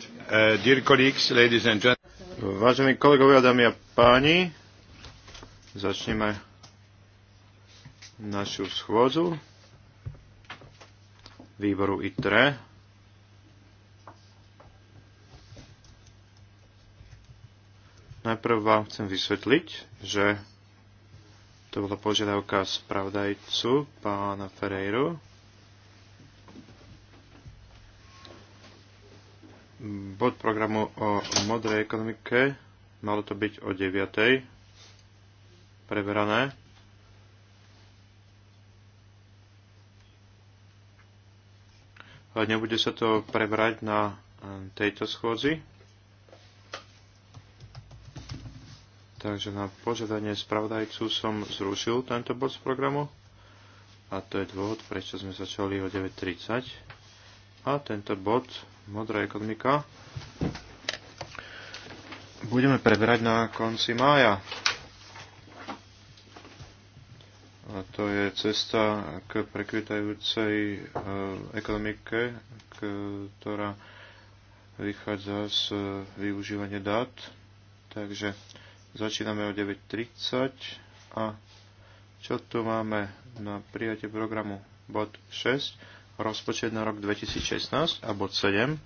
Uh, Vážení kolegovia, dámy a páni, začneme našu schôdzu výboru ITRE. Najprv vám chcem vysvetliť, že to bola požiadavka spravodajcu pána Ferreiru bod programu o modrej ekonomike. Malo to byť o 9. Preberané. Ale nebude sa to prebrať na eh, tejto schôdzi. Takže na požiadanie spravodajcu som zrušil tento bod z programu. A to je dôvod, prečo sme začali o 9.30. A tento bod modrá ekonomika budeme preberať na konci mája. A to je cesta k prekvitajúcej e, ekonomike, ktorá vychádza z využívania dát. Takže začíname o 9.30 a čo tu máme na prijatie programu? Bod 6 rozpočet na rok 2016 a bod 7.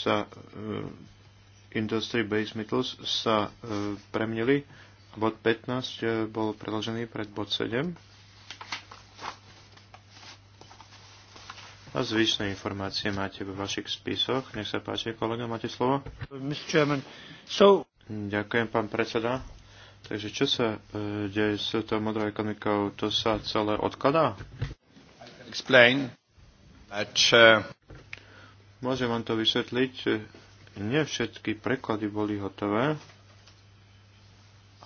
sa uh, eh, industry-based metals sa uh, eh, premnili a bod 15 uh, eh, bol predložený pred bod 7. A zvyšné informácie máte vo vašich spisoch. Nech sa páči, kolega, máte slovo. So... Ďakujem, pán predseda. Takže čo sa e, deje s tou modrou ekonomikou? To sa celé odkladá? Explain. uh... Môžem vám to vysvetliť. Nie všetky preklady boli hotové.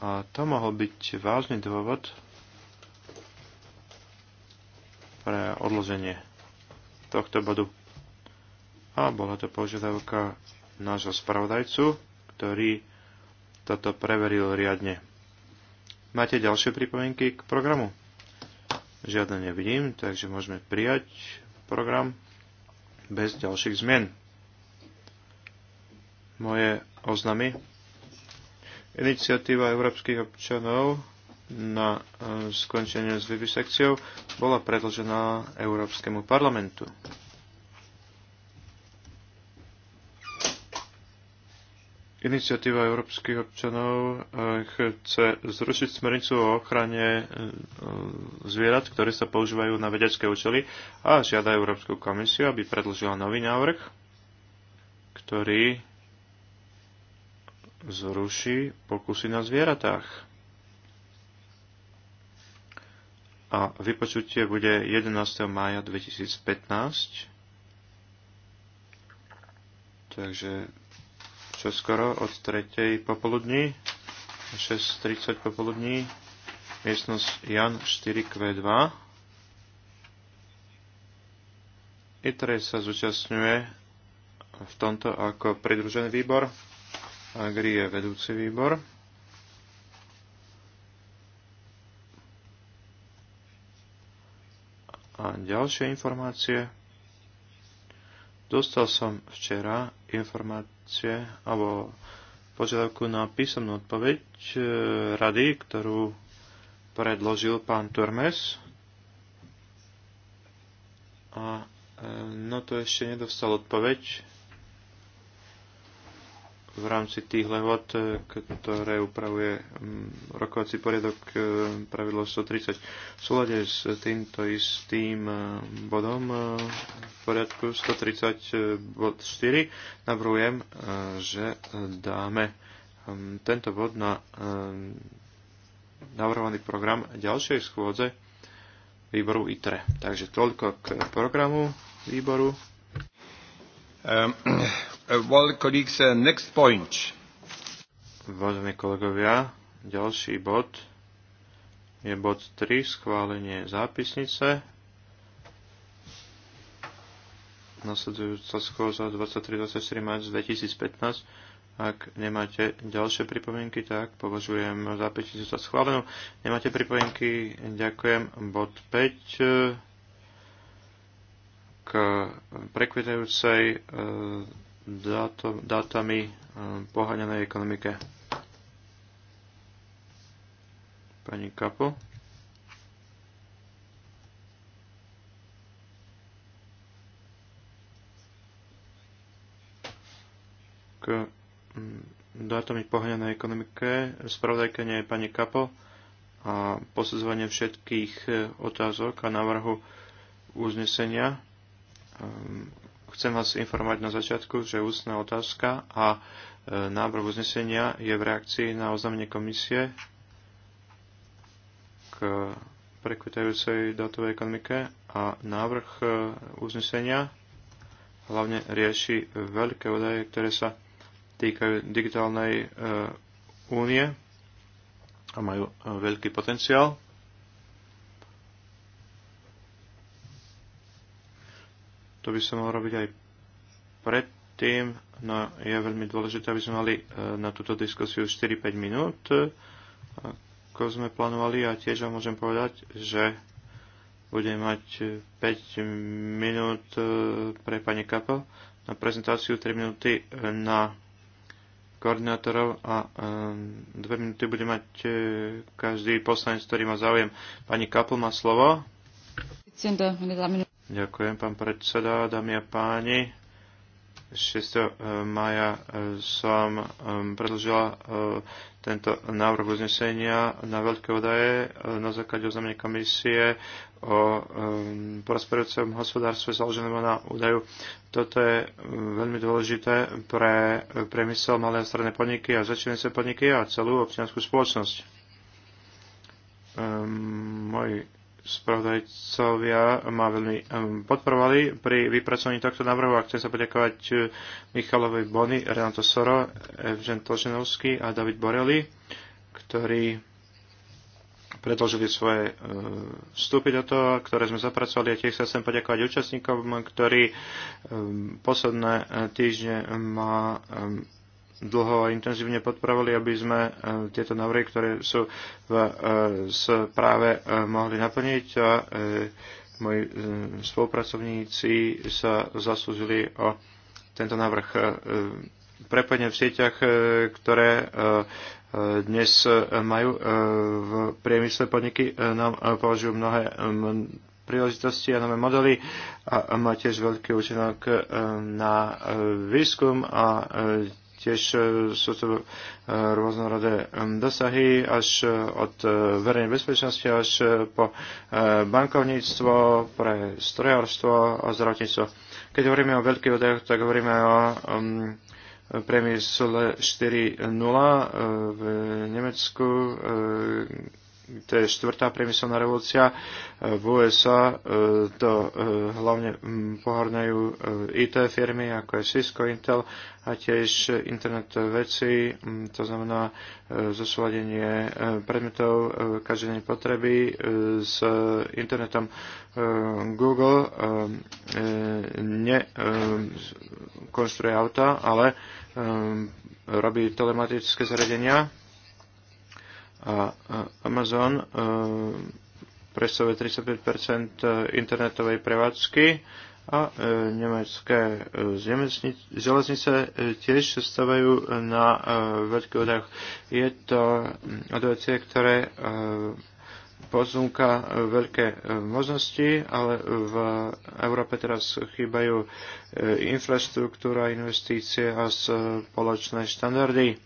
A to mohol byť vážny dôvod pre odloženie tohto bodu. A bola to požiadavka nášho spravodajcu, ktorý toto preveril riadne. Máte ďalšie pripomienky k programu? Žiadne nevidím, takže môžeme prijať program bez ďalších zmien. Moje oznamy. Iniciatíva európskych občanov na e, skončenie s vivisekciou bola predložená Európskemu parlamentu. Iniciatíva európskych občanov eh, chce zrušiť smernicu o ochrane eh, zvierat, ktoré sa používajú na vedecké účely a žiada Európsku komisiu, aby predložila nový návrh, ktorý zruší pokusy na zvieratách. A vypočutie bude 11. mája 2015. Takže čo skoro od 3. popoludní, 6.30 popoludní, miestnosť Jan 4Q2. ITRE sa zúčastňuje v tomto ako pridružený výbor, AGRI je vedúci výbor. A ďalšie informácie Dostal som včera informácie alebo požiadavku na písomnú odpoveď e, rady, ktorú predložil pán Turmes. A no to ešte nedostal odpoveď v rámci tých lehot, e, ktoré upravuje mm, rokovací poriadok e, pravidlo 130. V súlade s týmto istým e, bodom v poriadku 130 bod 4 navrhujem, že dáme mm, tento bod na navrhovaný program ďalšej schôdze výboru ITRE. Takže toľko k programu výboru. Ehm, Uh, uh, Vážení kolegovia, ďalší bod je bod 3, schválenie zápisnice. Nasledujúca schôza 23-24 marec 2015. Ak nemáte ďalšie pripomienky, tak považujem zápisnicu za schválenú. Nemáte pripomienky, ďakujem. Bod 5 eh, k prekvietajúcej eh, dátami eh, poháňanej ekonomike. Pani Kapo. K mm, dátami poháňanej ekonomike spravodajka nie je pani Kapo a posudzovanie všetkých eh, otázok a návrhu uznesenia ehm, Chcem vás informovať na začiatku, že ústna otázka a e, návrh uznesenia je v reakcii na oznámenie komisie k prekvitajúcej datovej ekonomike a návrh e, uznesenia hlavne rieši veľké údaje, ktoré sa týkajú digitálnej e, únie a majú veľký potenciál. To by sa mohol robiť aj predtým, no je veľmi dôležité, aby sme mali e, na túto diskusiu 4-5 minút, e, ako sme plánovali a ja tiež vám môžem povedať, že budem mať 5 e, minút pre pani Kapel na prezentáciu, 3 minúty na koordinátorov a dve minúty bude mať každý poslanec, ktorý má záujem. Pani Kapel má slovo. Ďakujem, pán predseda, dámy a páni. 6. E, maja e, som e, predložila tento návrh uznesenia na veľké údaje na základe oznámenia komisie o prosperujúcom hospodárstve založeného na údaju. Toto je veľmi dôležité pre priemysel malé a stredné podniky a začínajúce podniky a celú občianskú spoločnosť. Um, môj spravodajcovia ma veľmi podporovali pri vypracovaní tohto návrhu a chcem sa poďakovať eh, Michalovi Bony, Renato Soro, Evžen Toženovský a David Borelli, ktorí predložili svoje eh, vstupy do toho, ktoré sme zapracovali a tiež sa chcem poďakovať účastníkom, ktorí posledné eh, týždne ma dlho a intenzívne podporovali, aby sme e, tieto návrhy, ktoré sú v e, správe, e, mohli naplniť a moji spolupracovníci sa zaslúžili o tento návrh prepojenie v sieťach, ktoré dnes majú v priemysle podniky, nám považujú mnohé príležitosti a nové modely a má tiež veľký účinok na výskum a Tiež e, sú to e, rôznorodé dosahy až e, od verejnej bezpečnosti až po bankovníctvo, pre strojárstvo a zdravotníctvo. Keď hovoríme o veľkých údajoch, tak hovoríme o priemysle 4.0 v Nemecku, to je štvrtá priemyselná revolúcia. V USA e, to e, hlavne pohornajú e, IT firmy, ako je Cisco, Intel a tiež internet veci, to znamená zosúladenie predmetov každodennej potreby s internetom Google nekonštruuje auta, ale robí telematické zariadenia a Amazon e, predstavuje 35 e, internetovej prevádzky a e, nemecké železnice tiež stavajú na veľkých vodách. Je to mm, odvecie, ktoré pozúka veľké možnosti, ale v Európe teraz chýbajú infraštruktúra, investície a spoločné štandardy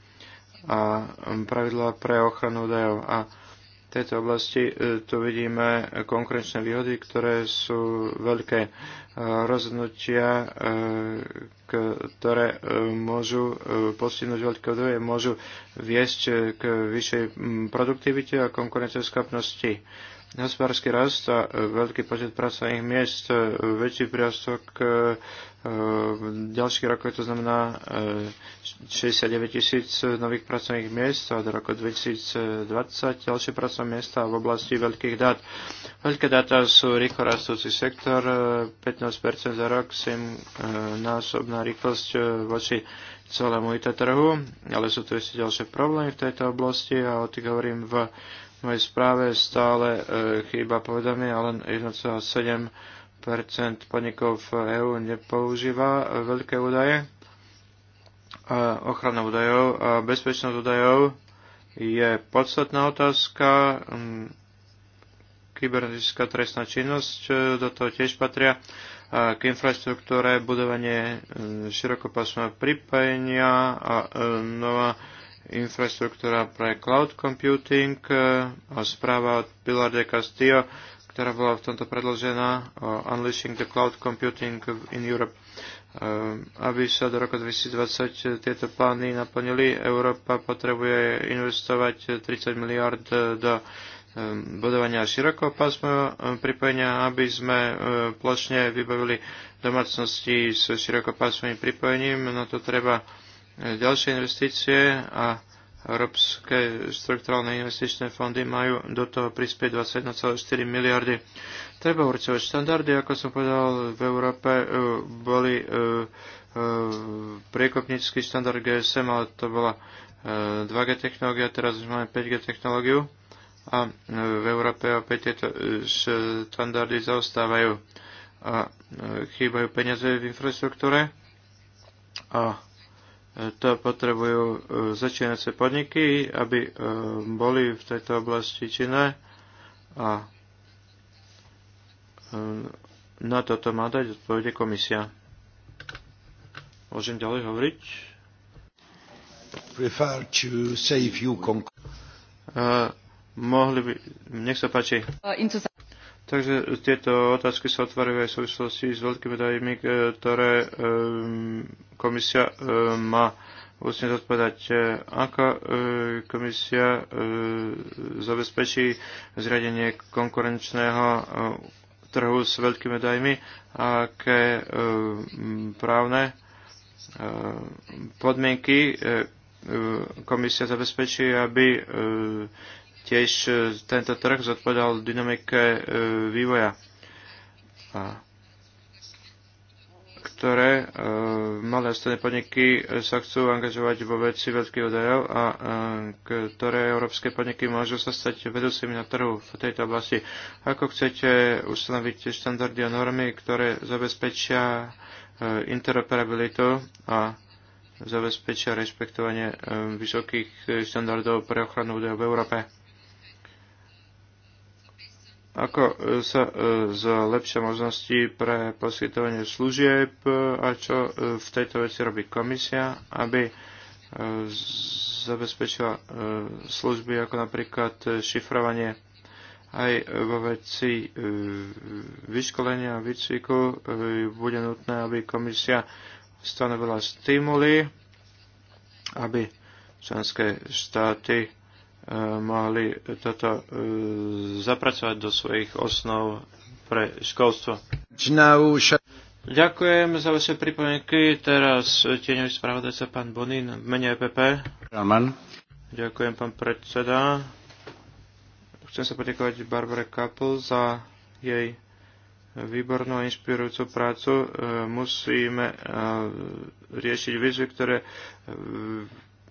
a pravidlá pre ochranu údajov. A v tejto oblasti e, tu vidíme konkurenčné výhody, ktoré sú veľké e, rozhodnutia, e, ktoré môžu postihnúť veľké údaje, môžu viesť k vyššej produktivite a konkurenceschopnosti hospodársky rast a veľký počet pracovných miest, väčší priastok v ďalších rokoch, to znamená 69 e, tisíc nových pracovných miest a do roku 2020 ďalšie pracovné miesta v oblasti veľkých dát. Veľké dáta sú rýchlo rastúci sektor, 15% e, za rok, 7 násobná rýchlosť e, voči celému IT trhu, ale sú tu ešte ďalšie problémy v tejto oblasti a o tých hovorím v mojej správe stále chýba povedomie ale 1,7 podnikov v EÚ nepoužíva veľké údaje. Ochrana údajov a bezpečnosť údajov je podstatná otázka. Mm, kybernetická trestná činnosť e, do toho tiež patria k infraštruktúre, budovanie e, širokopásmového pripojenia a e, nová infraštruktúra pre cloud computing a správa od Pilar de Castillo ktorá bola v tomto predložená, Unleashing the Cloud Computing in Europe. Ehm, aby sa do roku 2020 tieto plány naplnili, Európa potrebuje investovať 30 miliard do ehm, budovania širokopásmového ehm, pripojenia, aby sme plošne vybavili domácnosti s širokopásmovým pripojením. Na to treba ďalšie investície a Európske štrukturálne investičné fondy majú do toho prispieť 21,4 miliardy. Treba určovať štandardy, ako som povedal, v Európe e, boli e, e, priekopnícky štandard GSM, ale to bola 2G technológia, teraz už máme 5G technológiu a v Európe opäť tieto štandardy zaostávajú a chýbajú peniaze v infraštruktúre a to potrebujú e, začínajúce podniky, aby e, boli v tejto oblasti činné a e, na toto má dať odpovede komisia. Môžem ďalej hovoriť? Prefer to save you uh, mohli by, nech sa páči. Takže tieto otázky sa otvárajú aj v súvislosti s veľkými dajmi, ktoré ehm, komisia ehm, má vlastne zodpovedať, aká ehm, komisia zabezpečí zriadenie konkurenčného trhu s veľkými dajmi a aké právne podmienky komisia zabezpečí, aby tiež e, tento trh zodpovedal dynamike e, vývoja, ktoré e, malé a stredné podniky sa chcú angažovať vo veci veľkých údajov a ktoré európske podniky môžu sa stať vedúcimi na trhu v tejto oblasti. Ako chcete ustanoviť štandardy a normy, ktoré zabezpečia interoperabilitu a zabezpečia rešpektovanie vysokých štandardov pre ochranu údajov v Európe ako e, sa e, zlepšia možnosti pre poskytovanie služieb e, a čo v tejto veci robí komisia, aby zabezpečila služby ako napríklad šifrovanie aj vo veci vyškolenia a výcviku bude nutné, aby komisia stanovila stimuly, aby členské štáty mohli toto e, zapracovať do svojich osnov pre školstvo. Ďakujem za vaše pripomienky. Teraz tieňový spravodajca pán Bonin v mene EPP. Amen. Ďakujem pán predseda. Chcem sa poďakovať Barbara Kapl za jej výbornú a inšpirujúcu prácu. E, musíme e, riešiť výzvy, ktoré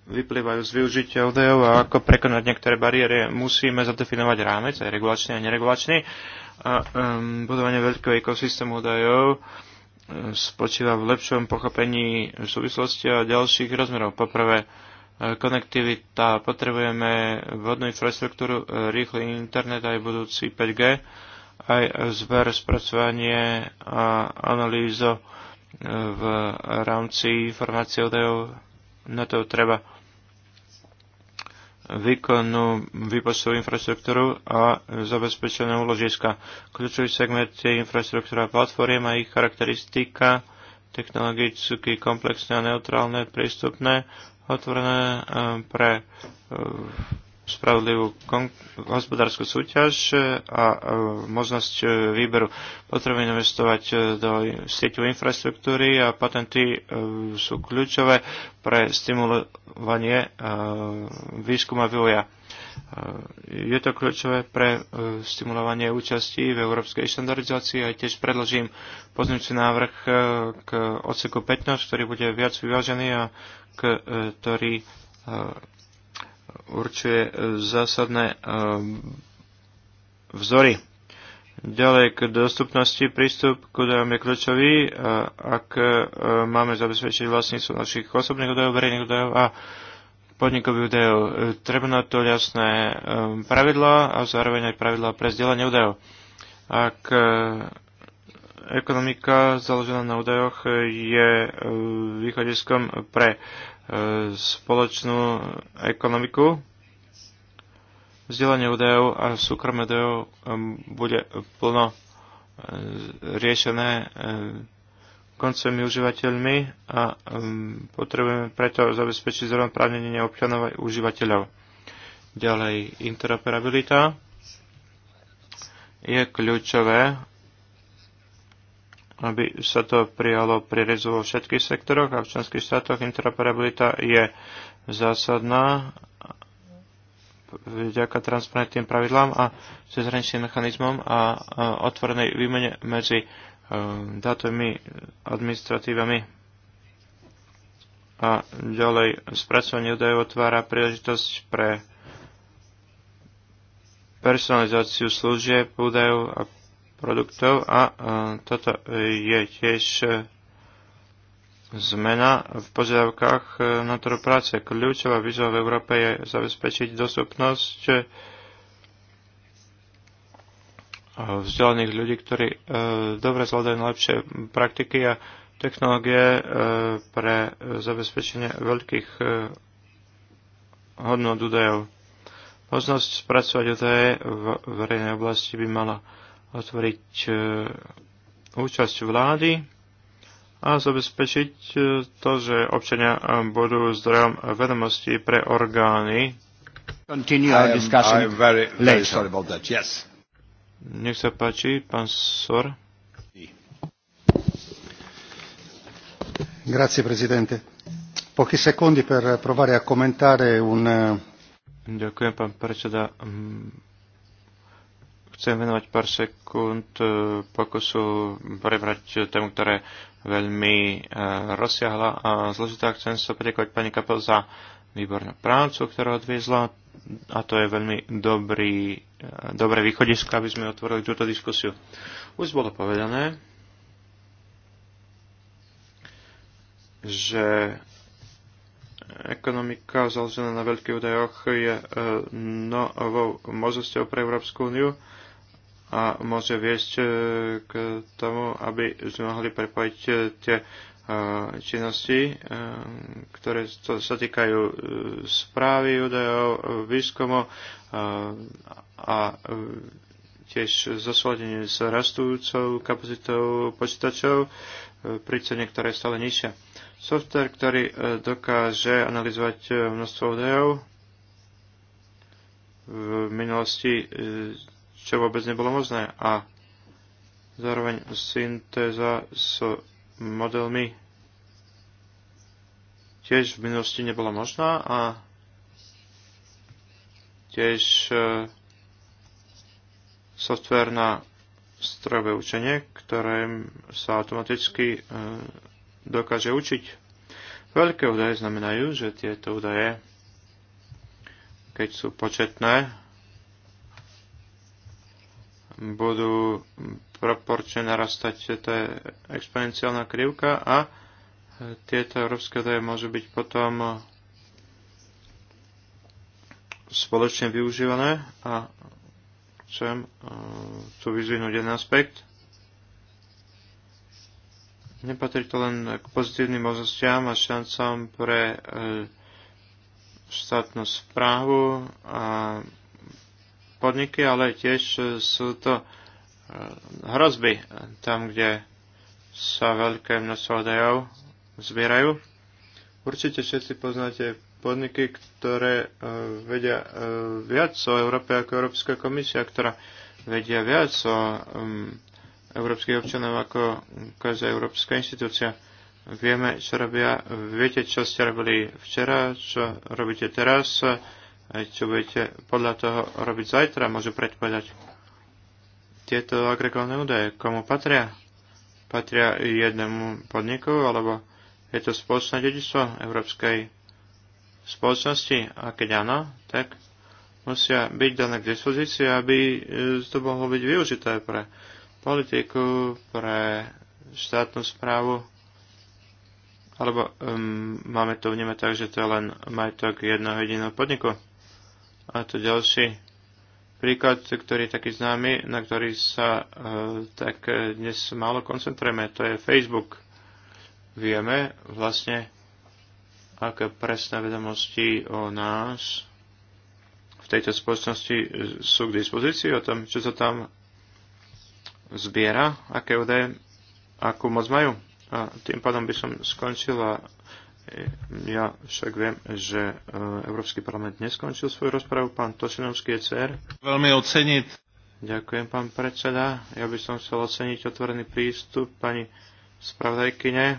vyplývajú z využitia údajov a ako prekonať niektoré bariéry. Musíme zadefinovať rámec, aj regulačný a neregulačný. A um, budovanie veľkého ekosystému údajov ehm, spočíva v lepšom pochopení súvislosti a ďalších rozmerov. Poprvé, e, konektivita, potrebujeme vodnú infraštruktúru, e, rýchly internet aj budúci 5G, aj zber, spracovanie a analýzo e, v rámci informácie údajov na to treba výkonnú výpočtovú infraštruktúru a zabezpečené úložiska. Kľúčový segment je infraštruktúra platform a ich charakteristika, technologicky komplexné a neutrálne, prístupné, otvorené eh, pre eh, spravodlivú hospodárskú súťaž a e, možnosť e, výberu. Potrebujeme investovať e, do sieťovej infraštruktúry a patenty sú kľúčové pre stimulovanie výskuma vývoja. Je to kľúčové pre stimulovanie účasti v európskej štandardizácii a tiež predložím poznúci návrh k odseku 15, ktorý bude viac vyvážený a ktorý určuje e, zásadné e, vzory. Ďalej k dostupnosti prístup k údajom je kľúčový, e, ak máme zabezpečiť vlastníctvo našich osobných údajov, verejných údajov a podnikových údajov. Treba na to jasné pravidlá a zároveň aj pravidlá pre zdieľanie údajov. Ak ekonomika založená na údajoch je východiskom pre spoločnú ekonomiku. Vzdelanie údajov a súkromie údajov um, bude plno uh, riešené uh, koncovými užívateľmi a um, potrebujeme preto zabezpečiť zrovnoprávnenie občanov a užívateľov. Ďalej, interoperabilita je kľúčové aby sa to prijalo rezu vo všetkých sektoroch a v členských štátoch interoperabilita je zásadná vďaka transparentným pravidlám a cezhraničným mechanizmom a otvorenej výmene medzi e, dátovými administratívami. A ďalej spracovanie údajov otvára príležitosť pre personalizáciu služieb údajov a produktov a e, toto je tiež e, zmena v požiadavkách e, na trhu práce. Kľúčová výzva v Európe je zabezpečiť dostupnosť vzdelaných ľudí, ktorí dobre zvládajú najlepšie praktiky a technológie pre zabezpečenie veľkých hodnot údajov. Možnosť spracovať údaje v verejnej oblasti by mala otvoriť e, účasť vlády a zabezpečiť e, to, že občania e, budú zdrojom vedomosti pre orgány. Nech sa páči, pán Sor. Grazie Presidente. Pochi secondi per provare a commentare un... Ďakujem, pán predseda mm, Chcem venovať pár sekúnd e, pokusu prebrať tému, ktoré veľmi e, rozsiahla a zložitá. Chcem sa poďakovať pani Kapel za výbornú prácu, ktorú odviezla a to je veľmi dobrý, e, dobré východisko, aby sme otvorili túto diskusiu. Už bolo povedané, že ekonomika založená na veľkých údajoch je novou možnosťou pre Európsku úniu a môže viesť e, k tomu, aby sme mohli prepojiť e, tie e, činnosti, ktoré sa týkajú správy údajov, výskumu a tiež zosladenie s rastúcou kapacitou počítačov pri cene, ktorá je stále nižšia. Software, ktorý dokáže analyzovať množstvo údajov, v minulosti čo vôbec nebolo možné. A zároveň syntéza s modelmi tiež v minulosti nebola možná a tiež e, software na strojové učenie, ktoré sa automaticky e, dokáže učiť. Veľké údaje znamenajú, že tieto údaje, keď sú početné, budú proporčne narastať, to je exponenciálna krivka a tieto európske údaje môžu byť potom spoločne využívané a chcem e, tu vyzvihnúť jeden aspekt. Nepatrí to len k pozitívnym možnostiam a šancom pre e, štátnu správu a podniky, ale tiež e, sú to e, hrozby tam, kde sa veľké množstvo údajov zbierajú. Určite všetci poznáte podniky, ktoré e, vedia viac o Európe ako Európska komisia, ktorá vedia viac o európskych občanov ako každá európska inštitúcia. Vieme, čo robia, viete, čo ste robili včera, čo robíte teraz, aj čo budete podľa toho robiť zajtra, môžu predpovedať tieto agregálne údaje. Komu patria? Patria jednému podniku, alebo je to spoločné dedičstvo Európskej spoločnosti? A keď áno, tak musia byť dané k dispozícii, aby e, to mohlo byť využité pre politiku, pre štátnu správu. Alebo um, máme to vnímať tak, že to je len majetok jedného jediného podniku. A to ďalší príklad, ktorý je taký známy, na ktorý sa e, tak dnes málo koncentrujeme, to je Facebook. Vieme vlastne, aké presné vedomosti o nás v tejto spoločnosti sú k dispozícii, o tom, čo sa tam zbiera, aké údaje, akú moc majú. A tým pádom by som skončila ja však viem, že e, Európsky parlament neskončil svoju rozpravu. Pán Tošinovský je CR. Veľmi oceniť. Ďakujem, pán predseda. Ja by som chcel oceniť otvorený prístup pani spravodajkyne.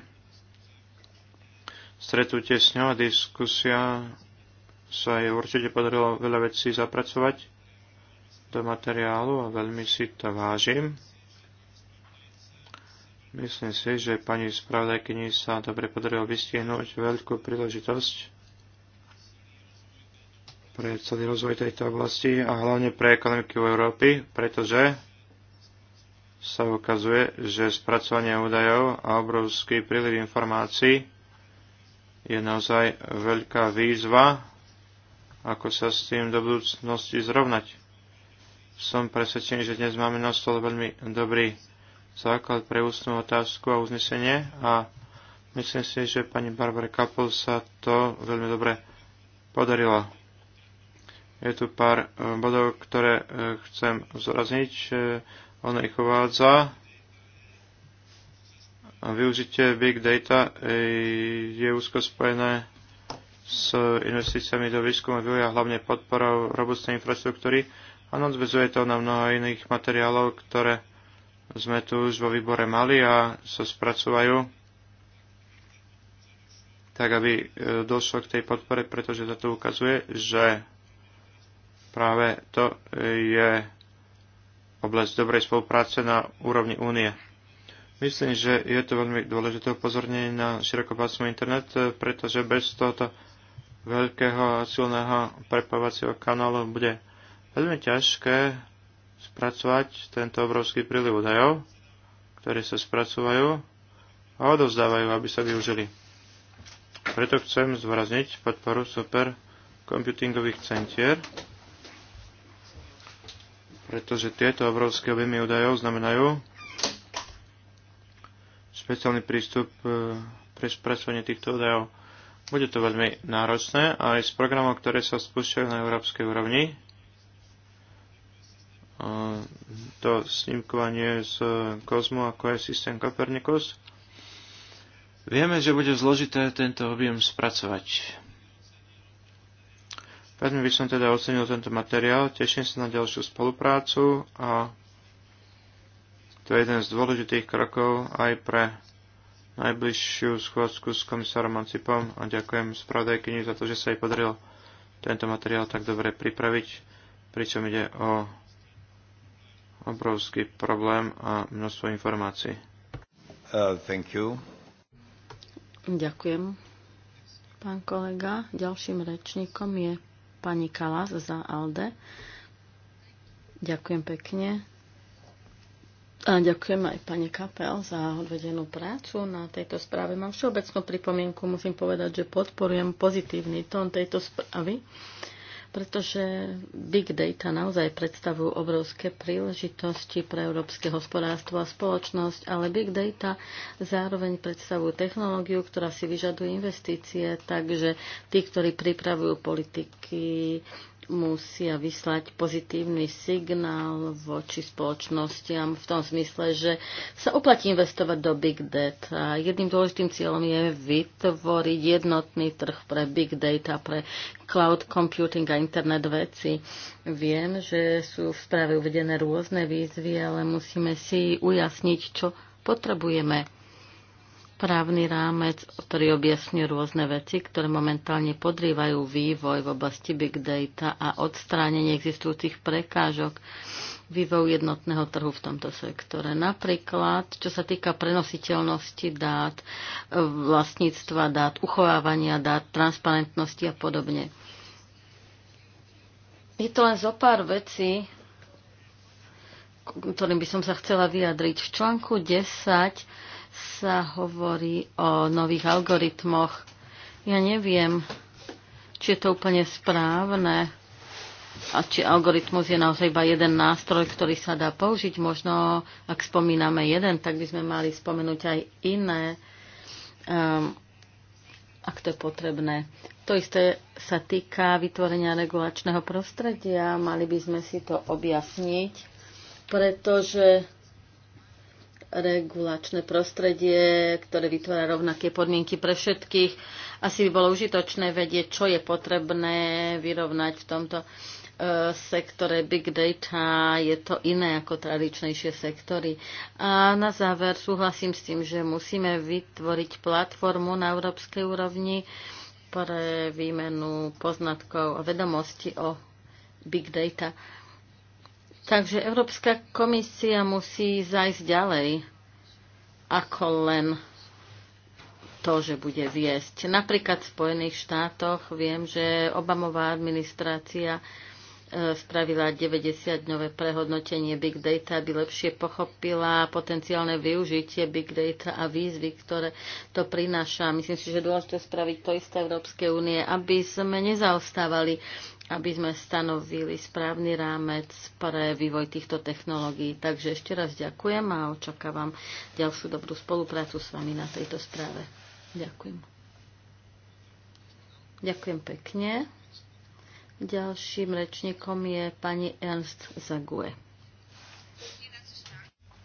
Stretnutie s ňou a diskusia sa jej určite podarilo veľa vecí zapracovať do materiálu a veľmi si to vážim. Myslím si, že pani spravodajkyni sa dobre podarilo vystihnúť veľkú príležitosť pre celý rozvoj tejto oblasti a hlavne pre ekonomiku Európy, pretože sa ukazuje, že spracovanie údajov a obrovský príliv informácií je naozaj veľká výzva, ako sa s tým do budúcnosti zrovnať. Som presvedčený, že dnes máme na stole veľmi dobrý základ pre ústnú otázku a uznesenie a myslím si, že pani Barbara Kapel sa to veľmi dobre podarila. Je tu pár e, bodov, ktoré e, chcem zorazniť. E, ona ich uvádza. Využitie big data je úzko spojené s investíciami do výskumu a vývoja, hlavne podporou robustnej infraštruktúry a nadvezuje to na mnoho iných materiálov, ktoré sme tu už vo výbore mali a sa spracovajú tak, aby e, došlo k tej podpore, pretože sa ukazuje, že práve to e, je oblasť dobrej spolupráce na úrovni únie. Myslím, že je to veľmi dôležité upozornenie na širokopásmový internet, e, pretože bez tohoto veľkého a silného prepávacieho kanálu bude veľmi ťažké spracovať tento obrovský príliv údajov, ktoré sa spracovajú a odovzdávajú, aby sa využili. Preto chcem zvorazniť podporu super komputingových centier, pretože tieto obrovské objemy údajov znamenajú špeciálny prístup e, pre spracovanie týchto údajov. Bude to veľmi náročné aj z programov, ktoré sa spúšťajú na európskej úrovni to snímkovanie z kozmu, ako je systém Copernicus. Vieme, že bude zložité tento objem spracovať. Veľmi by som teda ocenil tento materiál, teším sa na ďalšiu spoluprácu a to je jeden z dôležitých krokov aj pre najbližšiu schôdzku s komisárom Ancipom a ďakujem spravodajkyni za to, že sa jej podarilo tento materiál tak dobre pripraviť, pričom ide o obrovský problém a množstvo informácií. Uh, thank you. Ďakujem, pán kolega. Ďalším rečníkom je pani Kalas za ALDE. Ďakujem pekne. A ďakujem aj pani Kapel za odvedenú prácu na tejto správe. Mám všeobecnú pripomienku, musím povedať, že podporujem pozitívny tón tejto správy. Uh, pretože big data naozaj predstavujú obrovské príležitosti pre európske hospodárstvo a spoločnosť, ale big data zároveň predstavujú technológiu, ktorá si vyžaduje investície, takže tí, ktorí pripravujú politiky, musia vyslať pozitívny signál voči spoločnostiam v tom smysle, že sa oplatí investovať do big data. Jedným dôležitým cieľom je vytvoriť jednotný trh pre big data, pre cloud computing a internet veci. Viem, že sú v správe uvedené rôzne výzvy, ale musíme si ujasniť, čo potrebujeme právny rámec, ktorý objasňuje rôzne veci, ktoré momentálne podrývajú vývoj v oblasti big data a odstránenie existujúcich prekážok vývoju jednotného trhu v tomto sektore. Napríklad, čo sa týka prenositeľnosti dát, e, vlastníctva dát, uchovávania dát, transparentnosti a podobne. Je to len zo pár vecí, ktorým by som sa chcela vyjadriť. V článku 10 sa hovorí o nových algoritmoch. Ja neviem, či je to úplne správne a či algoritmus je naozaj iba jeden nástroj, ktorý sa dá použiť. Možno, ak spomíname jeden, tak by sme mali spomenúť aj iné, um, ak to je potrebné. To isté sa týka vytvorenia regulačného prostredia. Mali by sme si to objasniť, pretože regulačné prostredie, ktoré vytvára rovnaké podmienky pre všetkých. Asi by bolo užitočné vedieť, čo je potrebné vyrovnať v tomto e, sektore big data je to iné ako tradičnejšie sektory. A na záver súhlasím s tým, že musíme vytvoriť platformu na európskej úrovni pre výmenu poznatkov a vedomostí o big data. Takže Európska komisia musí zajsť ďalej ako len to, že bude viesť. Napríklad v Spojených štátoch viem, že Obamová administrácia e, spravila 90-dňové prehodnotenie Big Data, aby lepšie pochopila potenciálne využitie Big Data a výzvy, ktoré to prináša. Myslím si, že dôležité spraviť to isté Európskej únie, aby sme nezaostávali aby sme stanovili správny rámec pre vývoj týchto technológií. Takže ešte raz ďakujem a očakávam ďalšiu dobrú spoluprácu s vami na tejto správe. Ďakujem. Ďakujem pekne. Ďalším rečníkom je pani Ernst Zague.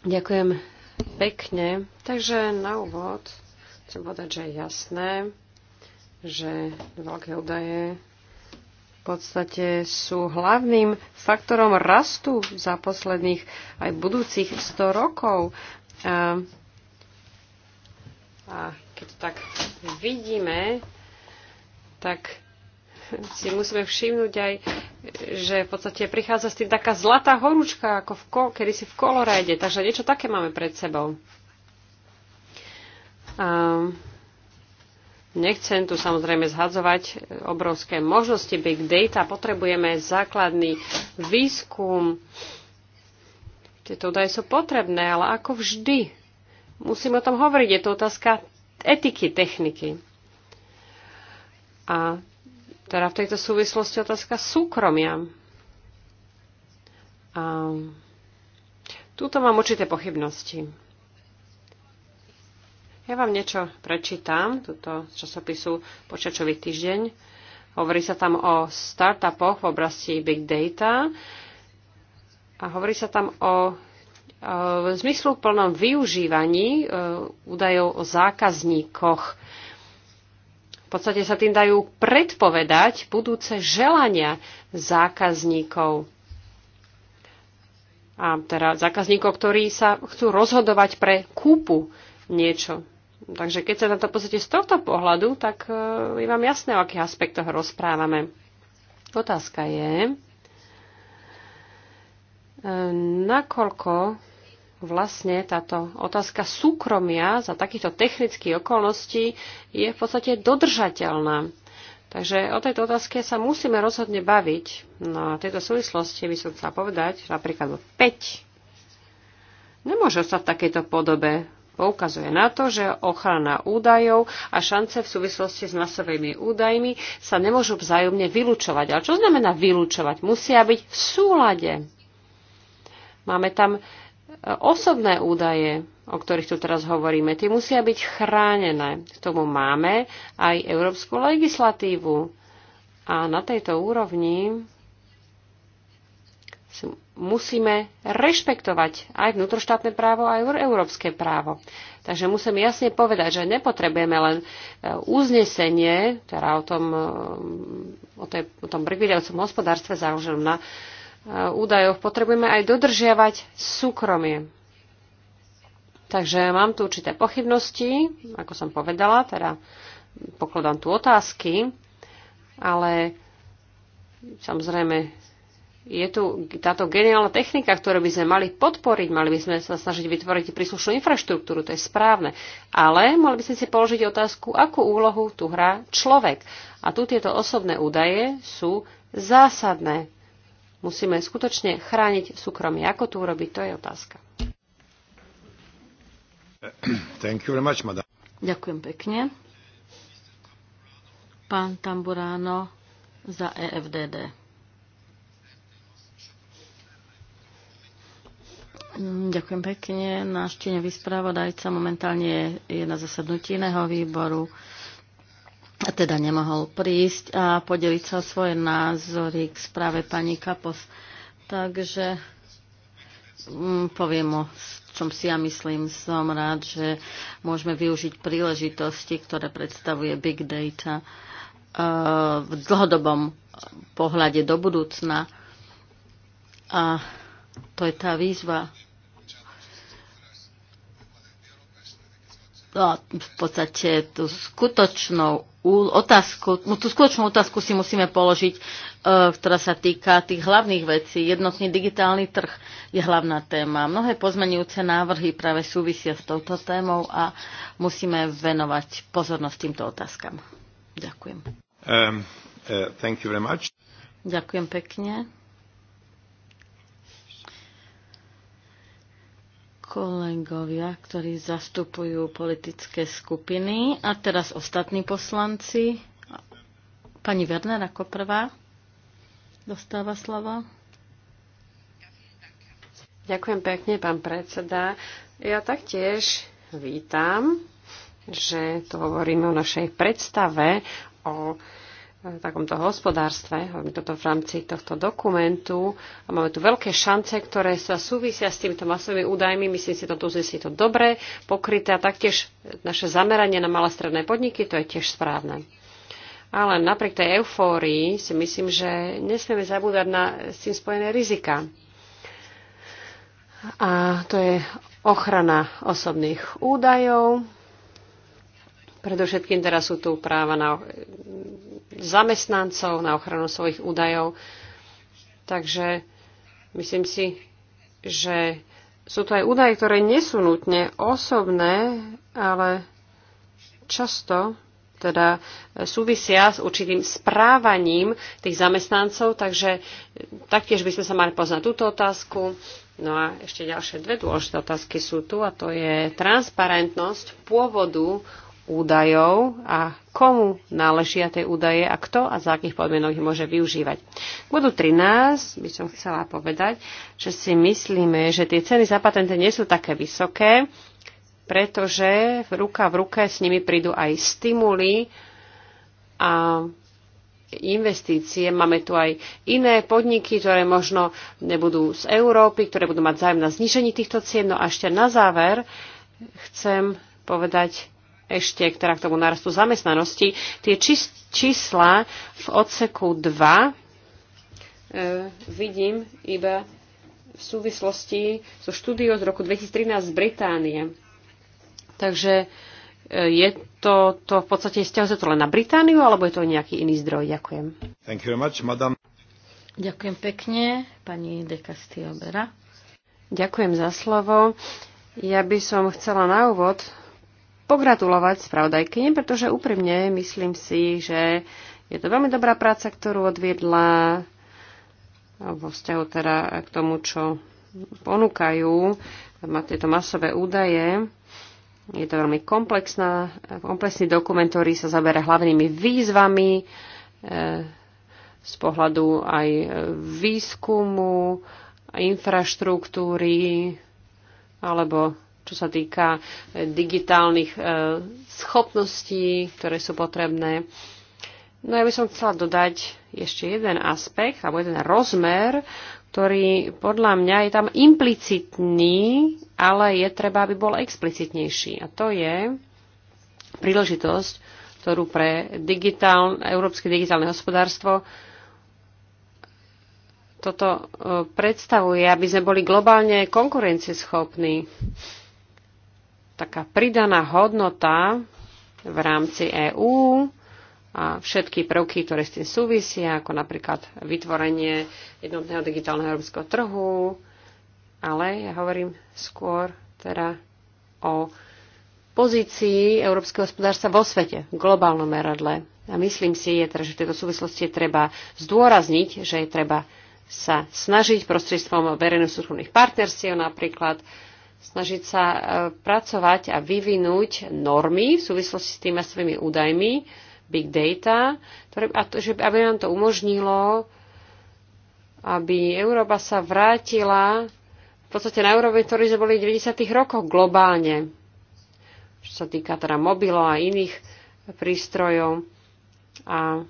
Ďakujem pekne. Takže na úvod chcem povedať, že je jasné, že veľké údaje podstate sú hlavným faktorom rastu za posledných aj budúcich 100 rokov. A, a keď to tak vidíme, tak si musíme všimnúť aj, že v podstate prichádza s tým taká zlatá horúčka, ako v ko- kedy si v koloréde. Takže niečo také máme pred sebou. Um, Nechcem tu samozrejme zhadzovať e, obrovské možnosti big data. Potrebujeme základný výskum. Tieto údaje sú potrebné, ale ako vždy. Musím o tom hovoriť. Je to otázka etiky, techniky. A teda v tejto súvislosti otázka súkromia. A tuto mám určité pochybnosti. Ja vám niečo prečítam, túto časopisu Počačový týždeň. Hovorí sa tam o startupoch v oblasti big data a hovorí sa tam o e, v zmyslu plnom využívaní e, údajov o zákazníkoch. V podstate sa tým dajú predpovedať budúce želania zákazníkov. A teda zákazníkov, ktorí sa chcú rozhodovať pre kúpu niečo. Takže keď sa na to pozrite z tohto pohľadu, tak e, je vám jasné, o akých aspektoch rozprávame. Otázka je, e, nakoľko vlastne táto otázka súkromia za takýchto technických okolností je v podstate dodržateľná. Takže o tejto otázke sa musíme rozhodne baviť. No a tejto súvislosti by som chcela povedať, napríklad 5 nemôže ostať v takejto podobe poukazuje na to, že ochrana údajov a šance v súvislosti s masovými údajmi sa nemôžu vzájomne vylúčovať. Ale čo znamená vylúčovať? Musia byť v súlade. Máme tam e, osobné údaje, o ktorých tu teraz hovoríme. Tie musia byť chránené. K tomu máme aj európsku legislatívu. A na tejto úrovni musíme rešpektovať aj vnútroštátne právo, aj európske právo. Takže musím jasne povedať, že nepotrebujeme len e, uznesenie, teda o tom, e, o, tej, o tom brgvidavcom hospodárstve založenom na e, údajoch, potrebujeme aj dodržiavať súkromie. Takže mám tu určité pochybnosti, ako som povedala, teda pokladám tu otázky, ale samozrejme je tu táto geniálna technika, ktorú by sme mali podporiť, mali by sme sa snažiť vytvoriť príslušnú infraštruktúru, to je správne. Ale mali by sme si položiť otázku, akú úlohu tu hrá človek. A tu tieto osobné údaje sú zásadné. Musíme skutočne chrániť súkromie. Ako tu urobiť, to je otázka. Thank you very much, madam. Ďakujem pekne. Pán Tamburáno za EFDD. Mm, ďakujem pekne. Náš tenevý vyspravodajca momentálne je na zasadnutí iného výboru a teda nemohol prísť a podeliť sa o svoje názory k správe pani Kapos. Takže mm, poviem o čom si ja myslím. Som rád, že môžeme využiť príležitosti, ktoré predstavuje big data e, v dlhodobom pohľade do budúcna. A to je tá výzva, a no, v podstate tú skutočnou otázku, no, tú skutočnú otázku si musíme položiť, e, ktorá sa týka tých hlavných vecí. Jednotný digitálny trh je hlavná téma. Mnohé pozmenujúce návrhy práve súvisia s touto témou a musíme venovať pozornosť týmto otázkam. Ďakujem. Um, uh, thank you very much. Ďakujem pekne. kolegovia, ktorí zastupujú politické skupiny. A teraz ostatní poslanci. Pani Werner ako prvá dostáva slovo. Ďakujem pekne, pán predseda. Ja taktiež vítam, že tu hovoríme o našej predstave o takomto hospodárstve, toto v rámci tohto dokumentu. A máme tu veľké šance, ktoré sa súvisia s týmito masovými údajmi. Myslím si, toto je to dobre pokryté a taktiež naše zameranie na malé stredné podniky, to je tiež správne. Ale napriek tej eufórii si myslím, že nesmieme zabúdať na s tým spojené rizika. A to je ochrana osobných údajov, Predovšetkým teraz sú tu práva na zamestnancov, na ochranu svojich údajov. Takže myslím si, že sú to aj údaje, ktoré nie sú nutne osobné, ale často teda súvisia s určitým správaním tých zamestnancov, takže taktiež by sme sa mali poznať túto otázku. No a ešte ďalšie dve dôležité otázky sú tu a to je transparentnosť pôvodu údajov a komu náležia tie údaje a kto a za akých podmienok ich môže využívať. K bodu 13 by som chcela povedať, že si myslíme, že tie ceny za patenty nie sú také vysoké, pretože v ruka v ruke s nimi prídu aj stimuly a investície. Máme tu aj iné podniky, ktoré možno nebudú z Európy, ktoré budú mať zájem na znižení týchto cien. No a ešte na záver chcem povedať ešte, ktorá k tomu narastu zamestnanosti. Tie čísla v odseku 2 e, vidím iba v súvislosti so štúdiou z roku 2013 z Británie. Takže e, je to, to v podstate, stiaľ sa to len na Britániu, alebo je to nejaký iný zdroj? Ďakujem. Thank you very much, madam. Ďakujem pekne, pani de Castillo Bera. Ďakujem za slovo. Ja by som chcela na úvod pogratulovať spravodajkyni, pretože úprimne myslím si, že je to veľmi dobrá práca, ktorú odviedla vo vzťahu teda k tomu, čo ponúkajú má tieto masové údaje. Je to veľmi komplexná, komplexný dokument, ktorý sa zaberá hlavnými výzvami e, z pohľadu aj výskumu, infraštruktúry alebo čo sa týka e, digitálnych e, schopností, ktoré sú potrebné. No ja by som chcela dodať ešte jeden aspekt, alebo jeden rozmer, ktorý podľa mňa je tam implicitný, ale je treba, aby bol explicitnejší. A to je príležitosť, ktorú pre digitál, európske digitálne hospodárstvo toto e, predstavuje, aby sme boli globálne konkurencieschopní taká pridaná hodnota v rámci EÚ a všetky prvky, ktoré s tým súvisia, ako napríklad vytvorenie jednotného digitálneho európskeho trhu, ale ja hovorím skôr teda o pozícii európskeho hospodárstva vo svete, v globálnom meradle. A myslím si, je, teda, že v tejto súvislosti treba zdôrazniť, že je treba sa snažiť prostredstvom verejno-súkromných partnerstiev napríklad snažiť sa e, pracovať a vyvinúť normy v súvislosti s tými svojimi údajmi, big data, ktoré, a to, že, aby nám to umožnilo, aby Európa sa vrátila v podstate na Európe, ktorí sme boli v 90. rokoch globálne, čo sa týka teda mobilov a iných prístrojov. A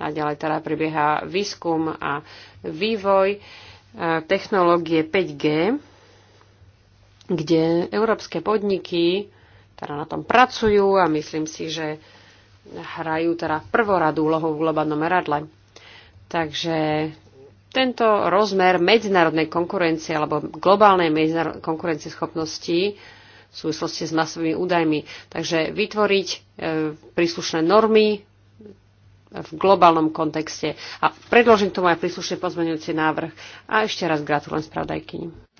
naďalej teda prebieha výskum a vývoj e, technológie 5G kde európske podniky teda na tom pracujú a myslím si, že hrajú teda prvoradú úlohu v globálnom meradle. Takže tento rozmer medzinárodnej konkurencie alebo globálnej medzinárodnej konkurencieschopnosti v súvislosti s masovými údajmi. Takže vytvoriť e, príslušné normy v globálnom kontexte. A predložím k tomu aj príslušný pozmeňujúci návrh. A ešte raz gratulujem spravodajkyni.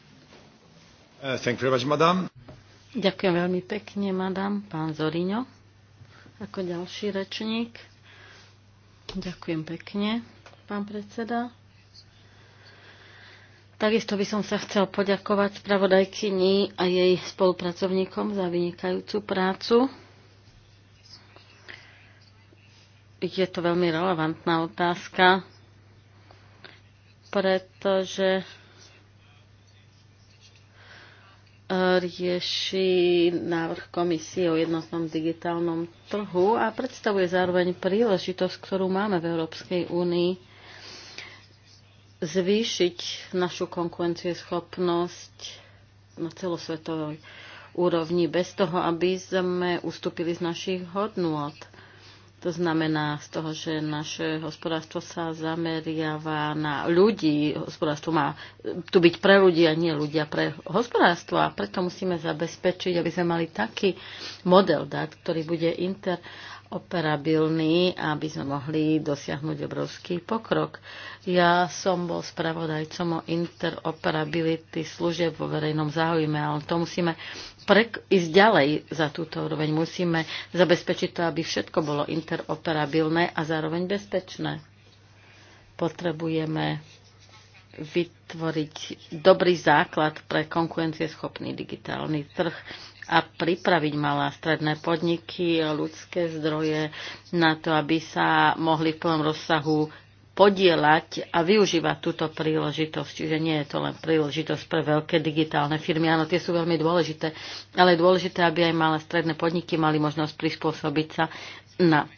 Uh, much, Ďakujem veľmi pekne, madam. Pán Zoriňo, ako ďalší rečník. Ďakujem pekne, pán predseda. Takisto by som sa chcel poďakovať spravodajkyni a jej spolupracovníkom za vynikajúcu prácu. Je to veľmi relevantná otázka, pretože rieši návrh komisie o jednotnom digitálnom trhu a predstavuje zároveň príležitosť, ktorú máme v Európskej únii zvýšiť našu konkurencieschopnosť na celosvetovej úrovni bez toho, aby sme ustúpili z našich hodnôt to znamená z toho, že naše hospodárstvo sa zameriava na ľudí. Hospodárstvo má tu byť pre ľudí a nie ľudia pre hospodárstvo. A preto musíme zabezpečiť, aby sme mali taký model dát, ktorý bude inter operabilní, aby sme mohli dosiahnuť obrovský pokrok. Ja som bol spravodajcom o interoperability služieb vo verejnom záujme, ale to musíme prek- ísť ďalej za túto úroveň. Musíme zabezpečiť to, aby všetko bolo interoperabilné a zároveň bezpečné. Potrebujeme vytvoriť dobrý základ pre konkurencieschopný digitálny trh a pripraviť malé a stredné podniky a ľudské zdroje na to, aby sa mohli v plnom rozsahu podielať a využívať túto príležitosť. Čiže nie je to len príležitosť pre veľké digitálne firmy. Áno, tie sú veľmi dôležité, ale je dôležité, aby aj malé stredné podniky mali možnosť prispôsobiť sa na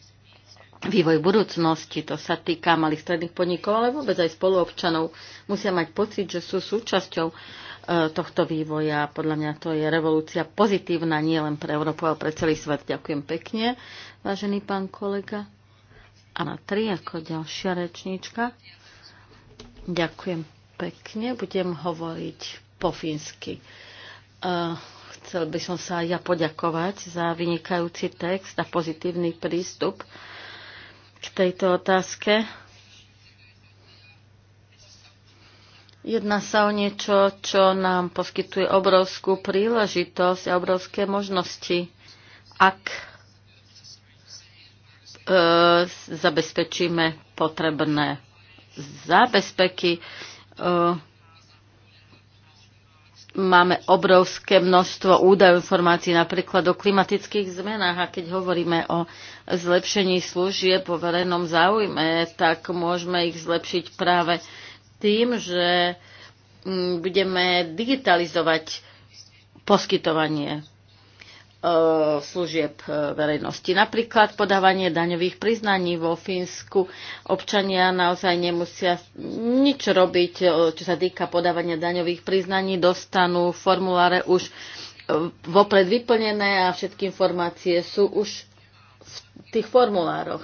vývoj budúcnosti. To sa týka malých stredných podnikov, ale vôbec aj spoluobčanov. Musia mať pocit, že sú súčasťou E, tohto vývoja. Podľa mňa to je revolúcia pozitívna nielen pre Európu, ale pre celý svet. Ďakujem pekne, vážený pán kolega. A na tri ako ďalšia rečníčka. Ďakujem pekne. Budem hovoriť po fínsky. E, chcel by som sa aj ja poďakovať za vynikajúci text a pozitívny prístup k tejto otázke Jedná sa o niečo, čo nám poskytuje obrovskú príležitosť a obrovské možnosti, ak e, zabezpečíme potrebné zábezpeky. E, máme obrovské množstvo údajov, informácií napríklad o klimatických zmenách a keď hovoríme o zlepšení služieb po verejnom záujme, tak môžeme ich zlepšiť práve tým, že mm, budeme digitalizovať poskytovanie e, služieb e, verejnosti. Napríklad podávanie daňových priznaní vo Fínsku. Občania naozaj nemusia nič robiť, e, čo sa týka podávania daňových priznaní. Dostanú formuláre už vopred vyplnené a všetky informácie sú už v tých formulároch.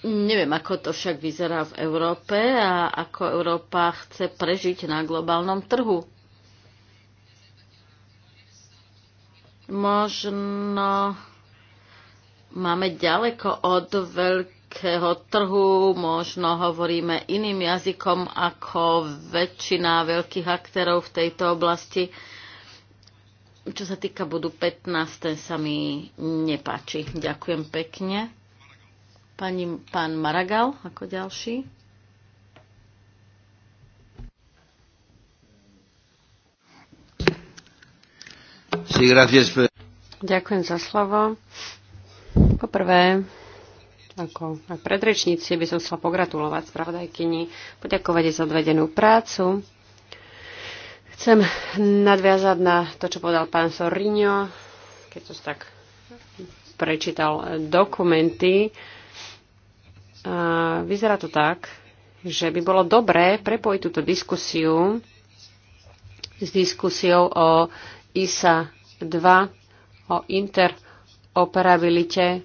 Neviem, ako to však vyzerá v Európe a ako Európa chce prežiť na globálnom trhu. Možno máme ďaleko od veľkého trhu, možno hovoríme iným jazykom ako väčšina veľkých aktérov v tejto oblasti. Čo sa týka budú 15, ten sa mi nepáči. Ďakujem pekne. Pani, pán Maragal ako ďalší. Ďakujem za slovo. Poprvé, ako aj predrečníci, by som chcela pogratulovať spravodajkyni, poďakovať jej za odvedenú prácu. Chcem nadviazať na to, čo povedal pán Sorino, keď som tak prečítal dokumenty vyzerá to tak, že by bolo dobré prepojiť túto diskusiu s diskusiou o ISA 2, o interoperabilite.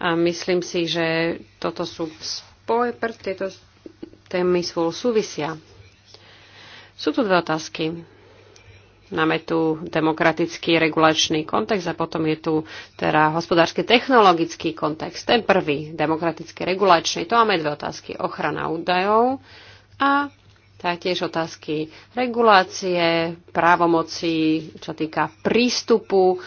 A myslím si, že toto sú spoje, tieto témy spolu súvisia. Sú tu dve otázky. Máme tu demokratický regulačný kontext a potom je tu teda hospodársky technologický kontext. Ten prvý, demokratický regulačný, to máme dve otázky. Ochrana údajov a taktiež otázky regulácie, právomoci, čo týka prístupu.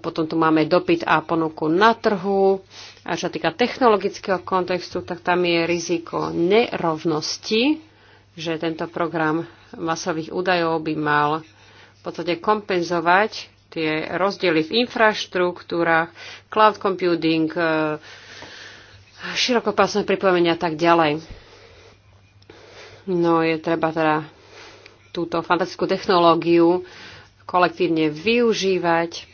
Potom tu máme dopyt a ponuku na trhu. A čo týka technologického kontextu, tak tam je riziko nerovnosti, že tento program masových údajov by mal podstate kompenzovať tie rozdiely v infraštruktúrach, cloud computing, e, širokopásne pripojenia a tak ďalej. No je treba teda túto fantastickú technológiu kolektívne využívať,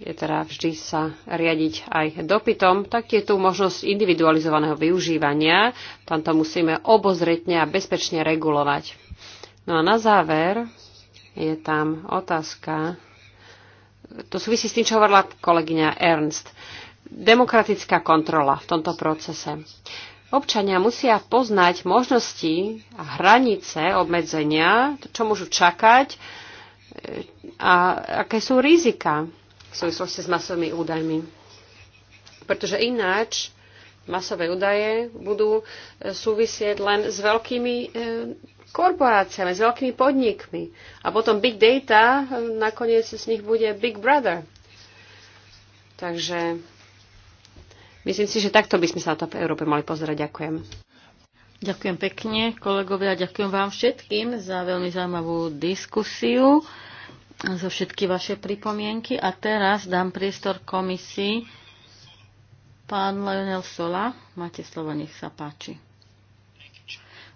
je teda vždy sa riadiť aj dopytom, tak je tu možnosť individualizovaného využívania. Tam to musíme obozretne a bezpečne regulovať. No a na záver je tam otázka. To súvisí s tým, čo hovorila kolegyňa Ernst. Demokratická kontrola v tomto procese. Občania musia poznať možnosti a hranice obmedzenia, čo môžu čakať eh, a aké sú rizika v súvislosti s masovými údajmi. Pretože ináč masové údaje budú eh, súvisieť len s veľkými eh, korporáciami, s veľkými podnikmi. A potom big data, eh, nakoniec z nich bude big brother. Takže myslím si, že takto by sme sa na to v Európe mali pozerať. Ďakujem. Ďakujem pekne, kolegovia. Ďakujem vám všetkým za veľmi zaujímavú diskusiu, za všetky vaše pripomienky. A teraz dám priestor komisii. Pán Lionel Sola, máte slovo, nech sa páči.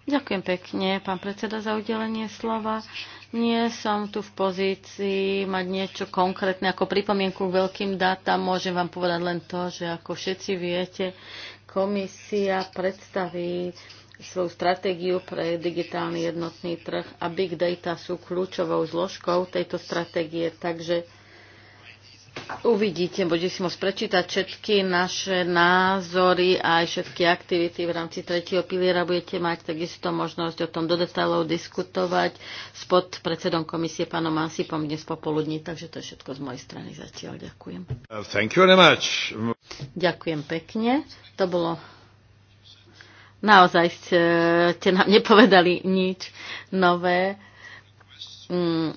Ďakujem pekne, pán predseda, za udelenie slova. Nie som tu v pozícii mať niečo konkrétne ako pripomienku k veľkým dátam. Môžem vám povedať len to, že ako všetci viete, komisia predstaví svoju stratégiu pre digitálny jednotný trh a big data sú kľúčovou zložkou tejto stratégie, takže uvidíte, bude si môcť prečítať všetky naše názory a aj všetky aktivity v rámci tretieho piliera budete mať takisto možnosť o tom do detailov diskutovať s podpredsedom komisie pánom Ansipom dnes popoludní, takže to je všetko z mojej strany zatiaľ. Ďakujem. Uh, thank you very much. Ďakujem pekne. To bolo naozaj ste nám nepovedali nič nové. Mm,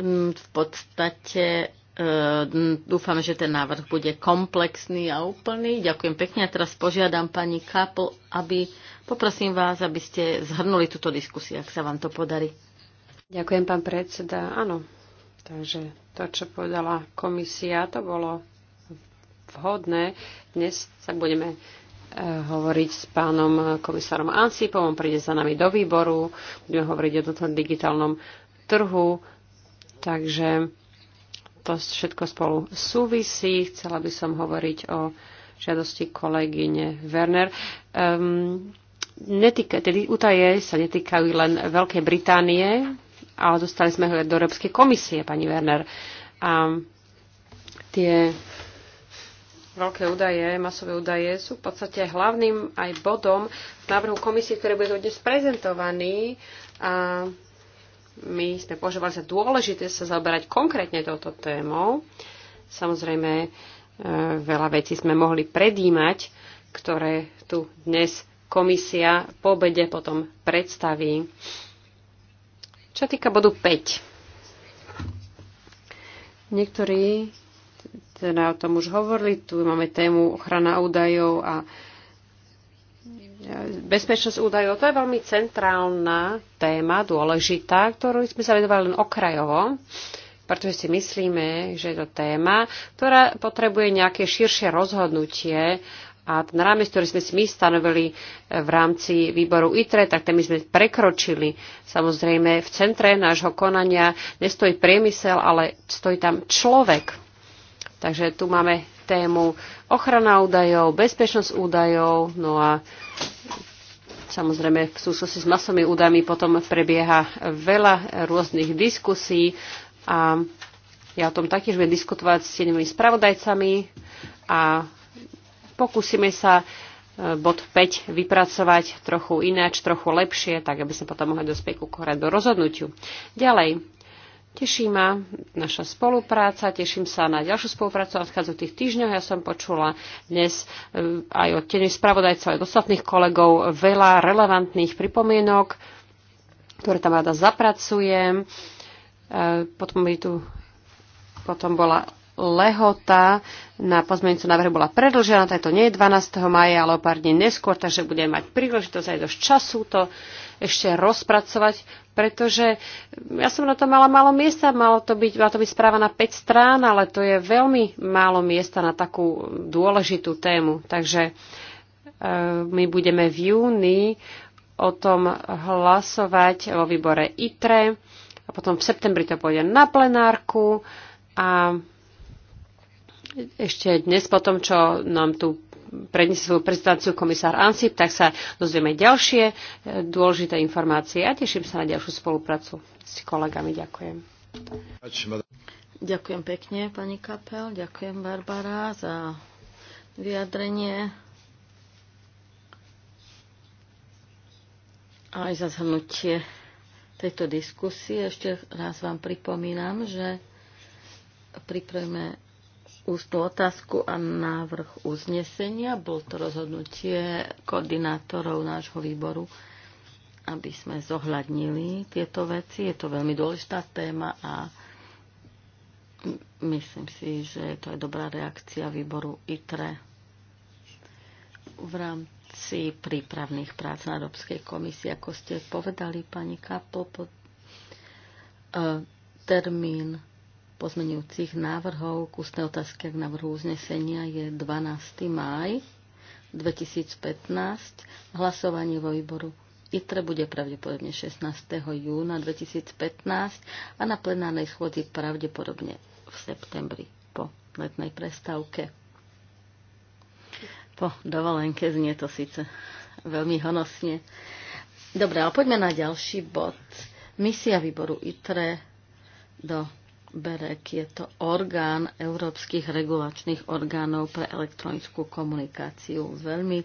mm, v podstate Ehm, Dúfam, že ten návrh bude komplexný a úplný. Ďakujem pekne a teraz požiadam pani Kapl, aby poprosím vás, aby ste zhrnuli túto diskusiu, ak sa vám to podarí. Ďakujem, pán predseda. Áno, takže to, čo povedala komisia, to bolo vhodné. Dnes sa budeme eh, hovoriť s pánom komisárom Ansipom, on príde za nami do výboru, budeme hovoriť o tomto digitálnom trhu, takže to všetko spolu súvisí. Chcela by som hovoriť o žiadosti kolegyne Werner. Um, ehm, netýka, tedy útaje sa netýkajú len Veľkej Británie, ale dostali sme ho do Európskej komisie, pani Werner. A tie veľké údaje, masové údaje sú v podstate hlavným aj bodom v návrhu komisie, ktorý bude dnes prezentovaný. A my sme považovali za dôležité sa zaoberať konkrétne touto témou. Samozrejme, e, veľa vecí sme mohli predímať, ktoré tu dnes komisia po obede potom predstaví. Čo týka bodu 5. Niektorí teda o tom už hovorili, tu máme tému ochrana údajov a bezpečnosť údajov, to je veľmi centrálna téma, dôležitá, ktorú sme sa venovali len okrajovo, pretože si myslíme, že je to téma, ktorá potrebuje nejaké širšie rozhodnutie a ten rámec, ktorý sme si my stanovili eh, v rámci výboru ITRE, tak ten my sme prekročili. Samozrejme, v centre nášho konania nestojí priemysel, ale stojí tam človek. Takže tu máme tému ochrana údajov, bezpečnosť údajov, no a samozrejme v súvislosti s masovými údajmi potom prebieha veľa rôznych diskusí a ja o tom taktiež budem diskutovať s tenými spravodajcami a pokúsime sa e, bod 5 vypracovať trochu ináč, trochu lepšie, tak aby sme potom mohli dospieť ku do rozhodnutiu. Ďalej, Teší ma naša spolupráca, teším sa na ďalšiu spoluprácu v tých týždňoch. Ja som počula dnes eh, aj od tených spravodajcov, aj od ostatných kolegov veľa relevantných pripomienok, ktoré tam rada zapracujem. Eh, potom, by tu, potom bola lehota na pozmeňujúcu návrhu bola predlžená, to nie je 12. maja, ale o pár dní neskôr, takže budeme mať príležitosť aj dosť času to ešte rozpracovať, pretože ja som na to mala málo miesta, malo to byť, mala to byť správa na 5 strán, ale to je veľmi málo miesta na takú dôležitú tému. Takže e, my budeme v júni o tom hlasovať vo výbore ITRE a potom v septembri to pôjde na plenárku a ešte dnes po tom, čo nám tu predniesie svoju prezentáciu komisár Ansip, tak sa dozvieme ďalšie e, dôležité informácie a teším sa na ďalšiu spoluprácu s kolegami. Ďakujem. Ďakujem pekne, pani Kapel. Ďakujem, Barbara, za vyjadrenie a aj za zhrnutie tejto diskusie. Ešte raz vám pripomínam, že pripravíme ústnu otázku a návrh uznesenia. Bol to rozhodnutie koordinátorov nášho výboru, aby sme zohľadnili tieto veci. Je to veľmi dôležitá téma a myslím si, že to je dobrá reakcia výboru ITRE v rámci prípravných prác na Európskej komisii. Ako ste povedali, pani Kapo, eh, termín pozmenujúcich návrhov k ústnej otázke k návrhu uznesenia je 12. máj 2015. Hlasovanie vo výboru ITRE bude pravdepodobne 16. júna 2015 a na plenárnej schôdzi pravdepodobne v septembri po letnej prestávke. Po dovolenke znie to síce veľmi honosne. Dobre, ale poďme na ďalší bod. Misia výboru ITRE do BEREK je to orgán európskych regulačných orgánov pre elektronickú komunikáciu. Veľmi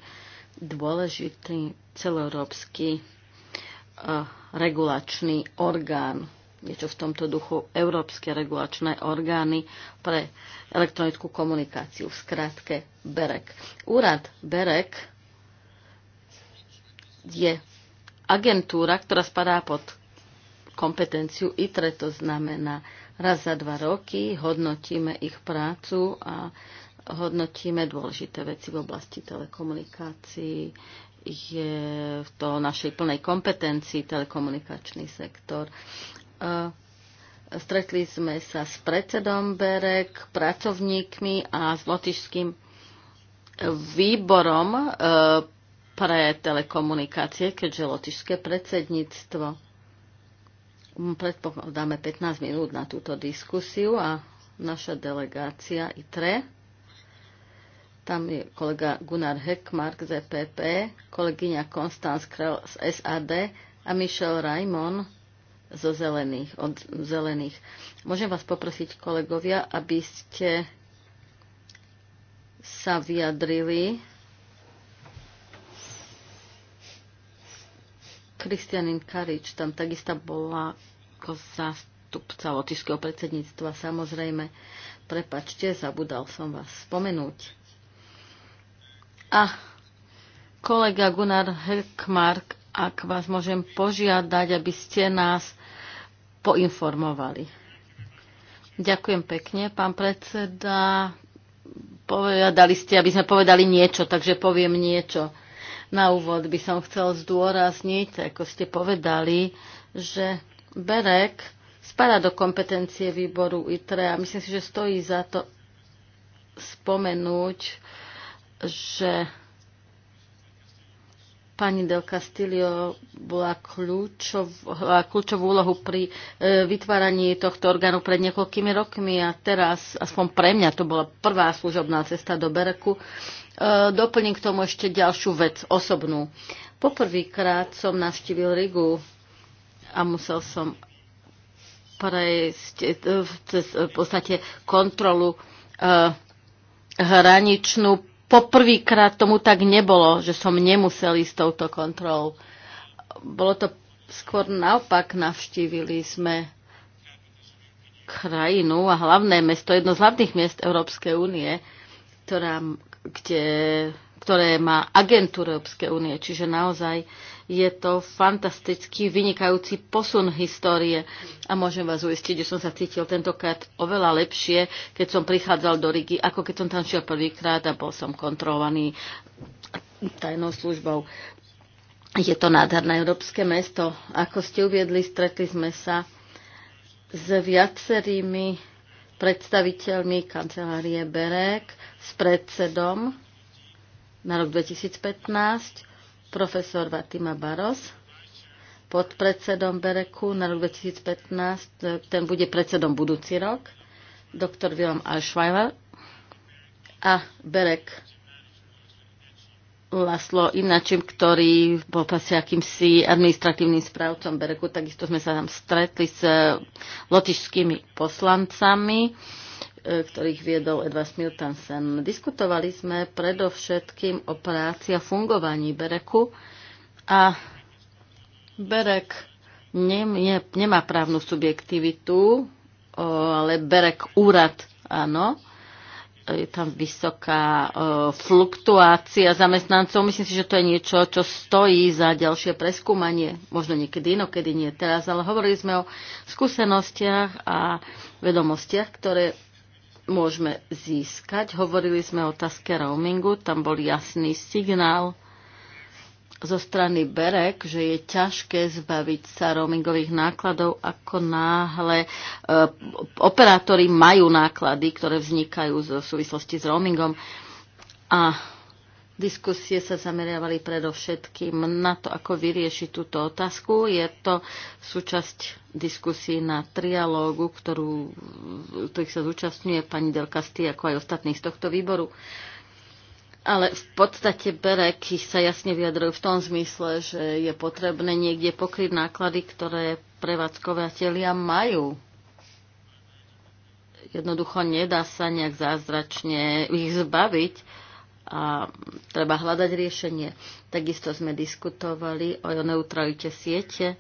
dôležitý celoeurópsky eh, regulačný orgán. Niečo v tomto duchu Európske regulačné orgány pre elektronickú komunikáciu, v skratke BEREK. Úrad BEREK je agentúra, ktorá spadá pod kompetenciu ITRE, to znamená Raz za dva roky hodnotíme ich prácu a hodnotíme dôležité veci v oblasti telekomunikácií. Je v to našej plnej kompetencii telekomunikačný sektor. Stretli sme sa s predsedom Berek, pracovníkmi a s lotišským výborom e, pre telekomunikácie, keďže lotišské predsedníctvo Mm, predpokladáme 15 minút na túto diskusiu a naša delegácia ITRE, tam je kolega Gunnar Heckmark z EPP, kolegyňa Konstanz Krell z SAD a Michel Raimon zo zelených, od zelených. Môžem vás poprosiť, kolegovia, aby ste sa vyjadrili Kristianin Karič tam takisto bola ako zástupca lotišského predsedníctva. Samozrejme, prepačte, zabudal som vás spomenúť. A kolega Gunnar Herkmark, ak vás môžem požiadať, aby ste nás poinformovali. Ďakujem pekne, pán predseda. Povedali ste, aby sme povedali niečo, takže poviem niečo. Na úvod by som chcel zdôrazniť, ako ste povedali, že Berek spada do kompetencie výboru ITRE a myslím si, že stojí za to spomenúť, že Pani Del Castillo bola kľúčov, kľúčovú úlohu pri e, vytváraní tohto orgánu pred niekoľkými rokmi a teraz, aspoň pre mňa, to bola prvá služobná cesta do Bereku. E, doplním k tomu ešte ďalšiu vec, osobnú. Poprvýkrát som navštívil Rigu a musel som prejsť e, cez v podstate kontrolu e, hraničnú poprvýkrát tomu tak nebolo, že som nemusel ísť touto kontrolou. Bolo to skôr naopak, navštívili sme krajinu a hlavné mesto, jedno z hlavných miest Európskej únie, ktorá, kde, ktoré má agentúru Európskej únie, čiže naozaj je to fantastický, vynikajúci posun histórie a môžem vás uistiť, že som sa cítil tentokrát oveľa lepšie, keď som prichádzal do Rigi, ako keď som tam šiel prvýkrát a bol som kontrolovaný tajnou službou. Je to nádherné európske mesto. Ako ste uviedli, stretli sme sa s viacerými predstaviteľmi kancelárie Berek, s predsedom na rok 2015 profesor Vatima Baros, predsedom Bereku na rok 2015, ten bude predsedom budúci rok, doktor Wilhelm Alschweiler a Berek Laslo Inačim, ktorý bol asi akýmsi administratívnym správcom Bereku. Takisto sme sa tam stretli s lotišskými poslancami E, ktorých viedol Edva Smiltansen. Diskutovali sme predovšetkým o práci a fungovaní Bereku a Berek ne, nemá právnu subjektivitu, ale Berek úrad áno. Je tam vysoká fluktuácia zamestnancov. Myslím si, že to je niečo, čo stojí za ďalšie preskúmanie. Možno niekedy inokedy nie teraz, ale hovorili sme o skúsenostiach a vedomostiach, ktoré môžeme získať. Hovorili sme o otázke roamingu, tam bol jasný signál zo strany Berek, že je ťažké zbaviť sa roamingových nákladov, ako náhle e, operátori majú náklady, ktoré vznikajú v súvislosti s roamingom. A Diskusie sa zameriavali predovšetkým na to, ako vyriešiť túto otázku. Je to súčasť diskusí na trialógu, ktorú, ktorých sa zúčastňuje pani Delkasty, ako aj ostatní z tohto výboru. Ale v podstate Berek sa jasne vyjadrujú v tom zmysle, že je potrebné niekde pokryť náklady, ktoré prevádzkovateľia majú jednoducho nedá sa nejak zázračne ich zbaviť a treba hľadať riešenie. Takisto sme diskutovali o neutralite siete.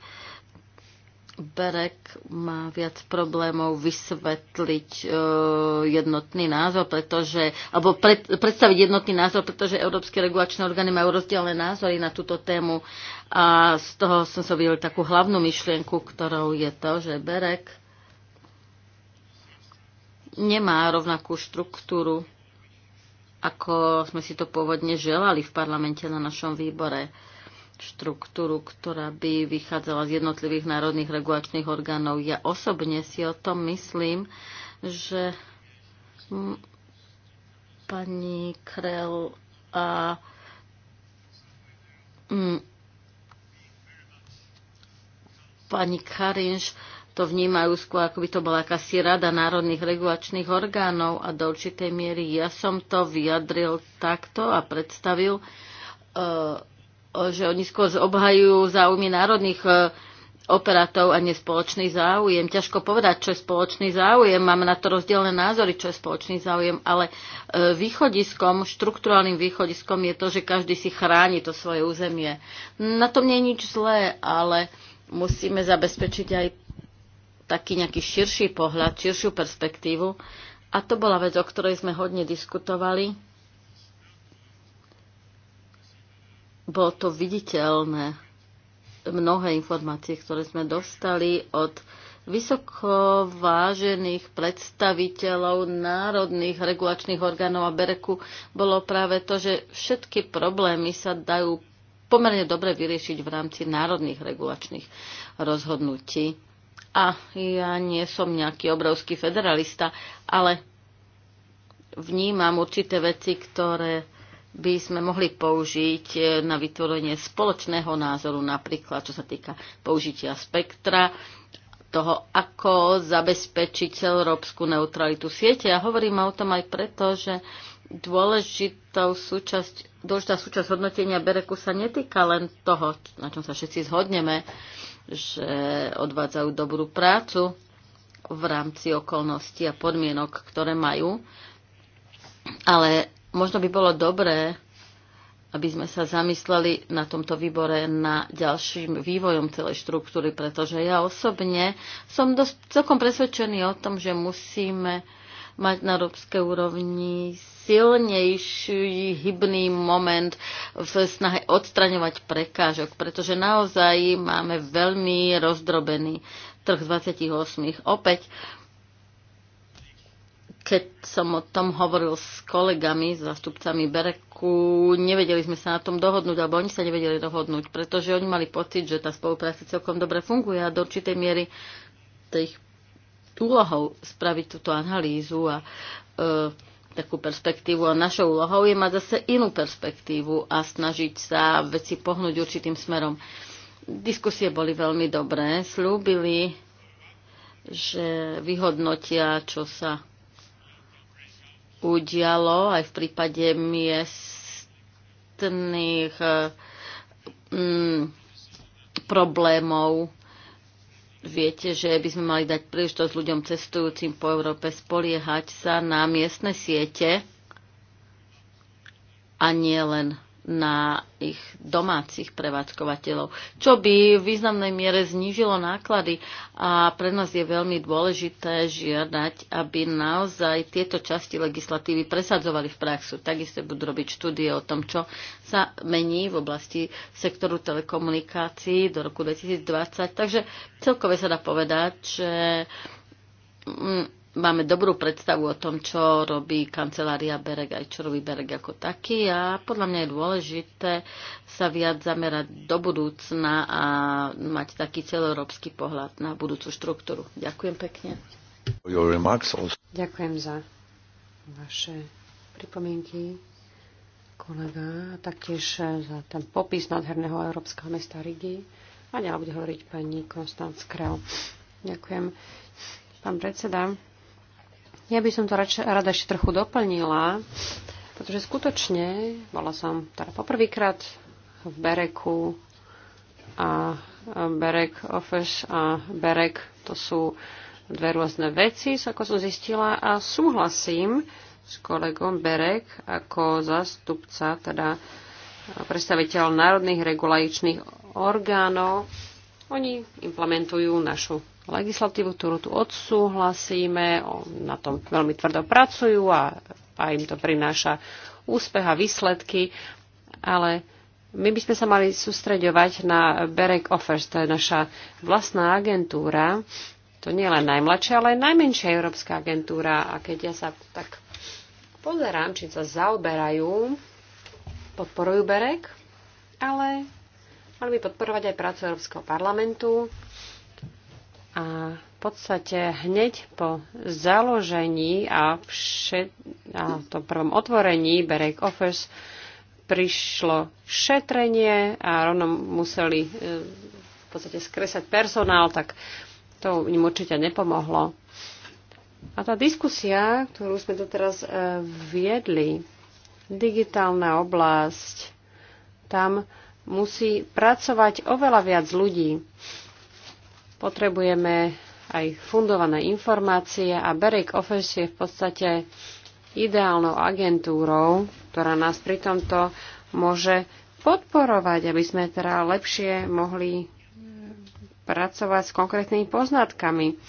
Berek má viac problémov vysvetliť e, jednotný názor, pretože, alebo pred, predstaviť jednotný názor, pretože európske regulačné orgány majú rozdielne názory na túto tému a z toho som sa videl takú hlavnú myšlienku, ktorou je to, že Berek nemá rovnakú štruktúru ako sme si to pôvodne želali v parlamente na našom výbore štruktúru, ktorá by vychádzala z jednotlivých národných regulačných orgánov. Ja osobne si o tom myslím, že pani Krel a pani Karinš to vnímajú skôr, ako by to bola akási rada národných regulačných orgánov a do určitej miery ja som to vyjadril takto a predstavil, eh, že oni skôr obhajujú záujmy národných eh, operátov a nie spoločný záujem. Ťažko povedať, čo je spoločný záujem. Máme na to rozdielne názory, čo je spoločný záujem, ale eh, východiskom, štrukturálnym východiskom je to, že každý si chráni to svoje územie. Na tom nie je nič zlé, ale musíme zabezpečiť aj taký nejaký širší pohľad, širšiu perspektívu. A to bola vec, o ktorej sme hodne diskutovali. Bolo to viditeľné. Mnohé informácie, ktoré sme dostali od vysoko vážených predstaviteľov národných regulačných orgánov a Bereku bolo práve to, že všetky problémy sa dajú pomerne dobre vyriešiť v rámci národných regulačných rozhodnutí a ja nie som nejaký obrovský federalista, ale vnímam určité veci, ktoré by sme mohli použiť e, na vytvorenie spoločného názoru, napríklad čo sa týka použitia spektra, toho, ako zabezpečiť európsku neutralitu siete. A ja hovorím o tom aj preto, že dôležitou súčasť, dôležitá súčasť hodnotenia Bereku sa netýka len toho, na čom sa všetci zhodneme, že odvádzajú dobrú prácu v rámci okolností a podmienok, ktoré majú. Ale možno by bolo dobré, aby sme sa zamysleli na tomto výbore na ďalším vývojom celej štruktúry, pretože ja osobne som dosť, celkom presvedčený o tom, že musíme mať na európskej úrovni silnejší hybný moment v snahe odstraňovať prekážok, pretože naozaj máme veľmi rozdrobený trh 28. Opäť, keď som o tom hovoril s kolegami, s zastupcami Bereku, nevedeli sme sa na tom dohodnúť, alebo oni sa nevedeli dohodnúť, pretože oni mali pocit, že tá spolupráca celkom dobre funguje a do určitej miery tých úlohou spraviť túto analýzu a e, takú perspektívu a našou úlohou je mať zase inú perspektívu a snažiť sa veci pohnúť určitým smerom. Diskusie boli veľmi dobré, slúbili, že vyhodnotia, čo sa udialo aj v prípade miestných mm, problémov Viete, že by sme mali dať príležitosť ľuďom cestujúcim po Európe spoliehať sa na miestne siete a nie len na ich domácich prevádzkovateľov, čo by v významnej miere znížilo náklady a pre nás je veľmi dôležité žiadať, aby naozaj tieto časti legislatívy presadzovali v praxu. Takisto budú robiť štúdie o tom, čo sa mení v oblasti sektoru telekomunikácií do roku 2020. Takže celkové sa dá povedať, že mm, máme dobrú predstavu o tom, čo robí kancelária Bereg, aj čo robí Bereg ako taký a podľa mňa je dôležité sa viac zamerať do budúcna a mať taký celoeurópsky pohľad na budúcu štruktúru. Ďakujem pekne. Ďakujem za vaše pripomienky, kolega, a taktiež za ten popis nádherného európskeho mesta Rigi. A ďalej bude hovoriť pani Konstanc Kral. Ďakujem. Pán predseda, ja by som to rač, rada ešte trochu doplnila, pretože skutočne bola som teda poprvýkrát v Bereku a Berek Office a Berek to sú dve rôzne veci, ako som zistila a súhlasím s kolegom Berek ako zastupca, teda predstaviteľ národných regulačných orgánov. Oni implementujú našu legislatívu, ktorú tu odsúhlasíme. Na tom veľmi tvrdo pracujú a, a im to prináša úspech a výsledky, ale my by sme sa mali sústreďovať na Berek Offers, to je naša vlastná agentúra. To nie je len najmladšia, ale aj najmenšia európska agentúra. A keď ja sa tak pozerám, či sa zaoberajú, podporujú Berek, ale mali by podporovať aj prácu Európskeho parlamentu, a v podstate hneď po založení a, všet, a tom prvom otvorení Berek Office prišlo šetrenie a rovno museli e, v podstate skresať personál, tak to im určite nepomohlo. A tá diskusia, ktorú sme teraz e, viedli, digitálna oblasť, tam musí pracovať oveľa viac ľudí. Potrebujeme aj fundované informácie a Berek Office je v podstate ideálnou agentúrou, ktorá nás pri tomto môže podporovať, aby sme teda lepšie mohli pracovať s konkrétnymi poznatkami.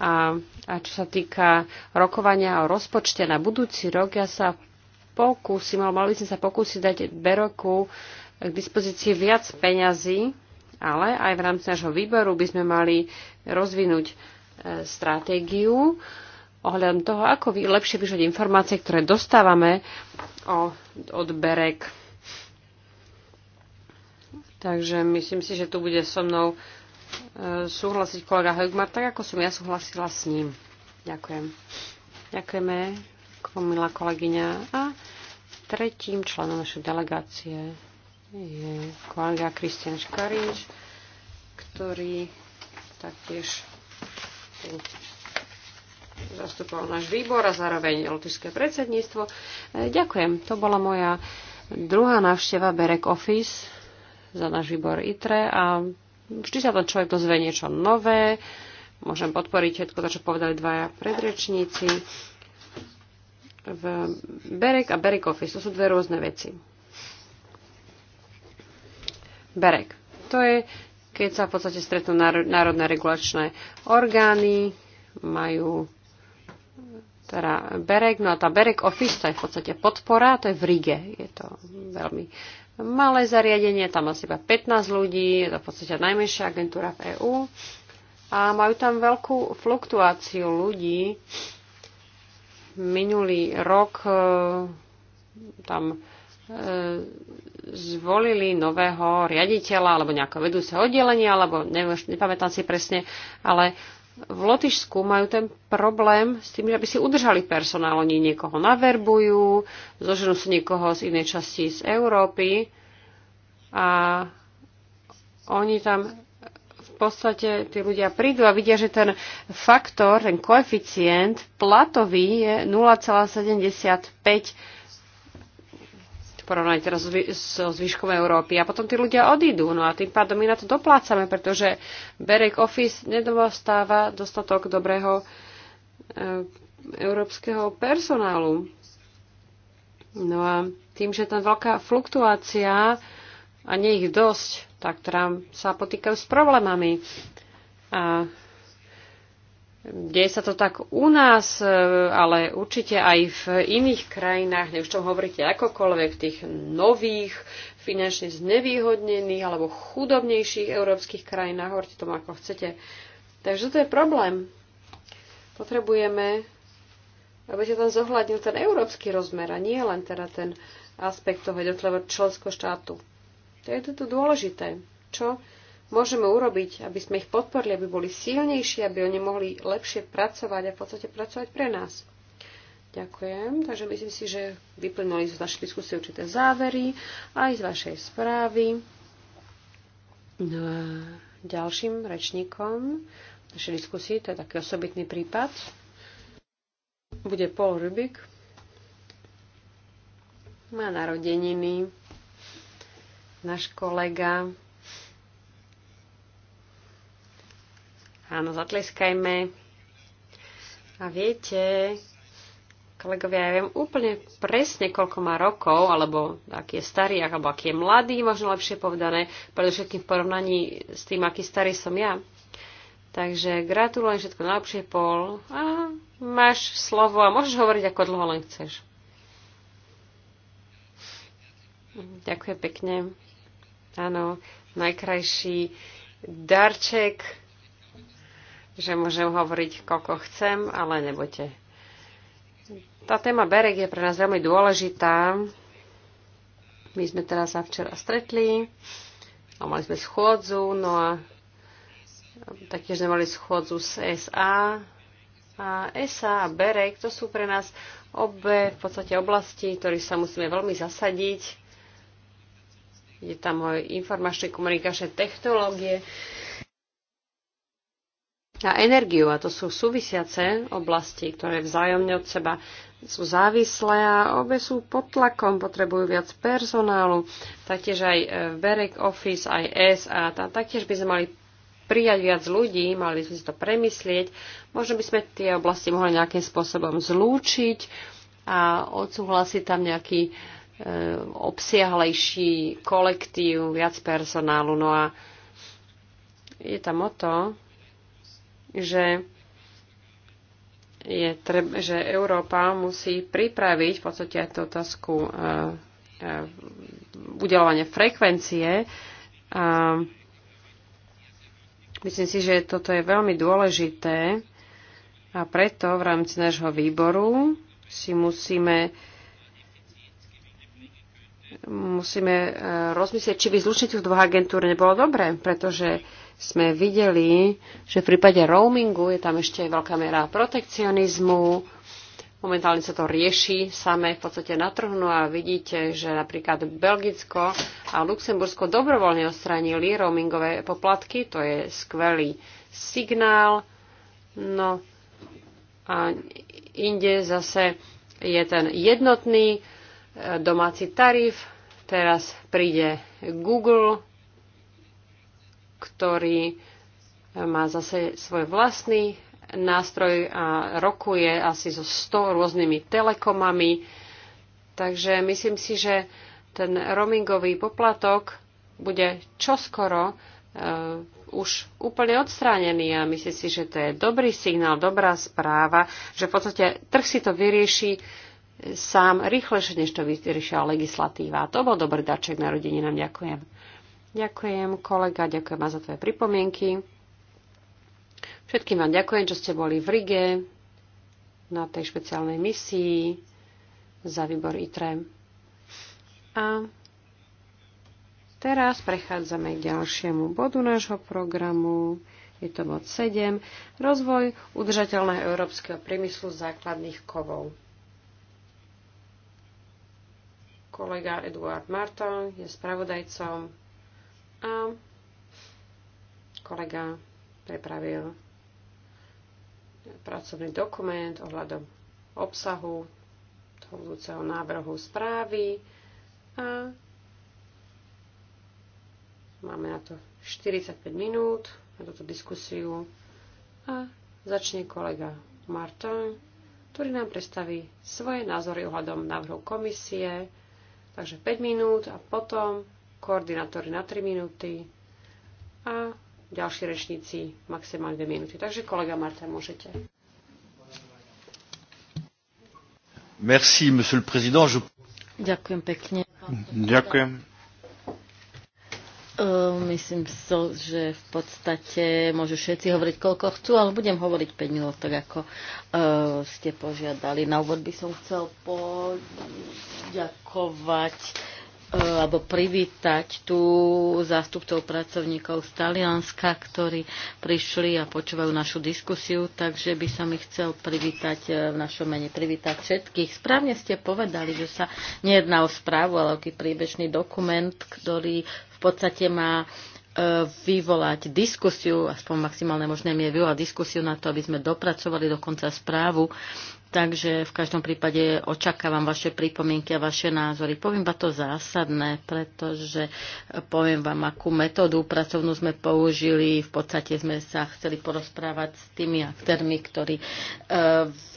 A, a čo sa týka rokovania o rozpočte na budúci rok, ja sa pokúsim, alebo mali by sme sa pokúsiť dať Beroku k dispozícii viac peňazí, ale aj v rámci nášho výboru by sme mali rozvinúť e, stratégiu ohľadom toho, ako lepšie vyžiť informácie, ktoré dostávame o, od Berek. Takže myslím si, že tu bude so mnou e, súhlasiť kolega Heugmar, tak ako som ja súhlasila s ním. Ďakujem. Ďakujeme, milá kolegyňa. A tretím členom našej delegácie je kolega Kristian Škarinč, ktorý taktiež zastupoval náš výbor a zároveň lotišské predsedníctvo. E, ďakujem, to bola moja druhá návšteva Berek Office za náš výbor ITRE a vždy sa to človek dozvie niečo nové. Môžem podporiť všetko to, čo povedali dvaja predrečníci. V Berek a Berek Office, to sú dve rôzne veci. BEREK. To je, keď sa v podstate stretnú národné regulačné orgány, majú teda Berek, no a tá Berek Office, to je v podstate podpora, to je v Rige, je to veľmi malé zariadenie, tam asi iba 15 ľudí, je to v podstate najmenšia agentúra v EÚ a majú tam veľkú fluktuáciu ľudí. Minulý rok e, tam E, zvolili nového riaditeľa alebo nejakého vedúceho oddelenia, alebo neviem, nepamätám si presne, ale v Lotyšsku majú ten problém s tým, že aby si udržali personál. Oni niekoho naverbujú, zoženú si niekoho z inej časti z Európy a oni tam v podstate tí ľudia prídu a vidia, že ten faktor, ten koeficient platový je 0,75 porovnaní teraz so zvyškom Európy. A potom tí ľudia odídu. No a tým pádom my na to doplácame, pretože Berek Office nedostáva dostatok dobrého e, európskeho personálu. No a tým, že tam veľká fluktuácia a nie ich dosť, tak teda sa potýkajú s problémami. A Deje sa to tak u nás, e, ale určite aj v iných krajinách, už čo hovoríte akokoľvek, tých nových, finančne znevýhodnených alebo chudobnejších európskych krajinách, hovoríte tomu ako chcete. Takže to je problém. Potrebujeme, aby sa tam zohľadnil ten európsky rozmer a nie len teda ten aspekt toho jednotlivého členského štátu. To je toto dôležité. Čo môžeme urobiť, aby sme ich podporili, aby boli silnejší, aby oni mohli lepšie pracovať a v podstate pracovať pre nás. Ďakujem. Takže myslím si, že vyplnili z vašej diskusie určité závery aj z vašej správy. No a ďalším rečníkom našej diskusie, to je taký osobitný prípad, bude Paul Rubik. Má narodeniny náš kolega, Áno, zatleskajme. A viete, kolegovia, ja viem úplne presne, koľko má rokov, alebo aký je starý, alebo aký je mladý, možno lepšie povedané, predovšetkým v porovnaní s tým, aký starý som ja. Takže gratulujem všetko najlepšie, Pol. A máš slovo a môžeš hovoriť, ako dlho len chceš. Ďakujem pekne. Áno, najkrajší darček že môžem hovoriť, koľko chcem, ale nebojte. Tá téma Berek je pre nás veľmi dôležitá. My sme teraz sa včera stretli a mali sme schôdzu, no a taktiež sme mali schôdzu z SA. A SA a Berek, to sú pre nás obe v podstate oblasti, ktorých sa musíme veľmi zasadiť. Je tam aj informačné komunikačné technológie, a energiu. A to sú súvisiace oblasti, ktoré vzájomne od seba sú závislé a obe sú pod tlakom, potrebujú viac personálu, taktiež aj e, Berek Office, aj S a tam taktiež by sme mali prijať viac ľudí, mali sme si to premyslieť, možno by sme tie oblasti mohli nejakým spôsobom zlúčiť a odsúhlasiť tam nejaký e, obsiahlejší kolektív, viac personálu. No a je tam o to, že, je treb, že Európa musí pripraviť v podstate aj tú otázku eh, eh, udelovania frekvencie. A myslím si, že toto je veľmi dôležité a preto v rámci nášho výboru si musíme musíme eh, rozmyslieť, či by zlučenie tých dvoch agentúr nebolo dobré, pretože sme videli, že v prípade roamingu je tam ešte veľká miera protekcionizmu. Momentálne sa to rieši samé v podstate na trhu no a vidíte, že napríklad Belgicko a Luxembursko dobrovoľne odstránili roamingové poplatky. To je skvelý signál. No a inde zase je ten jednotný eh, domáci tarif. Teraz príde Google ktorý má zase svoj vlastný nástroj a rokuje asi so 100 rôznymi telekomami. Takže myslím si, že ten roamingový poplatok bude čoskoro uh, už úplne odstránený a myslím si, že to je dobrý signál, dobrá správa, že v podstate trh si to vyrieši sám rýchlejšie, než to vyriešila legislatíva. To bol dobrý darček na rodine, nám ďakujem. Ďakujem, kolega, ďakujem vám za tvoje pripomienky. Všetkým vám ďakujem, že ste boli v Rige na tej špeciálnej misii za výbor ITRE. A teraz prechádzame k ďalšiemu bodu nášho programu. Je to bod 7. Rozvoj udržateľného európskeho priemyslu základných kovov. Kolega Eduard Marton je spravodajcom. A kolega prepravil pracovný dokument ohľadom obsahu toho budúceho návrhu správy a máme na to 45 minút na túto diskusiu a začne kolega Martin, ktorý nám predstaví svoje názory ohľadom návrhu komisie. Takže 5 minút a potom koordinátory na 3 minúty a ďalší rečníci maximálne 2 minúty. Takže kolega Marta, môžete. Merci, monsieur le président. Je... Ďakujem pekne. Ďakujem. Uh, Myslím so, že v podstate môžu všetci hovoriť, koľko chcú, ale budem hovoriť 5 minút, tak ako uh, ste požiadali. Na úvod by som chcel poďakovať uh, E, alebo privítať tu zástupcov pracovníkov z Talianska, ktorí prišli a počúvajú našu diskusiu, takže by som ich chcel privítať e, v našom mene, privítať všetkých. Správne ste povedali, že sa nejedná o správu, ale o príbežný dokument, ktorý v podstate má e, vyvolať diskusiu, aspoň maximálne možné mi je vyvolať diskusiu na to, aby sme dopracovali dokonca správu, Takže v každom prípade očakávam vaše pripomienky a vaše názory. Poviem vám to zásadné, pretože poviem vám, akú metódu pracovnú sme použili. V podstate sme sa chceli porozprávať s tými aktérmi, ktorí e,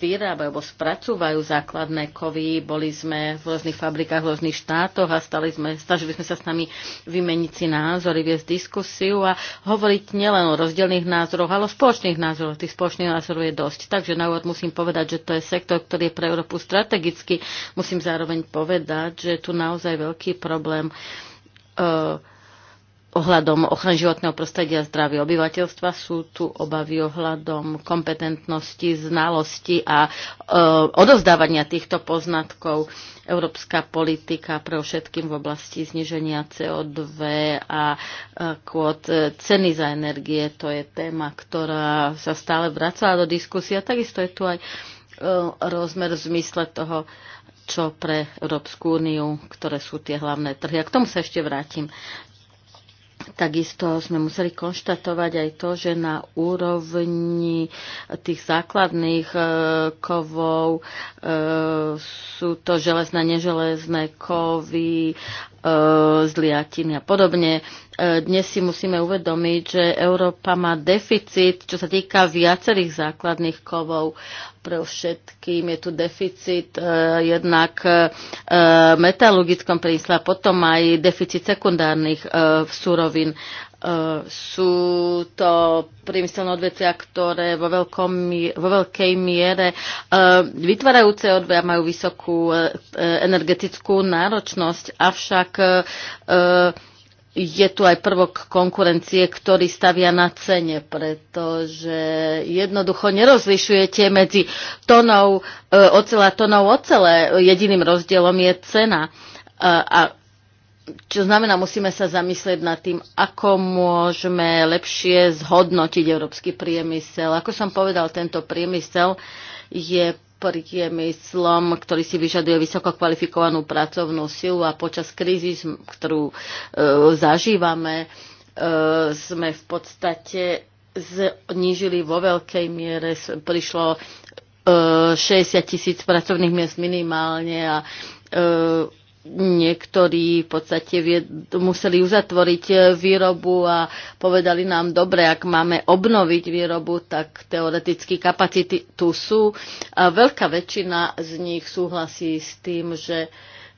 vyrábajú alebo spracúvajú základné kovy. Boli sme v rôznych fabrikách, v rôznych štátoch a stali sme, snažili sme sa s nami vymeniť si názory, viesť diskusiu a hovoriť nielen o rozdielných názoroch, ale o spoločných názoroch. Tých spoločných názorov je dosť. Takže na úvod musím povedať, že to je sektor, ktorý je pre Európu strategický. Musím zároveň povedať, že je tu naozaj veľký problém eh, ohľadom ochrany životného prostredia a zdravia obyvateľstva. Sú tu obavy ohľadom kompetentnosti, znalosti a e, odovzdávania týchto poznatkov. Európska politika pre všetkým v oblasti zniženia CO2 a e, e, ceny za energie, to je téma, ktorá sa stále vracala do diskusie. A takisto je tu aj E, rozmer v zmysle toho, čo pre Európsku úniu, ktoré sú tie hlavné trhy. A k tomu sa ešte vrátim. Takisto sme museli konštatovať aj to, že na úrovni tých základných e, kovov e, sú to železné, neželezné kovy, zliatiny a podobne. E, dnes si musíme uvedomiť, že Európa má deficit, čo sa týka viacerých základných kovov. Pre všetkým je tu deficit e, jednak eh, metalurgickom prísle a potom aj deficit sekundárnych surovín sú to priemyselné odvetvia, ktoré vo, veľkom, vo veľkej miere vytvárajú CO2 a majú vysokú energetickú náročnosť, avšak je tu aj prvok konkurencie, ktorý stavia na cene, pretože jednoducho nerozlišujete medzi tonou e, ocele a tonou ocele. Jediným rozdielom je cena. E, a čo znamená, musíme sa zamyslieť nad tým, ako môžeme lepšie zhodnotiť európsky priemysel. Ako som povedal, tento priemysel je priemyslom, ktorý si vyžaduje vysoko kvalifikovanú pracovnú silu a počas krízy, ktorú e, zažívame, e, sme v podstate znížili vo veľkej miere, prišlo e, 60 tisíc pracovných miest minimálne a e, niektorí v podstate museli uzatvoriť eh, výrobu a povedali nám, dobre, ak máme obnoviť výrobu, tak teoreticky kapacity tu sú. A veľká väčšina z nich súhlasí s tým, že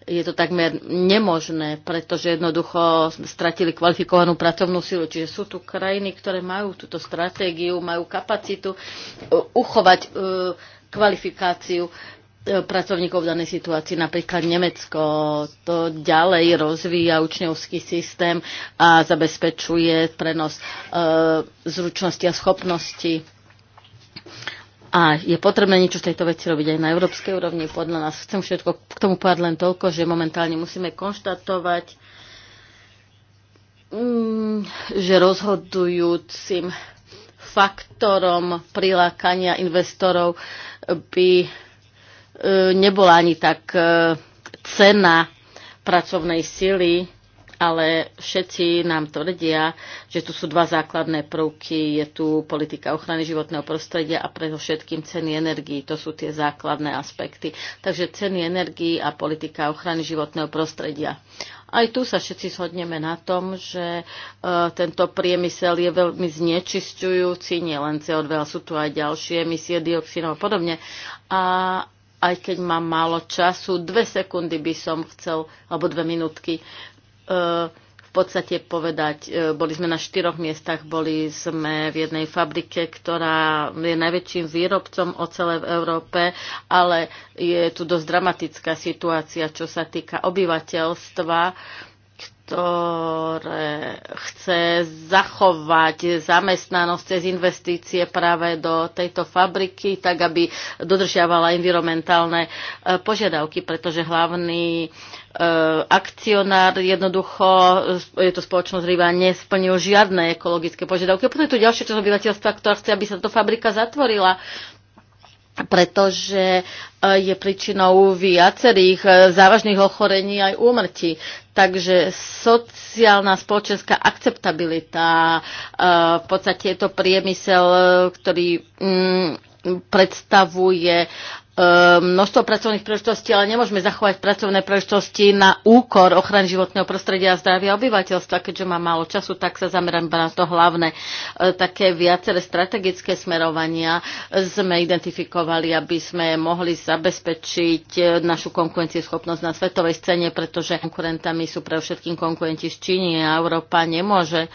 je to takmer nemožné, pretože jednoducho stratili kvalifikovanú pracovnú silu. Čiže sú tu krajiny, ktoré majú túto stratégiu, majú kapacitu eh, uchovať eh, kvalifikáciu E, pracovníkov v danej situácii. Napríklad Nemecko to ďalej rozvíja učňovský systém a zabezpečuje prenos e, zručnosti a schopnosti. A je potrebné niečo v tejto veci robiť aj na európskej úrovni podľa nás. Chcem všetko k tomu povedať len toľko, že momentálne musíme konštatovať, mm, že rozhodujúcim faktorom prilákania investorov by E, nebola ani tak e, cena pracovnej sily, ale všetci nám tvrdia, že tu sú dva základné prvky. Je tu politika ochrany životného prostredia a predovšetkým ceny energií. To sú tie základné aspekty. Takže ceny energií a politika ochrany životného prostredia. Aj tu sa všetci shodneme na tom, že e, tento priemysel je veľmi znečisťujúci, nielen CO2, sú tu aj ďalšie emisie dioxínov a podobne. A aj keď mám málo času, dve sekundy by som chcel, alebo dve minútky, e, v podstate povedať, e, boli sme na štyroch miestach, boli sme v jednej fabrike, ktorá je najväčším výrobcom ocele v Európe, ale je tu dosť dramatická situácia, čo sa týka obyvateľstva ktoré chce zachovať zamestnanosť cez investície práve do tejto fabriky, tak aby dodržiavala environmentálne e, požiadavky, pretože hlavný e, akcionár jednoducho, e, je to spoločnosť Riva, nesplnil žiadne ekologické požiadavky. Potom je tu ďalšia časť obyvateľstva, ktorá chce, aby sa táto fabrika zatvorila pretože e, je príčinou viacerých e, závažných ochorení aj úmrtí. Takže sociálna spoločenská akceptabilita, e, v podstate je to priemysel, ktorý mm, predstavuje Ehm, množstvo pracovných príležitostí, ale nemôžeme zachovať pracovné príležitosti na úkor ochrany životného prostredia a zdravia obyvateľstva. Keďže mám málo času, tak sa zamerám na to hlavné. E, také viaceré strategické smerovania sme identifikovali, aby sme mohli zabezpečiť e, našu konkurencieschopnosť na svetovej scéne, pretože konkurentami sú pre všetkým konkurenti z Číny a Európa nemôže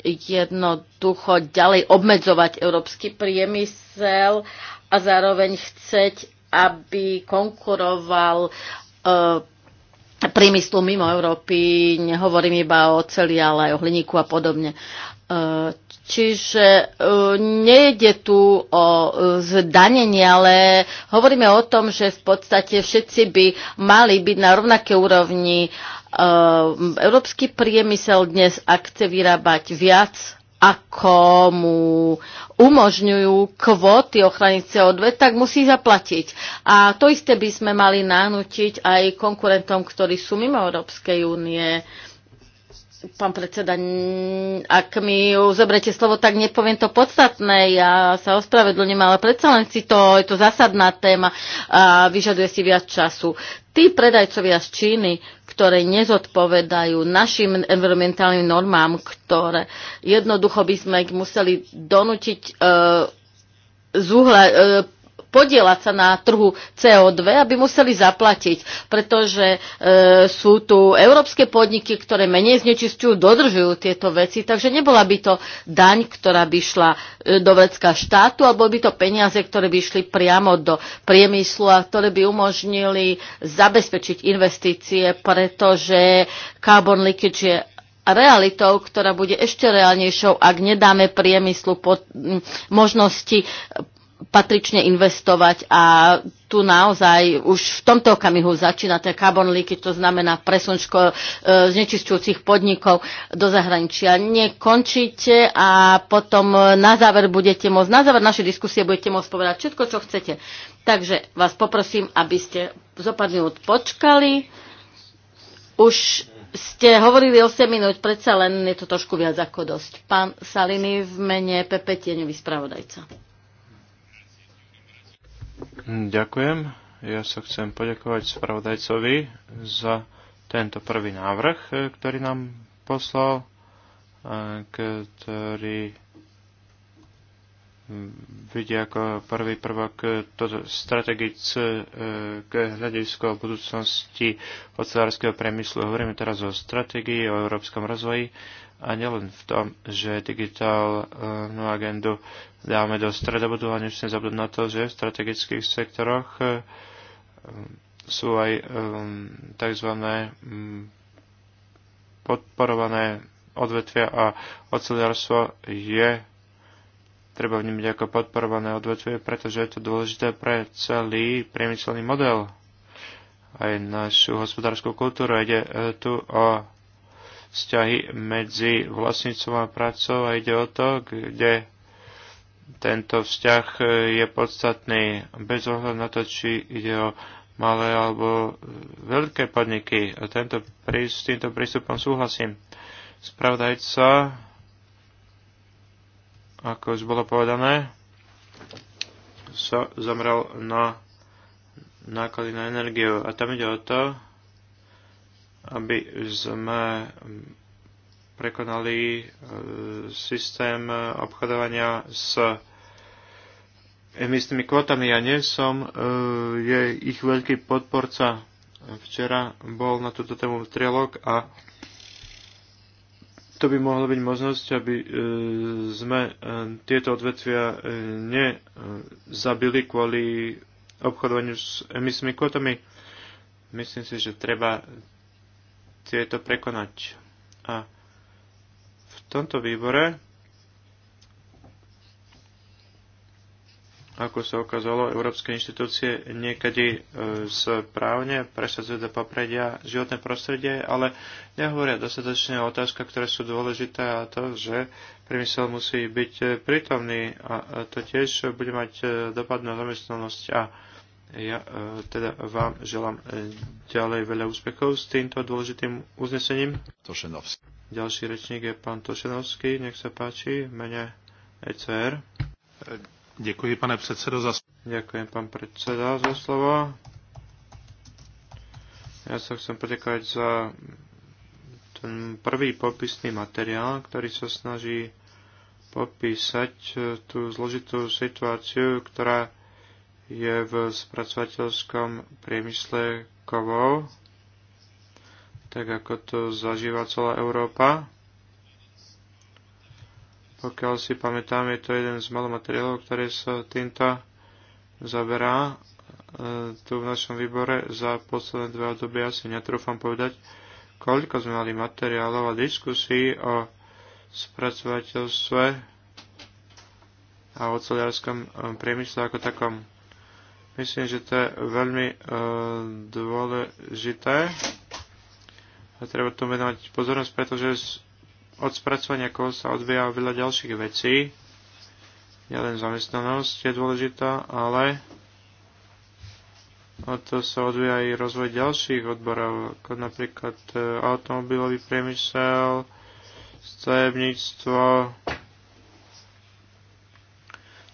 jednoducho ďalej obmedzovať európsky priemysel a zároveň chceť aby konkuroval eh, priemyslu mimo Európy, nehovorím iba o oceli, ale aj o hliníku a podobne. Eh, čiže eh, nejde tu o zdanenie, ale hovoríme o tom, že v podstate všetci by mali byť na rovnaké úrovni. Európsky priemysel dnes, ak chce vyrábať viac, ako mu umožňujú kvóty ochrany CO2, tak musí zaplatiť. A to isté by sme mali nanútiť aj konkurentom, ktorí sú mimo Európskej únie. Pán predseda, ak mi zobrete slovo, tak nepoviem to podstatné. Ja sa ospravedlňujem, ale predsa len si to, je to zásadná téma a vyžaduje si viac času. Tí predajcovia z Číny, ktoré nezodpovedajú našim environmentálnym normám, ktoré jednoducho by sme ich museli donútiť e, e, podielať sa na trhu CO2, aby museli zaplatiť, pretože e, sú tu európske podniky, ktoré menej znečistujú, dodržujú tieto veci, takže nebola by to daň, ktorá by šla e, do vrecka štátu, alebo by to peniaze, ktoré by šli priamo do priemyslu a ktoré by umožnili zabezpečiť investície, pretože carbon leakage je realitou, ktorá bude ešte reálnejšou, ak nedáme priemyslu pod, možnosti patrične investovať a tu naozaj už v tomto okamihu začína ten carbon leakage, to znamená presun ško- e, znečistujúcich podnikov do zahraničia. Nekončíte a potom na záver budete môcť, na záver našej diskusie budete môcť povedať všetko, čo chcete. Takže vás poprosím, aby ste zo pár minút počkali. Už ste hovorili 8 minút, predsa len je to trošku viac ako dosť. Pán Saliny v mene PP Tieňový spravodajca. Hm, ďakujem. Ja sa chcem poďakovať spravodajcovi za tento prvý návrh, eh, ktorý nám poslal, eh, ktorý vidí ako prvý prvok toto eh, strategické hľadisko budúcnosti ocelárského priemyslu. Hovoríme teraz o strategii, o európskom rozvoji a nielen v tom, že digitálnu e, agendu dáme do stredobodu a nesmieme zabudnúť na to, že v strategických sektoroch e, e, sú aj tzv. Mm, podporované odvetvia a ocelárstvo je treba vnímať ako podporované odvetvie, pretože je to dôležité pre celý priemyselný model aj našu hospodárskú kultúru. Ide tu o vzťahy medzi vlastníctvom a prácou a ide o to, kde tento vzťah e, je podstatný bez ohľadu na to, či ide o malé alebo veľké podniky. A tento, s týmto prístupom súhlasím. Spravdajca, ako už bolo povedané, sa zamral na náklady na energiu. A tam ide o to, aby sme prekonali e, systém obchodovania s emisnými kvotami. Ja nie som e, je ich veľký podporca. Včera bol na túto tému trialog a to by mohla byť možnosť, aby e, sme tieto odvetvia nezabili kvôli obchodovaniu s emisnými kvotami. Myslím si, že treba tieto prekonať. A v tomto výbore, ako sa ukázalo, európske inštitúcie niekedy e, správne presadzujú do popredia životné prostredie, ale nehovoria dostatočne o otázka, ktoré sú dôležité a to, že priemysel musí byť prítomný a to tiež bude mať e, dopad na zamestnanosť a ja e, teda vám želám e, ďalej veľa úspechov s týmto dôležitým uznesením. Tošenovský. Ďalší rečník je pán Tošenovský. Nech sa páči, mene ECR. Ďakujem, pane predsedo, za Ďakujem, pán predseda, za slovo. Ja sa chcem poďakovať za ten prvý popisný materiál, ktorý sa snaží popísať e, tú zložitú situáciu, ktorá je v spracovateľskom priemysle kovov, tak ako to zažíva celá Európa. Pokiaľ si pamätám, je to jeden z malých materiálov, ktoré sa týmto zaberá e, tu v našom výbore za posledné dva doby. Ja si netrúfam povedať, koľko sme mali materiálov a diskusí o spracovateľstve a oceliarskom e, priemysle ako takom. Myslím, že to je veľmi uh, dôležité. A treba tomu venovať pozornosť, pretože od spracovania koho sa odvíja veľa ďalších vecí. len zamestnanosť je dôležitá, ale o to sa odvíja aj rozvoj ďalších odborov, ako napríklad e, automobilový priemysel, stavebníctvo,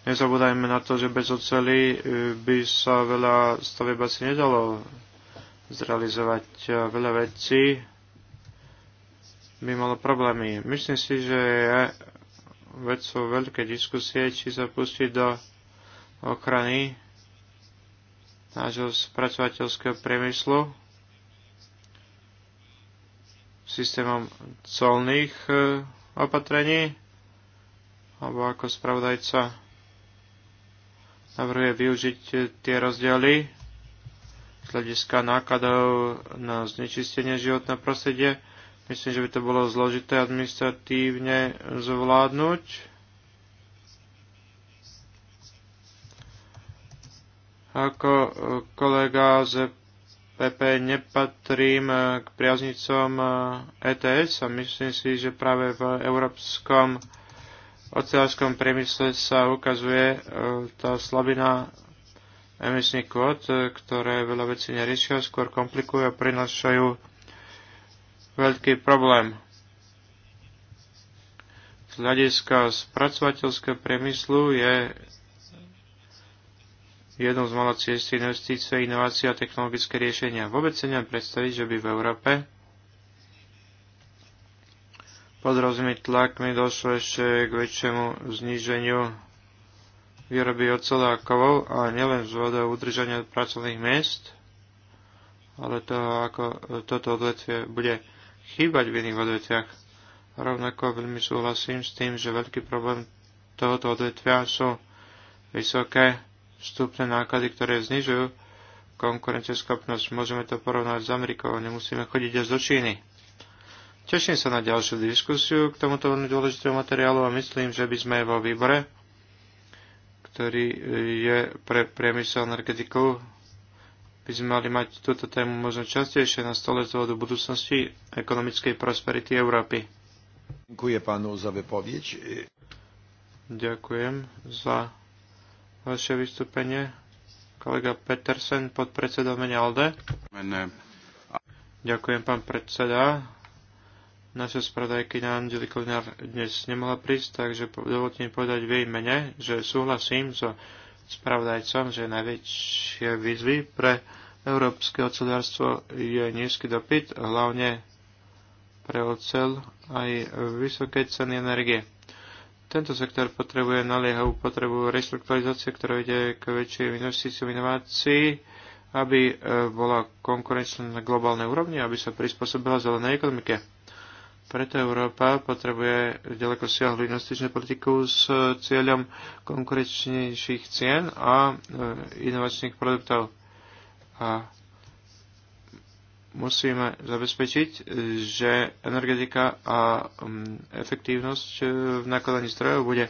Nezabúdajme na to, že bez oceli e, by sa veľa staveb asi nedalo zrealizovať. Veľa vecí by malo problémy. Myslím si, že je vecou veľké diskusie, či sa pustiť do ochrany nášho spracovateľského priemyslu systémom colných e, opatrení, alebo ako spravodajca navrhuje využiť tie rozdiely z hľadiska nákladov na znečistenie životného prostredie. Myslím, že by to bolo zložité administratívne zvládnuť. Ako kolega z PP nepatrím k priaznicom ETS a myslím si, že práve v európskom ocelárskom priemysle sa ukazuje e, tá slabina emisných kvót, e, ktoré veľa vecí neriešia, skôr komplikujú a prinášajú veľký problém. Z hľadiska spracovateľského priemyslu je jednou z malých ciest investície, inovácie a technologické riešenia. Vôbec sa neviem predstaviť, že by v Európe pod tlakmi došlo ešte k väčšiemu zníženiu výroby ocele a kovov a nielen z vodou udržania pracovných miest, ale to, ako toto odvetvie bude chýbať v iných odvetviach. Rovnako veľmi súhlasím s tým, že veľký problém tohoto odvetvia sú vysoké vstupné náklady, ktoré znižujú konkurenceschopnosť. Môžeme to porovnať s Amerikou, nemusíme chodiť až do Číny. Teším sa na ďalšiu diskusiu k tomuto veľmi dôležitému materiálu a myslím, že by sme vo výbore, ktorý e, je pre priemysel energetikov, by sme mali mať túto tému možno častejšie na stole z dôvodu budúcnosti ekonomickej prosperity Európy. Ďakujem pánu za vypovieť. Ďakujem za vaše vystúpenie. Kolega Petersen, podpredseda mene Alde. Ďakujem, pán predseda naša spravodajkyňa Angelika Linár dnes nemohla prísť, takže dovolte mi povedať v jej mene, že súhlasím so spravodajcom, že najväčšie výzvy pre európske ocelárstvo je nízky dopyt, hlavne pre ocel aj vysoké ceny energie. Tento sektor potrebuje naliehavú potrebu restrukturalizácie, ktorá ide k väčšej investíciu inovácií, aby eh, bola konkurenčná na globálnej úrovni, aby sa prispôsobila zelenej ekonomike. Preto Európa potrebuje ďaleko siahlu investičnú politiku s cieľom konkurenčnejších cien a e, inovačných produktov. A musíme zabezpečiť, že energetika a mm, efektívnosť e, v nakladaní strojov bude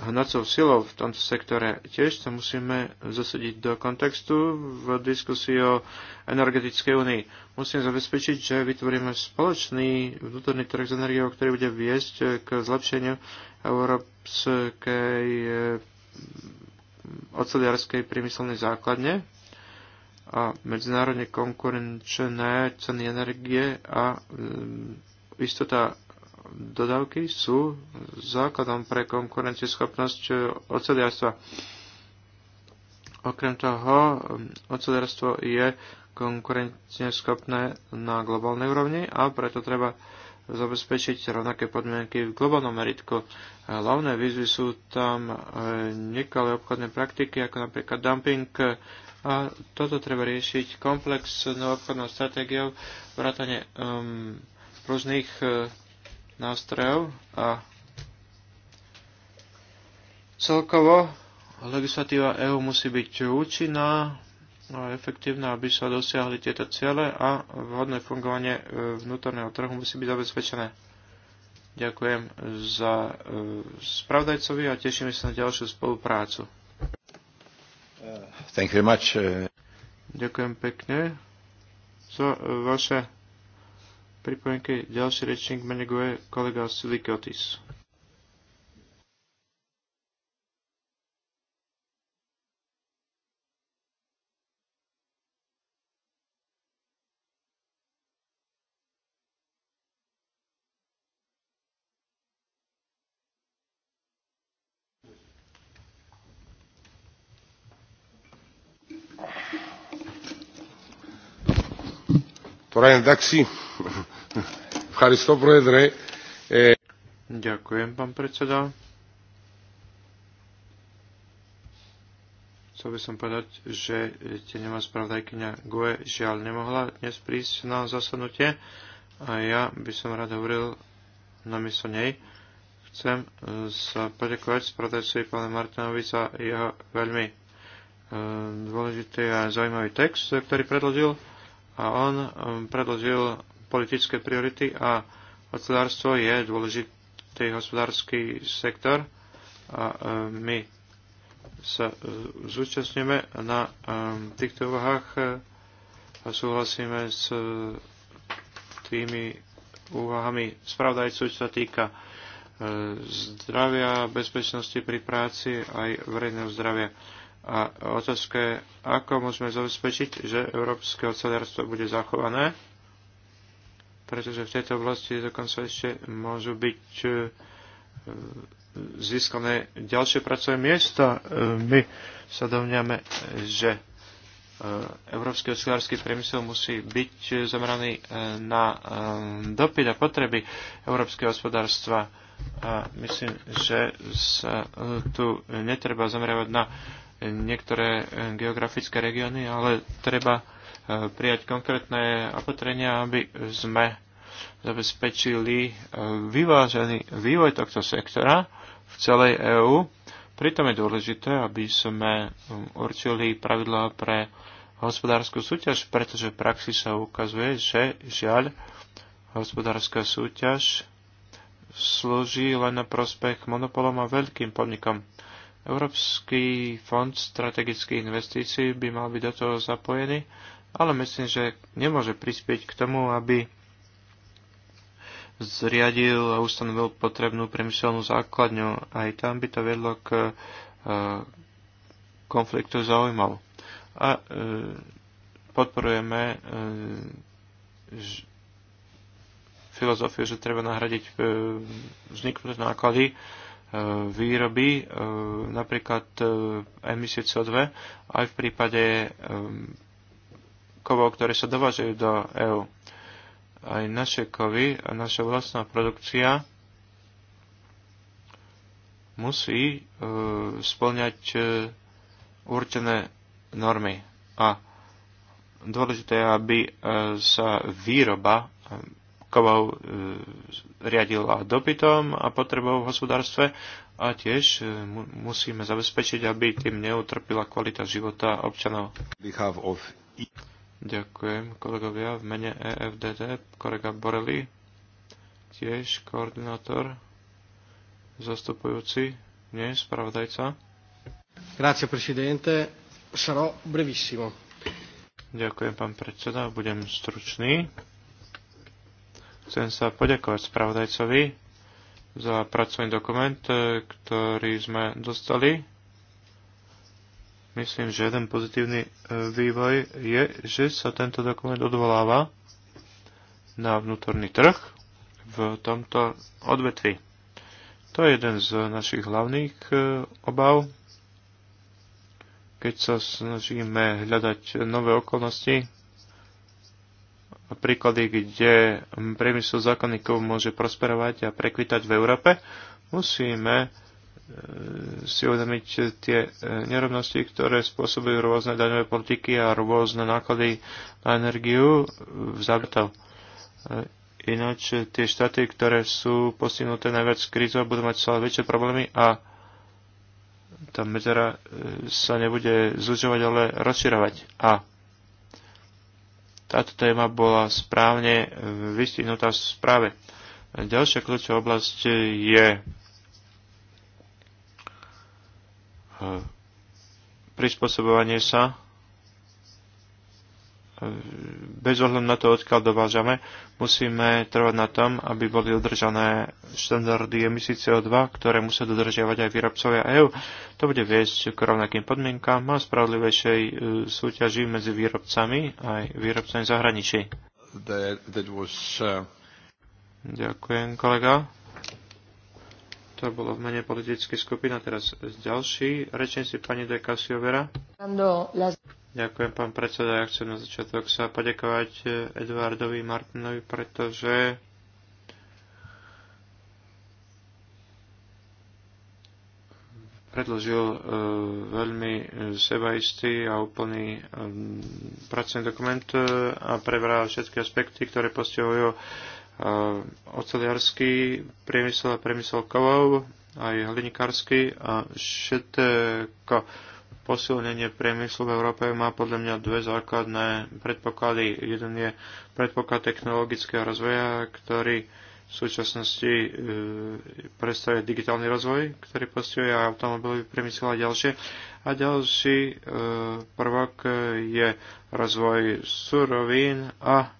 hnacou silou v tomto sektore. Tiež sa musíme zasadiť do kontextu v diskusii o energetickej únii. Musíme zabezpečiť, že vytvoríme spoločný vnútorný trh s energiou, ktorý bude viesť k zlepšeniu európskej eh, oceliarskej priemyselnej základne a medzinárodne konkurenčné ceny energie a eh, istota dodávky sú základom pre konkurencieschopnosť e, oceliarstva. Okrem toho, e, oceliarstvo je konkurencieschopné na globálnej úrovni a preto treba zabezpečiť rovnaké podmienky v globálnom meritku. Hlavné výzvy sú tam e, nekalé obchodné praktiky, ako napríklad dumping, a toto treba riešiť komplexnou obchodnou stratégiou, vrátane um, rôznych uh, nástrojov a celkovo legislatíva EÚ musí byť účinná a efektívna, aby sa dosiahli tieto ciele a vhodné fungovanie e, vnútorného trhu musí byť zabezpečené. Ďakujem za e, spravdajcovi a tešíme sa na ďalšiu spoluprácu. Thank you very much. Ďakujem pekne za e, vaše pripojenke. Ďalší rečník meneguje kolega Silikotis. tak si, E, Ďakujem, pán predseda. Chcel by som povedať, že nemá spravodajkynia GUE žiaľ nemohla dnes prísť na zasadnutie a ja by som rád hovoril na miesto nej. Chcem e, sa poďakovať spravdajcovi pánu Martinovi za jeho veľmi e, dôležitý a zaujímavý text, ktorý predložil a on predložil politické priority a hospodárstvo je dôležitý hospodársky sektor a e, my sa e, zúčastníme na e, týchto úvahách a súhlasíme s tými úvahami spravdajcu, čo sa týka zdravia, bezpečnosti pri práci aj verejného zdravia. A otázka je, ako môžeme zabezpečiť, že európske hospodárstvo bude zachované pretože v tejto oblasti dokonca ešte môžu byť e, získané ďalšie pracovné miesta. E, my sa domňame, že e, európsky hospodársky priemysel musí byť zameraný na dopyt a potreby európskeho hospodárstva. A myslím, že sa tu netreba zamerávať na niektoré geografické regióny, ale treba prijať konkrétne opatrenia, aby sme zabezpečili e, vyvážený vývoj tohto sektora v celej EÚ. Pritom je dôležité, aby sme um, určili pravidlá pre hospodárskú súťaž, pretože v praxi sa ukazuje, že žiaľ hospodárska súťaž slúži len na prospech monopolom a veľkým podnikom. Európsky fond strategických investícií by mal byť do toho zapojený ale myslím, že nemôže prispieť k tomu, aby zriadil a ustanovil potrebnú priemyselnú základňu. Aj tam by to vedlo k e, konfliktu zaujímav. A e, podporujeme e, filozofiu, že treba nahradiť vzniknuté náklady výroby, napríklad emisie CO2, aj v prípade kovov, ktoré sa dovážajú do EÚ. Aj naše kovy a naša vlastná produkcia musí uh, splňať uh, určené normy. A dôležité je, aby uh, sa výroba kovov uh, riadila dopytom a potrebou v hospodárstve a tiež uh, musíme zabezpečiť, aby tým neutrpila kvalita života občanov. Ďakujem kolegovia v mene EFDD, kolega Borelli, tiež koordinátor, zastupujúci, nie, spravodajca. Grazie, presidente. Sarò brevissimo. Ďakujem, pán predseda, budem stručný. Chcem sa poďakovať spravodajcovi za pracovný dokument, ktorý sme dostali Myslím, že jeden pozitívny e, vývoj je, že sa tento dokument odvoláva na vnútorný trh v tomto odvetvi. To je jeden z našich hlavných e, obav, keď sa snažíme hľadať nové okolnosti a príklady, kde priemysel zákonníkov môže prosperovať a prekvitať v Európe, musíme E, si uvedomiť tie e, nerovnosti, ktoré spôsobujú rôzne daňové politiky a rôzne náklady na energiu e, v zábetov. Ináč tie štáty, ktoré sú postihnuté najviac krízou, budú mať celé väčšie problémy a tá medzera sa nebude zužovať, ale rozširovať. A táto téma bola správne vystihnutá v správe. Ďalšia kľúčová oblasť je prispôsobovanie sa bez ohľadu na to, odkiaľ dovážame, musíme trvať na tom, aby boli udržané štandardy emisí CO2, ktoré musia dodržiavať aj výrobcovia EÚ. To bude viesť k rovnakým podmienkám a spravodlivejšej e, súťaži medzi výrobcami aj výrobcami zahraničí. That, that was, uh... Ďakujem, kolega. To bolo v mene politických skupín a teraz ďalší rečníci pani de Casiovera. Ďakujem pán predseda, ja chcem na začiatok sa poďakovať eh, Eduardovi Martinovi, pretože predložil uh, veľmi eh, sebaistý a úplný um, pracovný dokument a prebral všetky aspekty, ktoré postihujú uh, oceliarský priemysel a priemysel kovov, aj hlinikársky a všetko posilnenie priemyslu v Európe má podľa mňa dve základné predpoklady. Jeden je predpoklad technologického rozvoja, ktorý v súčasnosti e, predstavuje digitálny rozvoj, ktorý postihuje automobilový priemysel a ďalšie. A ďalší e, prvok je rozvoj surovín a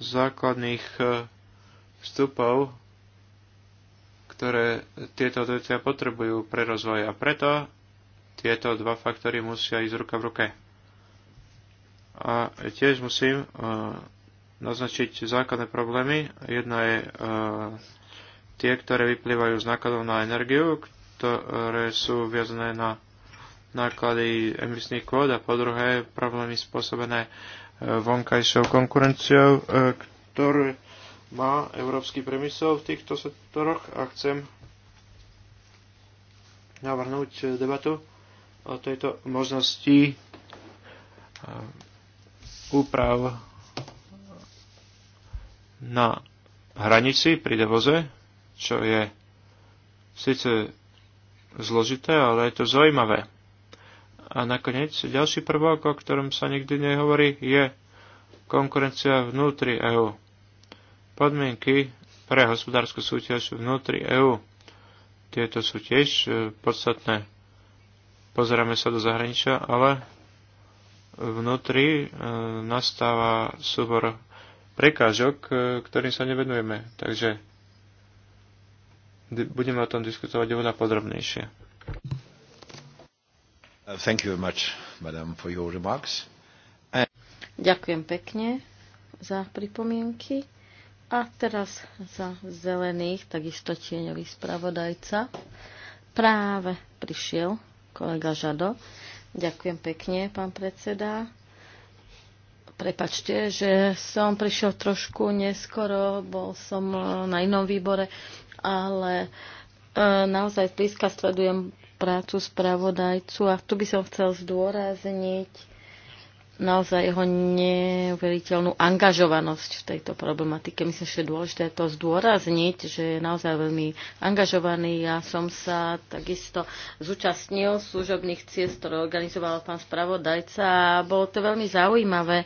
základných e, vstupov, ktoré tieto odvetvia potrebujú pre rozvoj. A preto tieto dva faktory musia ísť ruka v ruke. A tiež musím e, naznačiť základné problémy. Jedna je e, tie, ktoré vyplývajú z nákladov na energiu, ktoré sú viazané na náklady emisných kvót a po druhé problémy spôsobené vonkajšou konkurenciou, e, ktorú má európsky priemysel v týchto sektoroch a chcem navrhnúť debatu o tejto možnosti e, úprav na hranici pri devoze, čo je síce zložité, ale je to zaujímavé. A nakoniec ďalší prvok, o ktorom sa nikdy nehovorí, je konkurencia vnútri EÚ. Podmienky pre hospodárskú súťaž vnútri EÚ. Tieto sú tiež e, podstatné. Pozeráme sa do zahraničia, ale vnútri e, nastáva súbor prekážok, e, ktorým sa nevenujeme. Takže budeme o tom diskutovať oveľa podrobnejšie. Thank you very much, madam, for your remarks. And... Ďakujem pekne za pripomienky. A teraz za zelených, takisto tieňový spravodajca. Práve prišiel kolega Žado. Ďakujem pekne, pán predseda. Prepačte, že som prišiel trošku neskoro, bol som na inom výbore, ale e, naozaj zblízka sledujem prácu spravodajcu a tu by som chcel zdôrazniť naozaj jeho neuveriteľnú angažovanosť v tejto problematike. Myslím, že je dôležité to zdôrazniť, že je naozaj veľmi angažovaný. Ja som sa takisto zúčastnil služobných ciest, ktoré organizoval pán spravodajca a bolo to veľmi zaujímavé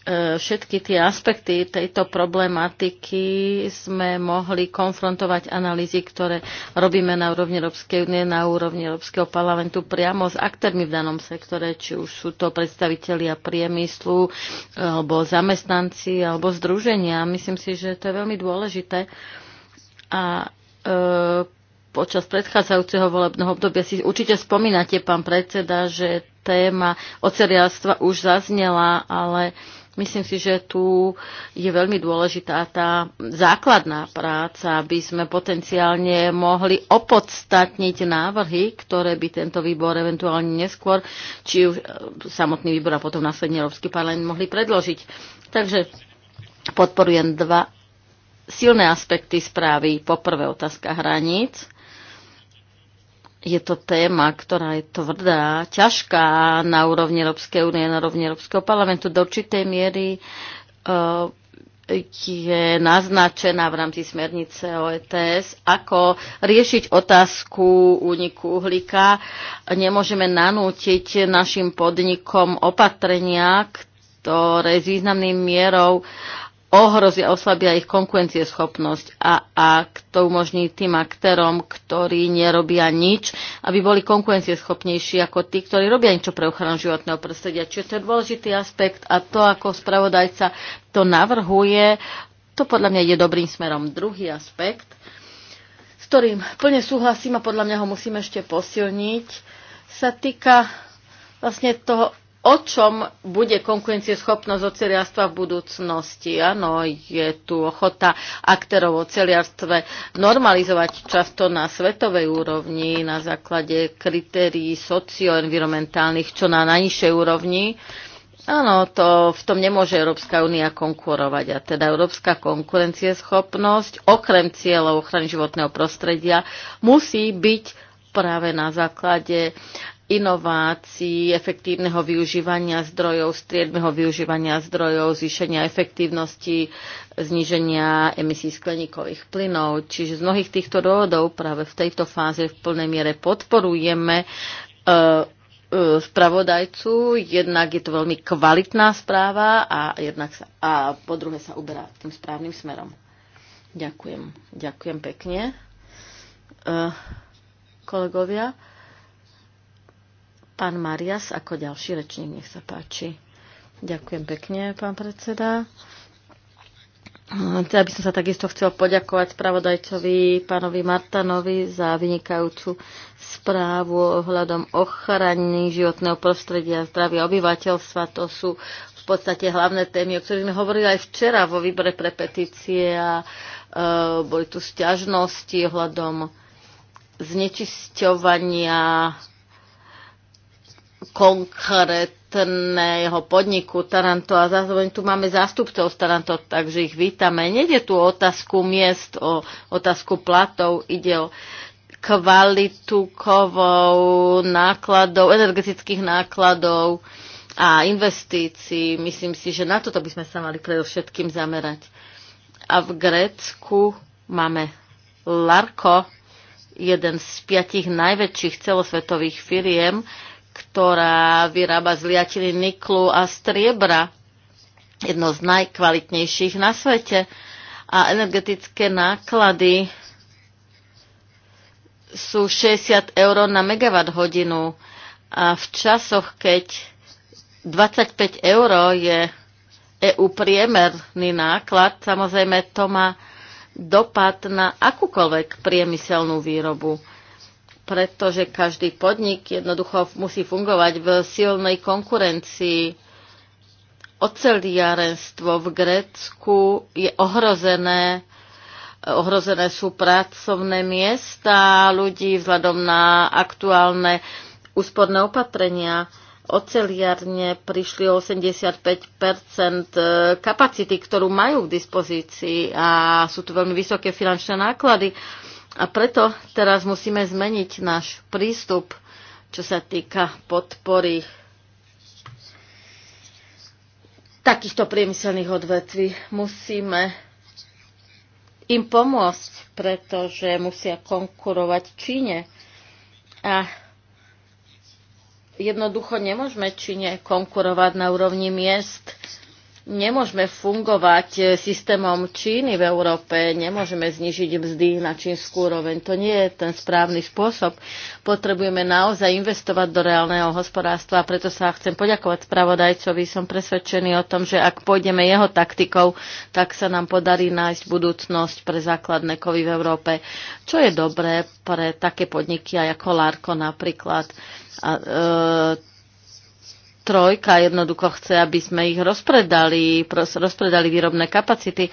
E, všetky tie aspekty tejto problematiky sme mohli konfrontovať analýzy, ktoré robíme na úrovni Európskej únie, na úrovni Európskeho parlamentu priamo s aktérmi v danom sektore, či už sú to predstavitelia priemyslu, alebo zamestnanci, alebo združenia. Myslím si, že to je veľmi dôležité. A e, počas predchádzajúceho volebného obdobia si určite spomínate, pán predseda, že téma ocerialstva už zaznela, ale e, Myslím si, že tu je veľmi dôležitá tá základná práca, aby sme potenciálne mohli opodstatniť návrhy, ktoré by tento výbor eventuálne neskôr, či už e, samotný výbor a potom následne Európsky parlament mohli predložiť. Takže podporujem dva silné aspekty správy. Poprvé otázka hraníc je to téma, ktorá je tvrdá, ťažká na úrovni Európskej únie, na úrovni Európskeho parlamentu. Do určitej miery eh, je naznačená v rámci smernice OETS, ako riešiť otázku úniku uhlíka. Nemôžeme nanútiť našim podnikom opatrenia, ktoré s významným mierou ohrozia, oslabia ich konkurencieschopnosť a ak to umožní tým aktérom, ktorí nerobia nič, aby boli konkurencieschopnejší ako tí, ktorí robia niečo pre ochranu životného prostredia. Čiže to je dôležitý aspekt a to, ako spravodajca to navrhuje, to podľa mňa ide dobrým smerom. Druhý aspekt, s ktorým plne súhlasím a podľa mňa ho musím ešte posilniť, sa týka vlastne toho o čom bude konkurencieschopnosť oceliarstva v budúcnosti. Áno, je tu ochota aktérov o celiarstve normalizovať často na svetovej úrovni na základe kritérií socioenvironmentálnych, čo na najnižšej úrovni. Áno, to v tom nemôže Európska únia konkurovať. A teda európska konkurencieschopnosť, okrem cieľov ochrany životného prostredia, musí byť práve na základe inovácií, efektívneho využívania zdrojov, striedmeho využívania zdrojov, zvýšenia efektívnosti, zníženia emisí skleníkových plynov. Čiže z mnohých týchto dôvodov práve v tejto fáze v plnej miere podporujeme e, e, spravodajcu, jednak je to veľmi kvalitná správa a, jednak sa, a po druhé sa uberá tým správnym smerom. Ďakujem. Ďakujem pekne. Uh, kolegovia, Pán Marias ako ďalší rečník, nech sa páči. Ďakujem pekne, pán predseda. Hm, ja by som sa takisto chcel poďakovať spravodajcovi pánovi Martanovi za vynikajúcu správu ohľadom ochrany životného prostredia a zdravia obyvateľstva. To sú v podstate hlavné témy, o ktorých sme hovorili aj včera vo výbore pre petície a e, boli tu sťažnosti ohľadom znečisťovania konkrétneho podniku Taranto a zároveň tu máme zástupcov z Taranto, takže ich vítame. Nede tu o otázku miest, o otázku platov, ide o kvalitu kovov, nákladov, energetických nákladov a investícií. Myslím si, že na toto by sme sa mali predovšetkým zamerať. A v Grécku máme Larko, jeden z piatich najväčších celosvetových firiem, ktorá vyrába z liatiny niklu a striebra, jedno z najkvalitnejších na svete. A energetické náklady sú 60 eur na megawatt hodinu. A v časoch, keď 25 eur je EU priemerný náklad, samozrejme to má dopad na akúkoľvek priemyselnú výrobu pretože každý podnik jednoducho musí fungovať v silnej konkurencii. Oceliarenstvo v Grécku je ohrozené ohrozené sú pracovné miesta ľudí vzhľadom na aktuálne úsporné opatrenia. Oceliarne prišli 85 e, kapacity, ktorú majú k dispozícii a sú tu veľmi vysoké finančné náklady. Uh, a preto teraz musíme zmeniť náš prístup, čo sa týka podpory takýchto priemyselných odvetví. Musíme im pomôcť, pretože musia konkurovať Číne. A jednoducho nemôžeme Číne konkurovať na úrovni miest, Nemôžeme fungovať e, systémom Číny v Európe, nemôžeme znižiť mzdy na čínsku úroveň. To nie je ten správny spôsob. Potrebujeme naozaj investovať do reálneho hospodárstva a preto sa chcem poďakovať spravodajcovi. Som presvedčený o tom, že ak pôjdeme jeho taktikou, tak sa nám podarí nájsť budúcnosť pre základné kovy v Európe, čo je dobré pre také podniky ako Larko napríklad. A, e, trojka jednoducho chce, aby sme ich rozpredali, rozpredali výrobné kapacity.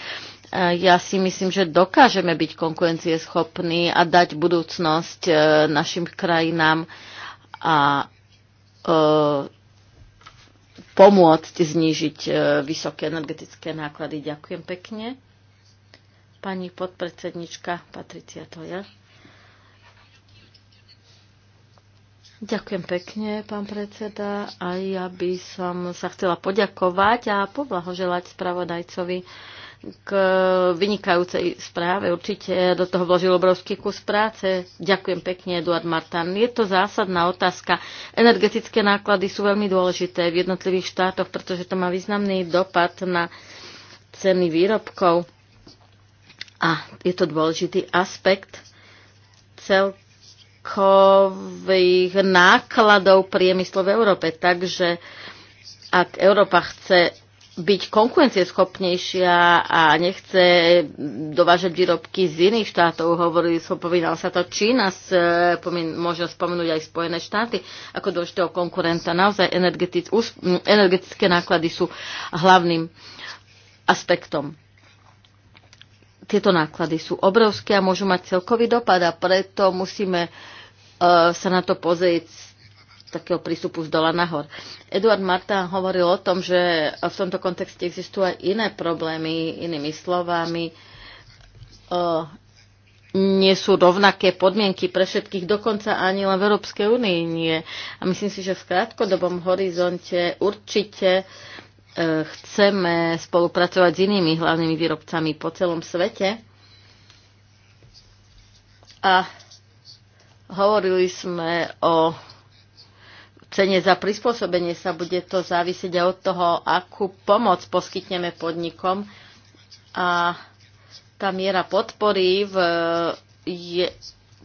Ja si myslím, že dokážeme byť konkurencieschopní a dať budúcnosť e, našim krajinám a e, pomôcť znížiť e, vysoké energetické náklady. Ďakujem pekne. Pani podpredsednička Patricia Toja. Ďakujem pekne, pán predseda. A ja by som sa chcela poďakovať a poblahoželať spravodajcovi k vynikajúcej správe. Určite do toho vložil obrovský kus práce. Ďakujem pekne, Eduard Martan. Je to zásadná otázka. Energetické náklady sú veľmi dôležité v jednotlivých štátoch, pretože to má významný dopad na ceny výrobkov. A je to dôležitý aspekt celkového celkových nákladov priemyslu v Európe. Takže ak Európa chce byť konkurencieschopnejšia a nechce dovážať výrobky z iných štátov. Hovorili, spomínal sa to Čína, môže spomenúť aj Spojené štáty ako dôležitého konkurenta. Naozaj energetické náklady sú hlavným aspektom tieto náklady sú obrovské a môžu mať celkový dopad a preto musíme e, sa na to pozrieť z takého prístupu z dola nahor. Eduard Martin hovoril o tom, že v tomto kontexte existujú aj iné problémy, inými slovami. E, nie sú rovnaké podmienky pre všetkých, dokonca ani len v Európskej únii nie. A myslím si, že v krátkodobom horizonte určite uh, chceme spolupracovať s inými hlavnými výrobcami po celom svete. A hovorili sme o cene za prispôsobenie sa bude to závisieť aj od toho, akú pomoc poskytneme podnikom a tá miera podpory v, je,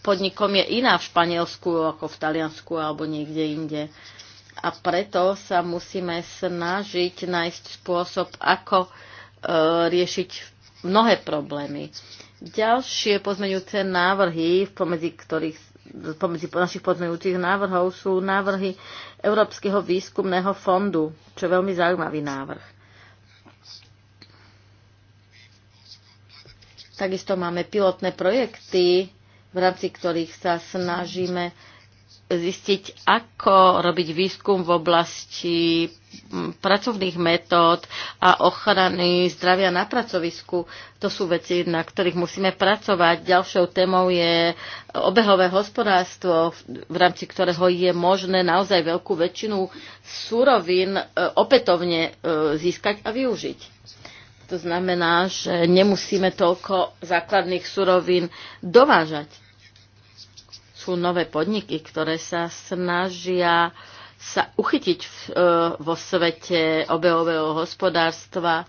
podnikom je iná v Španielsku ako v Taliansku alebo niekde inde. Uh, a preto sa musíme snažiť nájsť spôsob, ako e, riešiť mnohé problémy. Ďalšie pozmeňujúce návrhy, pomedzi ktorých pomedzi našich pozmeňujúcich návrhov sú návrhy Európskeho výskumného fondu, čo je veľmi zaujímavý návrh. Takisto máme pilotné projekty, v rámci ktorých sa snažíme zistiť, ako robiť výskum v oblasti mm, pracovných metód a ochrany zdravia na pracovisku. To sú veci, na ktorých musíme pracovať. Ďalšou témou je obehové hospodárstvo, v rámci ktorého je možné naozaj veľkú väčšinu súrovín e, opätovne e, získať a využiť. To znamená, že nemusíme toľko základných surovín dovážať sú nové podniky, ktoré sa snažia sa uchytiť v, e, vo svete obehového hospodárstva. E,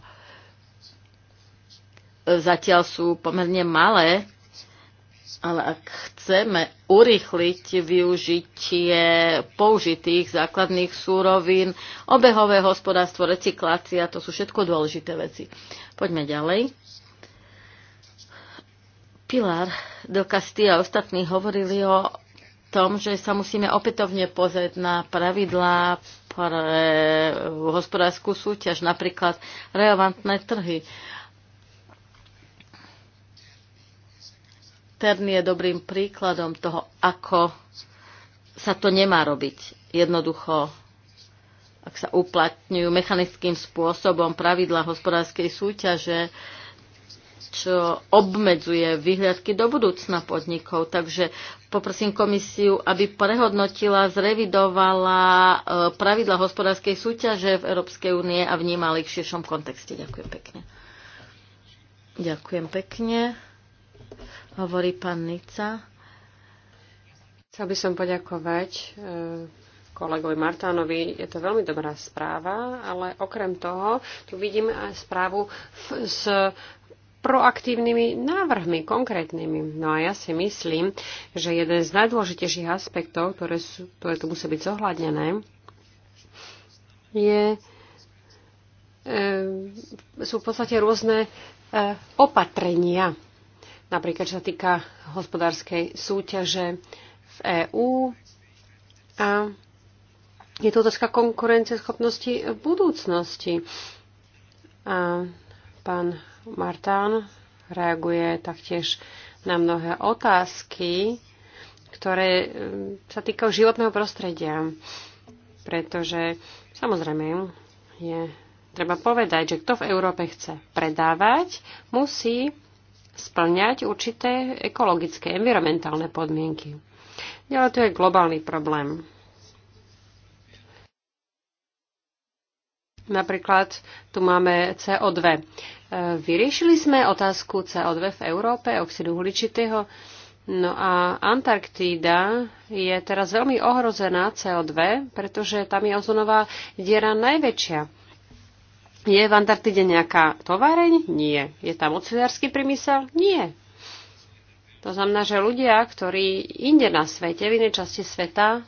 zatiaľ sú pomerne malé, ale ak chceme urýchliť využitie použitých základných súrovín, obehové hospodárstvo, recyklácia, to sú všetko dôležité veci. Poďme ďalej. Pilar do Kastia a ostatní hovorili o tom, že sa musíme opätovne pozrieť na pravidlá pre hospodárskú súťaž, napríklad relevantné trhy. Tern je dobrým príkladom toho, ako sa to nemá robiť. Jednoducho, ak sa uplatňujú mechanickým spôsobom pravidla hospodárskej súťaže, čo obmedzuje vyhliadky do budúcna podnikov. Takže poprosím komisiu, aby prehodnotila, zrevidovala e, pravidla hospodárskej súťaže v Európskej únie a vnímala ich v širšom kontexte. Ďakujem pekne. Ďakujem pekne. Hovorí pán Nica. Chcel by som poďakovať e, kolegovi Martánovi. Je to veľmi dobrá správa, ale okrem toho tu vidíme aj správu z proaktívnymi návrhmi, konkrétnymi. No a ja si myslím, že jeden z najdôležitejších aspektov, ktoré, sú, ktoré tu musí byť zohľadnené, je, e, sú v podstate rôzne e, opatrenia. Napríklad, čo sa týka hospodárskej súťaže v EÚ. A je to otázka konkurencieschopnosti v budúcnosti. A pán Martán reaguje taktiež na mnohé otázky, ktoré mm, sa týkajú životného prostredia. Pretože samozrejme je treba povedať, že kto v Európe chce predávať, musí splňať určité ekologické, environmentálne podmienky. Ale to je globálny problém. Napríklad tu máme CO2. E, vyriešili sme otázku CO2 v Európe, oxidu uhličitého. No a Antarktída je teraz veľmi ohrozená CO2, pretože tam je ozonová diera najväčšia. Je v Antarktíde nejaká továreň? Nie. Je tam ocelársky priemysel? Nie. To znamená, že ľudia, ktorí inde na svete, v inej časti sveta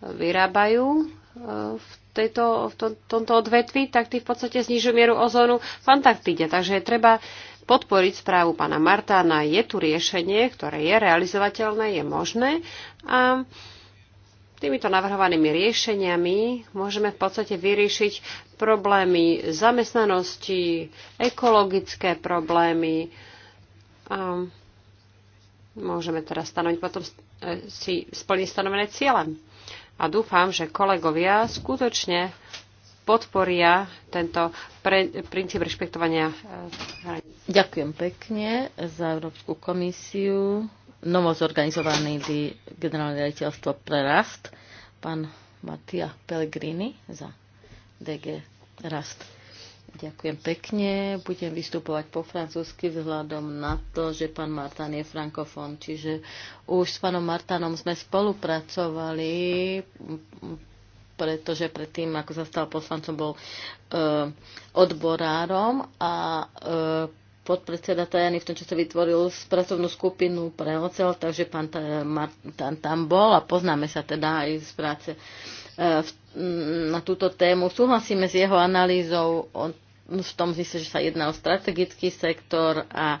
vyrábajú v, tejto, v to, tomto odvetvi, tak tí v podstate znižujú mieru ozónu v Antarktide. Takže je treba podporiť správu pána Martána. Je tu riešenie, ktoré je realizovateľné, je možné. A týmito navrhovanými riešeniami môžeme v podstate vyriešiť problémy zamestnanosti, ekologické problémy. A môžeme teraz stanoviť potom e, si splniť stanovené cieľe a dúfam, že kolegovia skutočne podporia tento pre, princíp rešpektovania e, hraní. Ďakujem pekne za Európsku komisiu. Novo zorganizovaný generálne riaditeľstvo pre rast, pán Matia Pellegrini za DG Rast. Ďakujem pekne. Budem vystupovať po francúzsky vzhľadom na to, že pán Martan je frankofón, čiže už s pánom Martanom sme spolupracovali, pretože predtým, ako sa stal poslancom, bol e, odborárom a e, podpredseda Tajany v tom čase vytvoril pracovnú skupinu pre ocel, takže pán Martan tam bol a poznáme sa teda aj z práce. E, E, na túto tému. Súhlasíme s jeho analýzou v tom zmysle, že sa jedná o strategický sektor a e,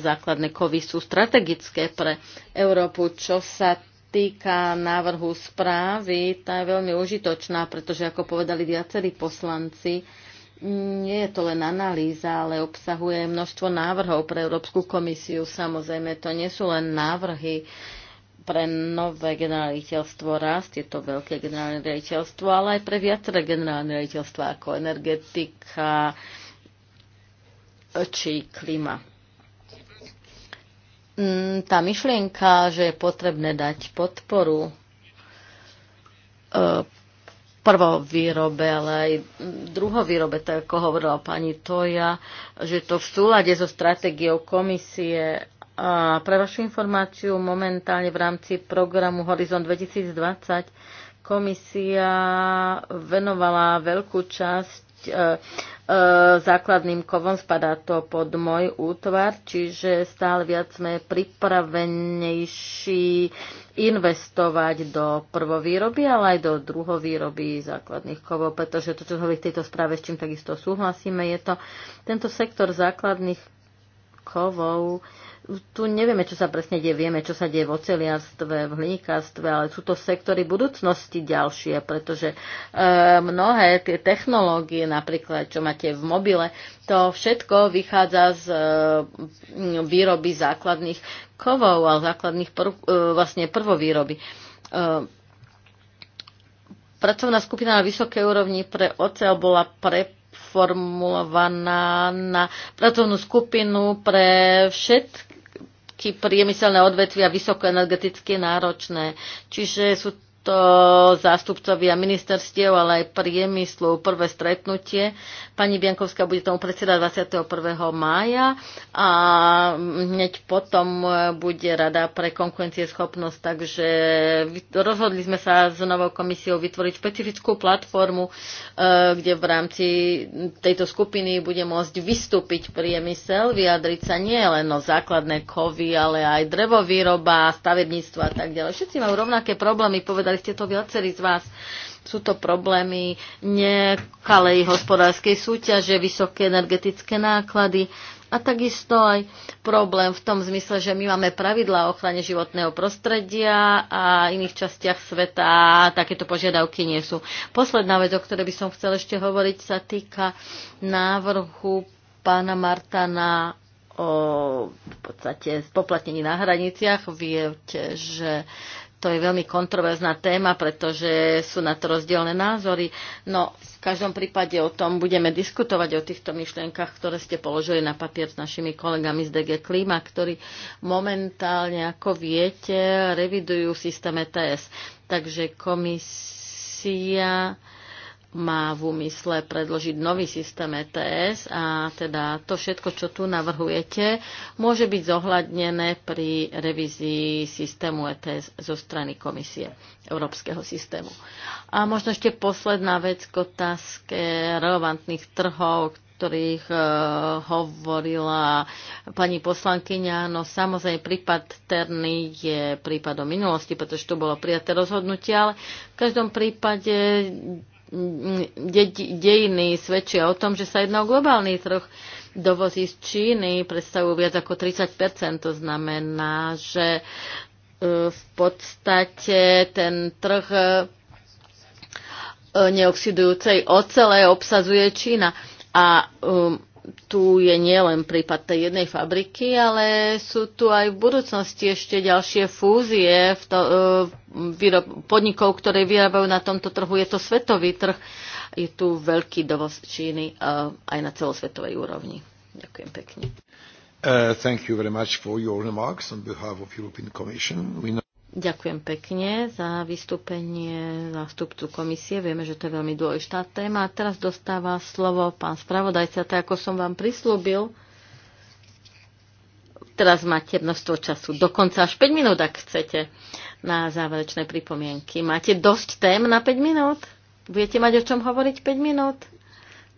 základné kovy sú strategické pre Európu. Čo sa týka návrhu správy, tá je veľmi užitočná, pretože, ako povedali viacerí poslanci, nie je to len analýza, ale obsahuje množstvo návrhov pre Európsku komisiu. Samozrejme, to nie sú len návrhy, pre nové generálne riaditeľstvo rast, je to veľké generálne riaditeľstvo, ale aj pre viaceré generálne riaditeľstva ako energetika či klima. Mm, tá myšlienka, že je potrebné dať podporu e, prvo výrobe, ale aj výrobe, tak ako hovorila pani Toja, že to v súlade so stratégiou komisie a pre vašu informáciu, momentálne v rámci programu Horizon 2020 komisia venovala veľkú časť e, e, základným kovom, spadá to pod môj útvar, čiže stále viac sme pripravenejší investovať do prvovýroby, ale aj do druhovýroby základných kovov, pretože to, čo hovorí v tejto správe, s čím takisto súhlasíme, je to tento sektor základných kovov tu nevieme, čo sa presne deje. Vieme, čo sa deje v oceliarstve, v hlinikárstve, ale sú to sektory budúcnosti ďalšie, pretože e, mnohé tie technológie, napríklad čo máte v mobile, to všetko vychádza z e, výroby základných kovov a základných prv, e, vlastne prvovýroby. E, pracovná skupina na vysokej úrovni pre oceľ bola pre formulovaná na pracovnú skupinu pre všetky priemyselné odvetvia vysokoenergeticky náročné. Čiže sú to zástupcovia ministerstiev, ale aj priemyslu prvé stretnutie. Pani Biankovská bude tomu predseda 21. mája a hneď potom bude rada pre konkurencieschopnosť, takže rozhodli sme sa s novou komisiou vytvoriť špecifickú platformu, e, kde v rámci tejto skupiny bude môcť vystúpiť priemysel, vyjadriť sa nie len o základné kovy, ale aj drevovýroba, stavebníctvo a tak ďalej. Všetci majú rovnaké problémy povedať Povedali ste to viacerí z vás. Sú to problémy nekalej hospodárskej súťaže, vysoké energetické náklady a takisto aj problém v tom zmysle, že my máme pravidlá o ochrane životného prostredia a iných častiach sveta takéto požiadavky nie sú. Posledná vec, o ktorej by som chcel ešte hovoriť, sa týka návrhu pána Martana o v podstate poplatnení na hraniciach. Viete, že to je veľmi kontroverzná téma, pretože sú na to rozdielne názory. No, v každom prípade o tom budeme diskutovať, o týchto myšlienkach, ktoré ste položili na papier s našimi kolegami z DG Klima, ktorí momentálne, ako viete, revidujú systém ETS. Takže komisia má v úmysle predložiť nový systém ETS a teda to všetko, čo tu navrhujete, môže byť zohľadnené pri revízii systému ETS zo strany komisie Európskeho systému. A možno ešte posledná vec k otázke relevantných trhov, ktorých e, hovorila pani poslankyňa. No samozrejme, prípad Terny je prípadom minulosti, pretože to bolo prijaté rozhodnutie, ale v každom prípade dejiny svedčia o tom, že sa jedná o globálny trh. Dovozy z Číny predstavujú viac ako 30 to znamená, že e, v podstate ten trh e, neoxidujúcej ocele obsazuje Čína. A um, tu je nielen prípad tej jednej fabriky, ale sú tu aj v budúcnosti ešte ďalšie fúzie v to, e, výrob, podnikov, ktoré vyrábajú na tomto trhu. Je to svetový trh, je tu veľký dovoz Číny e, aj na celosvetovej úrovni. Ďakujem pekne. Uh, thank you very much for your remarks on behalf of European Commission. We know Ďakujem pekne za vystúpenie zástupcu komisie. Vieme, že to je veľmi dôležitá téma. A teraz dostáva slovo pán spravodajca, tak ako som vám prislúbil. Teraz máte množstvo času, dokonca až 5 minút, ak chcete, na záverečné pripomienky. Máte dosť tém na 5 minút? Budete mať o čom hovoriť 5 minút?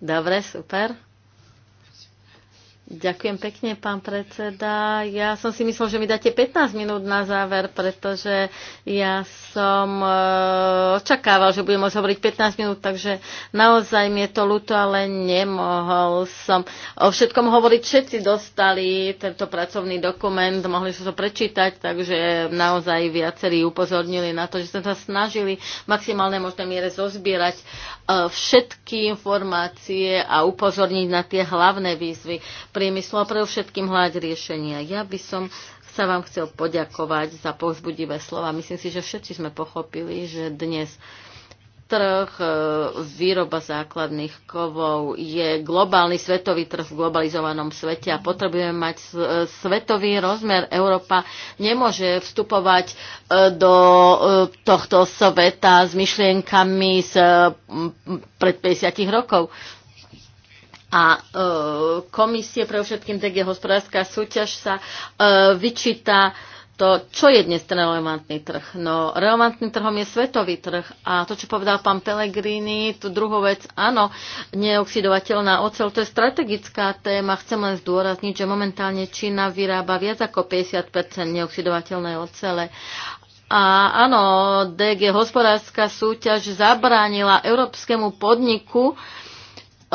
Dobre, super. Ďakujem pekne, pán predseda. Ja som si myslel, že mi dáte 15 minút na záver, pretože ja som e, očakával, že budem môcť hovoriť 15 minút, takže naozaj mi je to ľúto, ale nemohol som o všetkom hovoriť. Všetci dostali tento pracovný dokument, mohli sa to prečítať, takže naozaj viacerí upozornili na to, že sme sa snažili v maximálnej možnej miere zozbierať e, všetky informácie a upozorniť na tie hlavné výzvy priemyslu a predovšetkým hľadať riešenia. Ja by som sa vám chcel poďakovať za povzbudivé slova. Myslím si, že všetci sme pochopili, že dnes trh, e, výroba základných kovov je globálny svetový trh v globalizovanom svete a potrebujeme mať e, svetový rozmer. Európa nemôže vstupovať e, do tohto sveta s myšlienkami z pred 50 rokov a e, komisie pre všetkým DG hospodárska súťaž sa e, vyčíta to, čo je dnes ten relevantný trh. No, relevantným trhom je svetový trh a to, čo povedal pán Pellegrini, tú druhú vec, áno, neoxidovateľná oceľ, to je strategická téma. Chcem len zdôrazniť, že momentálne Čína vyrába viac ako 50 neoxidovateľnej ocele a áno, DG hospodárska súťaž zabránila európskemu podniku e,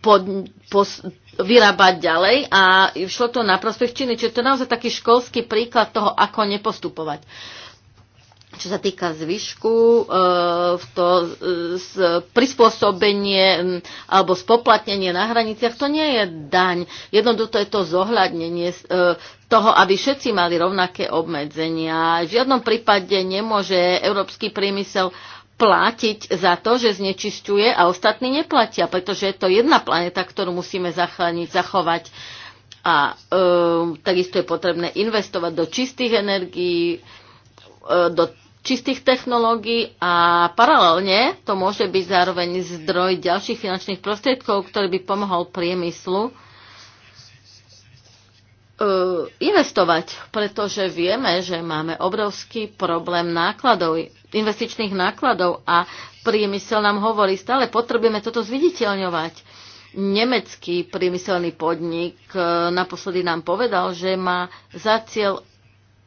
pod, pos, vyrábať ďalej a šlo to na prospech Číny. Čiže to je naozaj taký školský príklad toho, ako nepostupovať. Čo sa týka zvyšku, e, to prispôsobenie alebo spoplatnenie na hraniciach, to nie je daň. Jednoducho je to zohľadnenie e, toho, aby všetci mali rovnaké obmedzenia. V žiadnom prípade nemôže európsky priemysel platiť za to, že znečisťuje a ostatní neplatia, pretože je to jedna planeta, ktorú musíme zachrániť, zachovať. A e, takisto je potrebné investovať do čistých energií, e, do čistých technológií a paralelne to môže byť zároveň zdroj ďalších finančných prostriedkov, ktorý by pomohol priemyslu ehm, investovať, pretože vieme, že máme obrovský problém nákladov investičných nákladov a priemysel nám hovorí, stále potrebujeme toto zviditeľňovať. Nemecký priemyselný podnik e, naposledy nám povedal, že má za cieľ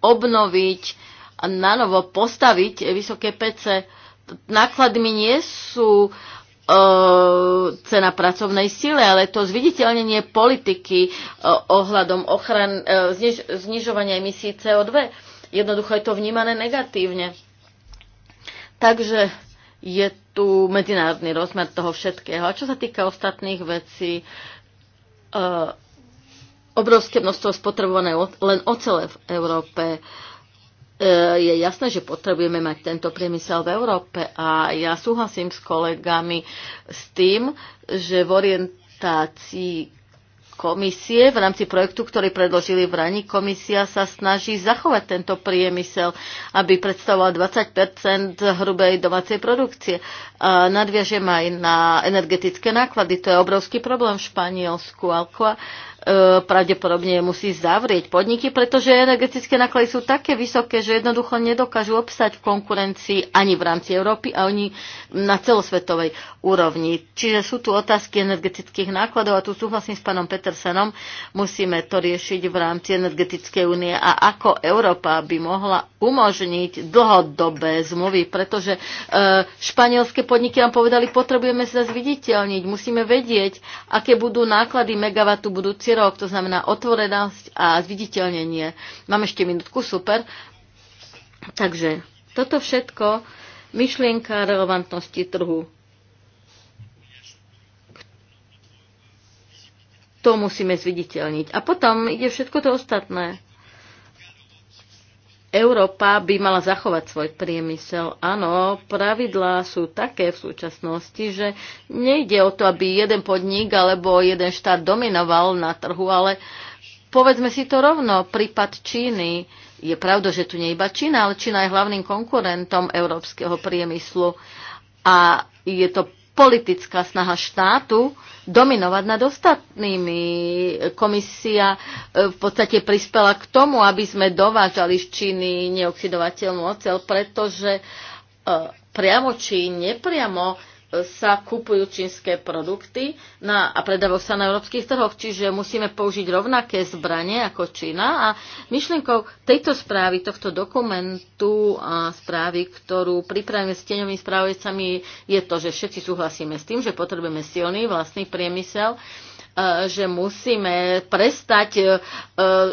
obnoviť a nanovo postaviť vysoké PC. Nákladmi nie sú e, cena pracovnej sile, ale to zviditeľnenie politiky e, ohľadom ochran, zniž, znižovania emisí CO2. Jednoducho je to vnímané negatívne. Takže je tu medzinárodný rozmer toho všetkého. A čo sa týka ostatných vecí, e, obrovské množstvo spotrebované len ocele v Európe. Eh, je jasné, že potrebujeme mať tento priemysel v Európe a ja súhlasím s kolegami s tým, že v orientácii komisie v rámci projektu, ktorý predložili v Rani. Komisia sa snaží zachovať tento priemysel, aby predstavoval 20 hrubej domácej produkcie. A nadviažem aj na energetické náklady. To je obrovský problém v Španielsku. Alkoa. E, pravdepodobne musí zavrieť podniky, pretože energetické náklady sú také vysoké, že jednoducho nedokážu obsať v konkurencii ani v rámci Európy ani na celosvetovej úrovni. Čiže sú tu otázky energetických nákladov a tu súhlasím s pánom Petersenom, musíme to riešiť v rámci energetickej únie a ako Európa by mohla umožniť dlhodobé zmluvy, pretože e, španielské podniky nám povedali, potrebujeme sa zviditeľniť, musíme vedieť, aké budú náklady megavatu budúci budúci rok, to znamená otvorenosť a zviditeľnenie. Mám ešte minútku, super. Takže toto všetko, myšlienka relevantnosti trhu. To musíme zviditeľniť. A potom ide všetko to ostatné. Európa by mala zachovať svoj priemysel. Áno, pravidlá sú také v súčasnosti, že nejde o to, aby jeden podnik alebo jeden štát dominoval na trhu, ale povedzme si to rovno, prípad Číny. Je pravda, že tu nie iba Čína, ale Čína je hlavným konkurentom európskeho priemyslu a je to politická snaha štátu dominovať nad ostatnými. Komisia e, v podstate prispela k tomu, aby sme dovážali z Číny neoxidovateľnú oceľ, pretože e, priamo či nepriamo sa kupujú čínske produkty na, a predávajú sa na európskych trhoch, čiže musíme použiť rovnaké zbranie ako Čína. A myšlienkou tejto správy, tohto dokumentu a správy, ktorú pripravíme s tieňovými správajcami, je to, že všetci súhlasíme s tým, že potrebujeme silný vlastný priemysel, e, že musíme prestať e, e,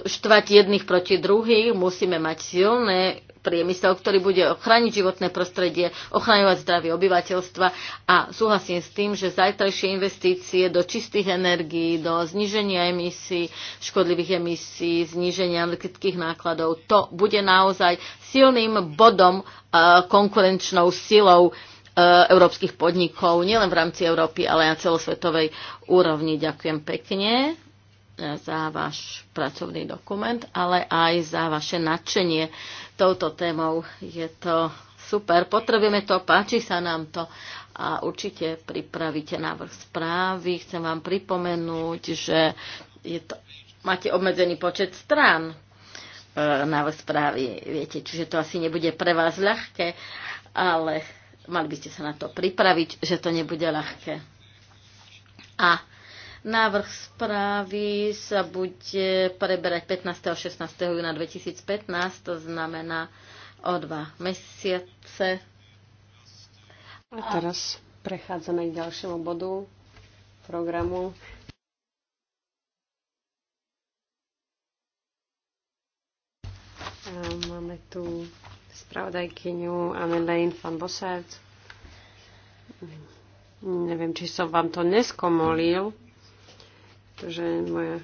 štvať jedných proti druhých, musíme mať silné priemysel, ktorý bude ochraniť životné prostredie, ochraňovať zdravie obyvateľstva a súhlasím s tým, že zajtrajšie investície do čistých energií, do zníženia emisí, škodlivých emisí, zníženia elektrických nákladov, to bude naozaj silným bodom e, konkurenčnou silou e, európskych podnikov, nielen v rámci Európy, ale aj na celosvetovej úrovni. Ďakujem pekne za váš pracovný dokument, ale aj za vaše nadšenie touto témou. Je to super, potrebujeme to, páči sa nám to a určite pripravíte návrh správy. Chcem vám pripomenúť, že je to, máte obmedzený počet strán, e, návrh správy, viete, čiže to asi nebude pre vás ľahké, ale mali by ste sa na to pripraviť, že to nebude ľahké. A Návrh správy sa bude preberať 15. a 16. júna 2015, to znamená o dva mesiace. A teraz prechádzame k ďalšiemu bodu programu. máme tu spravodajkyňu Annelien van Bossert. Neviem, či som vám to neskomolil že moja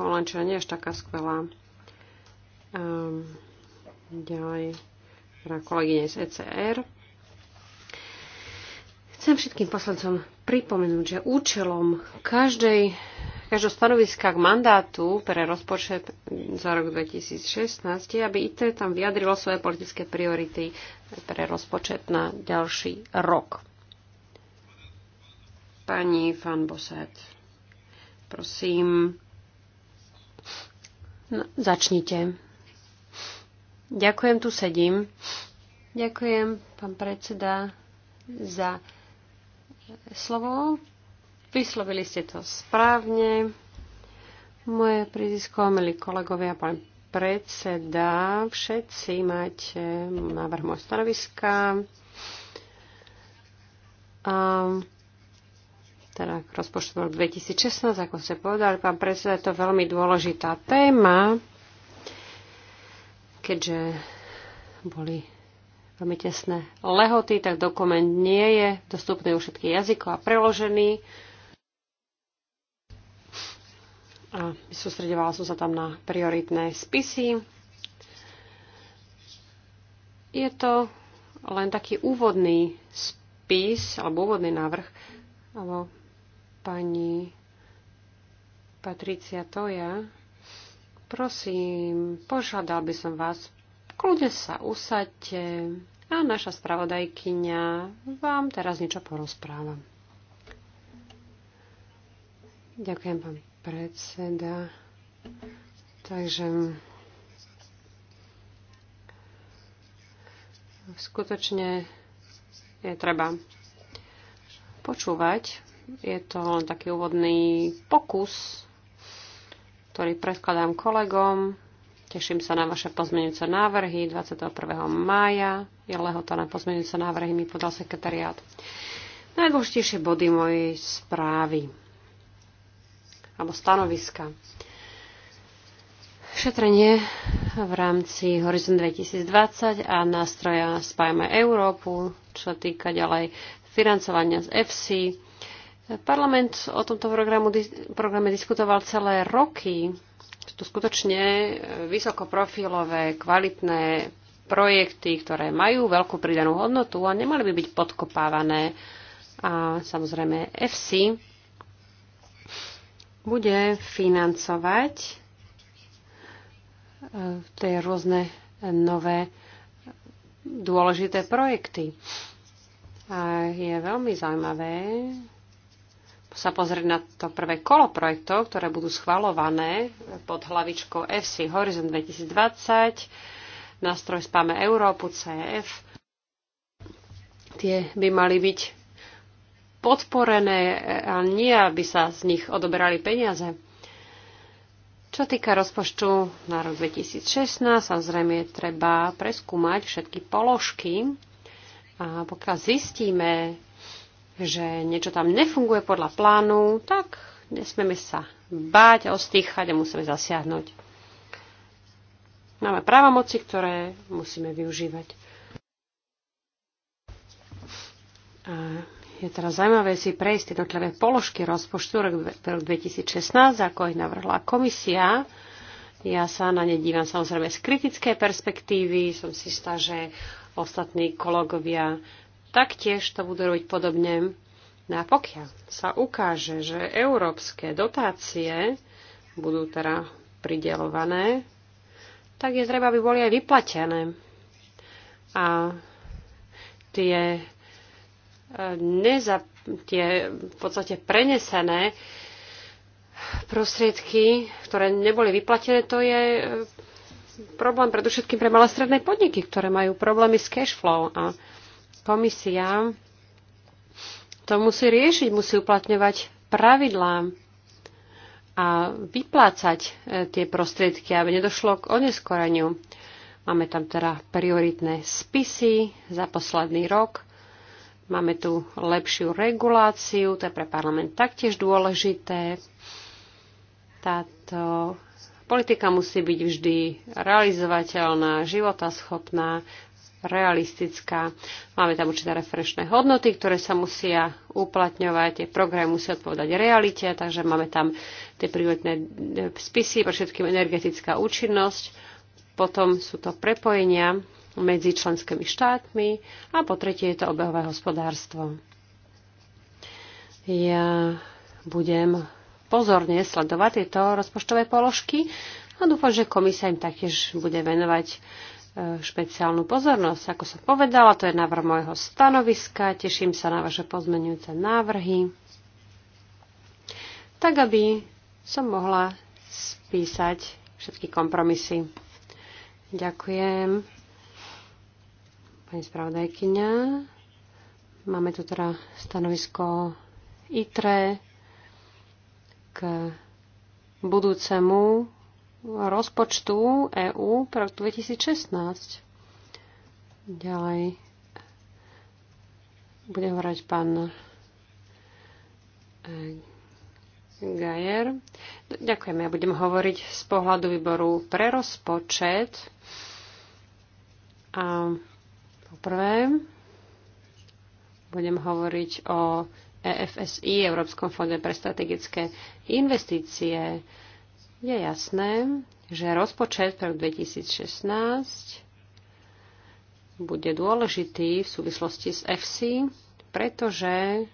holandčina nie je až taká skvelá. Um, ďalej, teda kolegyne z ECR. Chcem všetkým poslancom pripomenúť, že účelom každej, každého stanoviska k mandátu pre rozpočet za rok 2016 je, aby IT tam vyjadrilo svoje politické priority pre rozpočet na ďalší rok. Pani Fan Boset. Prosím, no, začnite. Ďakujem, tu sedím. Ďakujem, pán predseda, za slovo. Vyslovili ste to správne. Moje prízisko, milí kolegovia, pán predseda, všetci máte návrh môj stanoviska. Um, teda rozpočtu rok 2016, ako ste povedali, pán predseda, je to veľmi dôležitá téma, keďže boli veľmi tesné lehoty, tak dokument nie je dostupný u všetkých jazykov a preložený. A sústredovala som sa tam na prioritné spisy. Je to len taký úvodný spis, alebo úvodný návrh, alebo pani Patricia Toja. Prosím, požiadal by som vás, kľudne sa usaďte a naša spravodajkyňa vám teraz niečo porozpráva. Ďakujem, pán predseda. Takže skutočne je treba počúvať je to len taký úvodný pokus, ktorý predkladám kolegom. Teším sa na vaše pozmeňujúce návrhy. 21. mája je lehota na pozmeňujúce návrhy, mi podal sekretariát. Najdôležitejšie body mojej správy alebo stanoviska. Šetrenie v rámci Horizon 2020 a nástroja Spajme Európu, čo týka ďalej financovania z EFSI, Parlament o tomto programu, programe diskutoval celé roky. Sú to skutočne e, vysokoprofilové, kvalitné projekty, ktoré majú veľkú pridanú hodnotu a nemali by byť podkopávané. A samozrejme FC bude financovať e, tie rôzne nové dôležité projekty. A je veľmi zaujímavé, sa pozrieť na to prvé kolo projektov, ktoré budú schvalované pod hlavičkou FC Horizon 2020, nástroj Spáme Európu, CEF. Tie by mali byť podporené a nie, aby sa z nich odoberali peniaze. Čo týka rozpočtu na rok 2016, samozrejme treba preskúmať všetky položky a pokiaľ zistíme, že niečo tam nefunguje podľa plánu, tak nesmieme sa báť a ostýchať a musíme zasiahnuť. Máme právomoci, ktoré musíme využívať. A je teraz zaujímavé si prejsť jednotlivé položky rozpočtu rok 2016, ako ich navrhla komisia. Ja sa na ne dívam samozrejme z kritickej perspektívy. Som si istá, že ostatní kolegovia taktiež to budú robiť podobne. No a pokiaľ sa ukáže, že európske dotácie budú teda pridelované, tak je treba, aby boli aj vyplatené. A tie, e, neza, tie v podstate prenesené prostriedky, ktoré neboli vyplatené, to je e, problém predovšetkým pre malé stredné podniky, ktoré majú problémy s cash flow. A Komisia to musí riešiť, musí uplatňovať pravidlá a vyplácať e, tie prostriedky, aby nedošlo k oneskoreniu. Máme tam teda prioritné spisy za posledný rok. Máme tu lepšiu reguláciu, to je pre parlament taktiež dôležité. Táto politika musí byť vždy realizovateľná, životaschopná realistická. Máme tam určité referenčné hodnoty, ktoré sa musia uplatňovať, tie programy musia odpovedať realite, takže máme tam tie prírodné e, spisy, pre všetkým energetická účinnosť, potom sú to prepojenia medzi členskými štátmi a po tretie je to obehové hospodárstvo. Ja budem pozorne sledovať tieto rozpočtové položky a dúfam, že komisia im taktiež bude venovať špeciálnu pozornosť. Ako som povedala, to je návrh môjho stanoviska. Teším sa na vaše pozmenujúce návrhy, tak aby som mohla spísať všetky kompromisy. Ďakujem. Pani spravodajkyňa, máme tu teda stanovisko ITRE k budúcemu rozpočtu EÚ pre 2016. Ďalej bude hovoriť pán e, Gajer. Ďakujem, ja budem hovoriť z pohľadu výboru pre rozpočet. A poprvé budem hovoriť o EFSI, Európskom fonde pre strategické investície je jasné, že rozpočet pre 2016 bude dôležitý v súvislosti s FC, pretože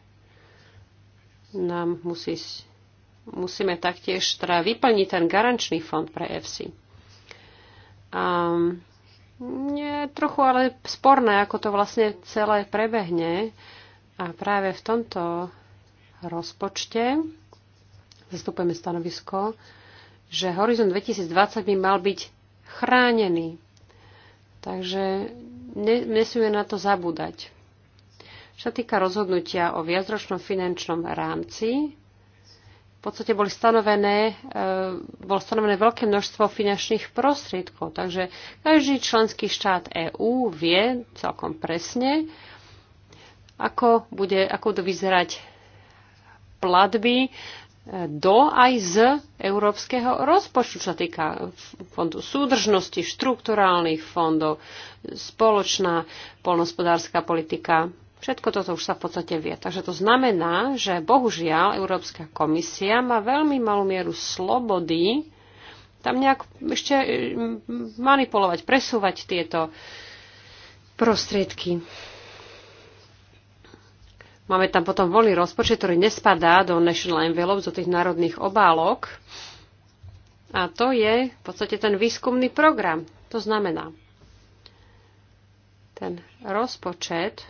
nám musí, musíme taktiež teda vyplniť ten garančný fond pre FC. A je trochu ale sporné, ako to vlastne celé prebehne. A práve v tomto rozpočte zastupujeme stanovisko že Horizon 2020 by mal byť chránený. Takže nesmieme na to zabúdať. Čo sa týka rozhodnutia o viacročnom finančnom rámci, v podstate boli stanovené, e, bolo stanovené veľké množstvo finančných prostriedkov. Takže každý členský štát EÚ vie celkom presne, ako, bude, ako budú vyzerať platby do aj z európskeho rozpočtu, čo sa týka fondu súdržnosti, štrukturálnych fondov, spoločná polnospodárska politika. Všetko toto už sa v podstate vie. Takže to znamená, že bohužiaľ Európska komisia má veľmi malú mieru slobody tam nejak ešte manipulovať, presúvať tieto prostriedky. Máme tam potom voľný rozpočet, ktorý nespadá do national envelope, do tých národných obálok. A to je v podstate ten výskumný program. To znamená, ten rozpočet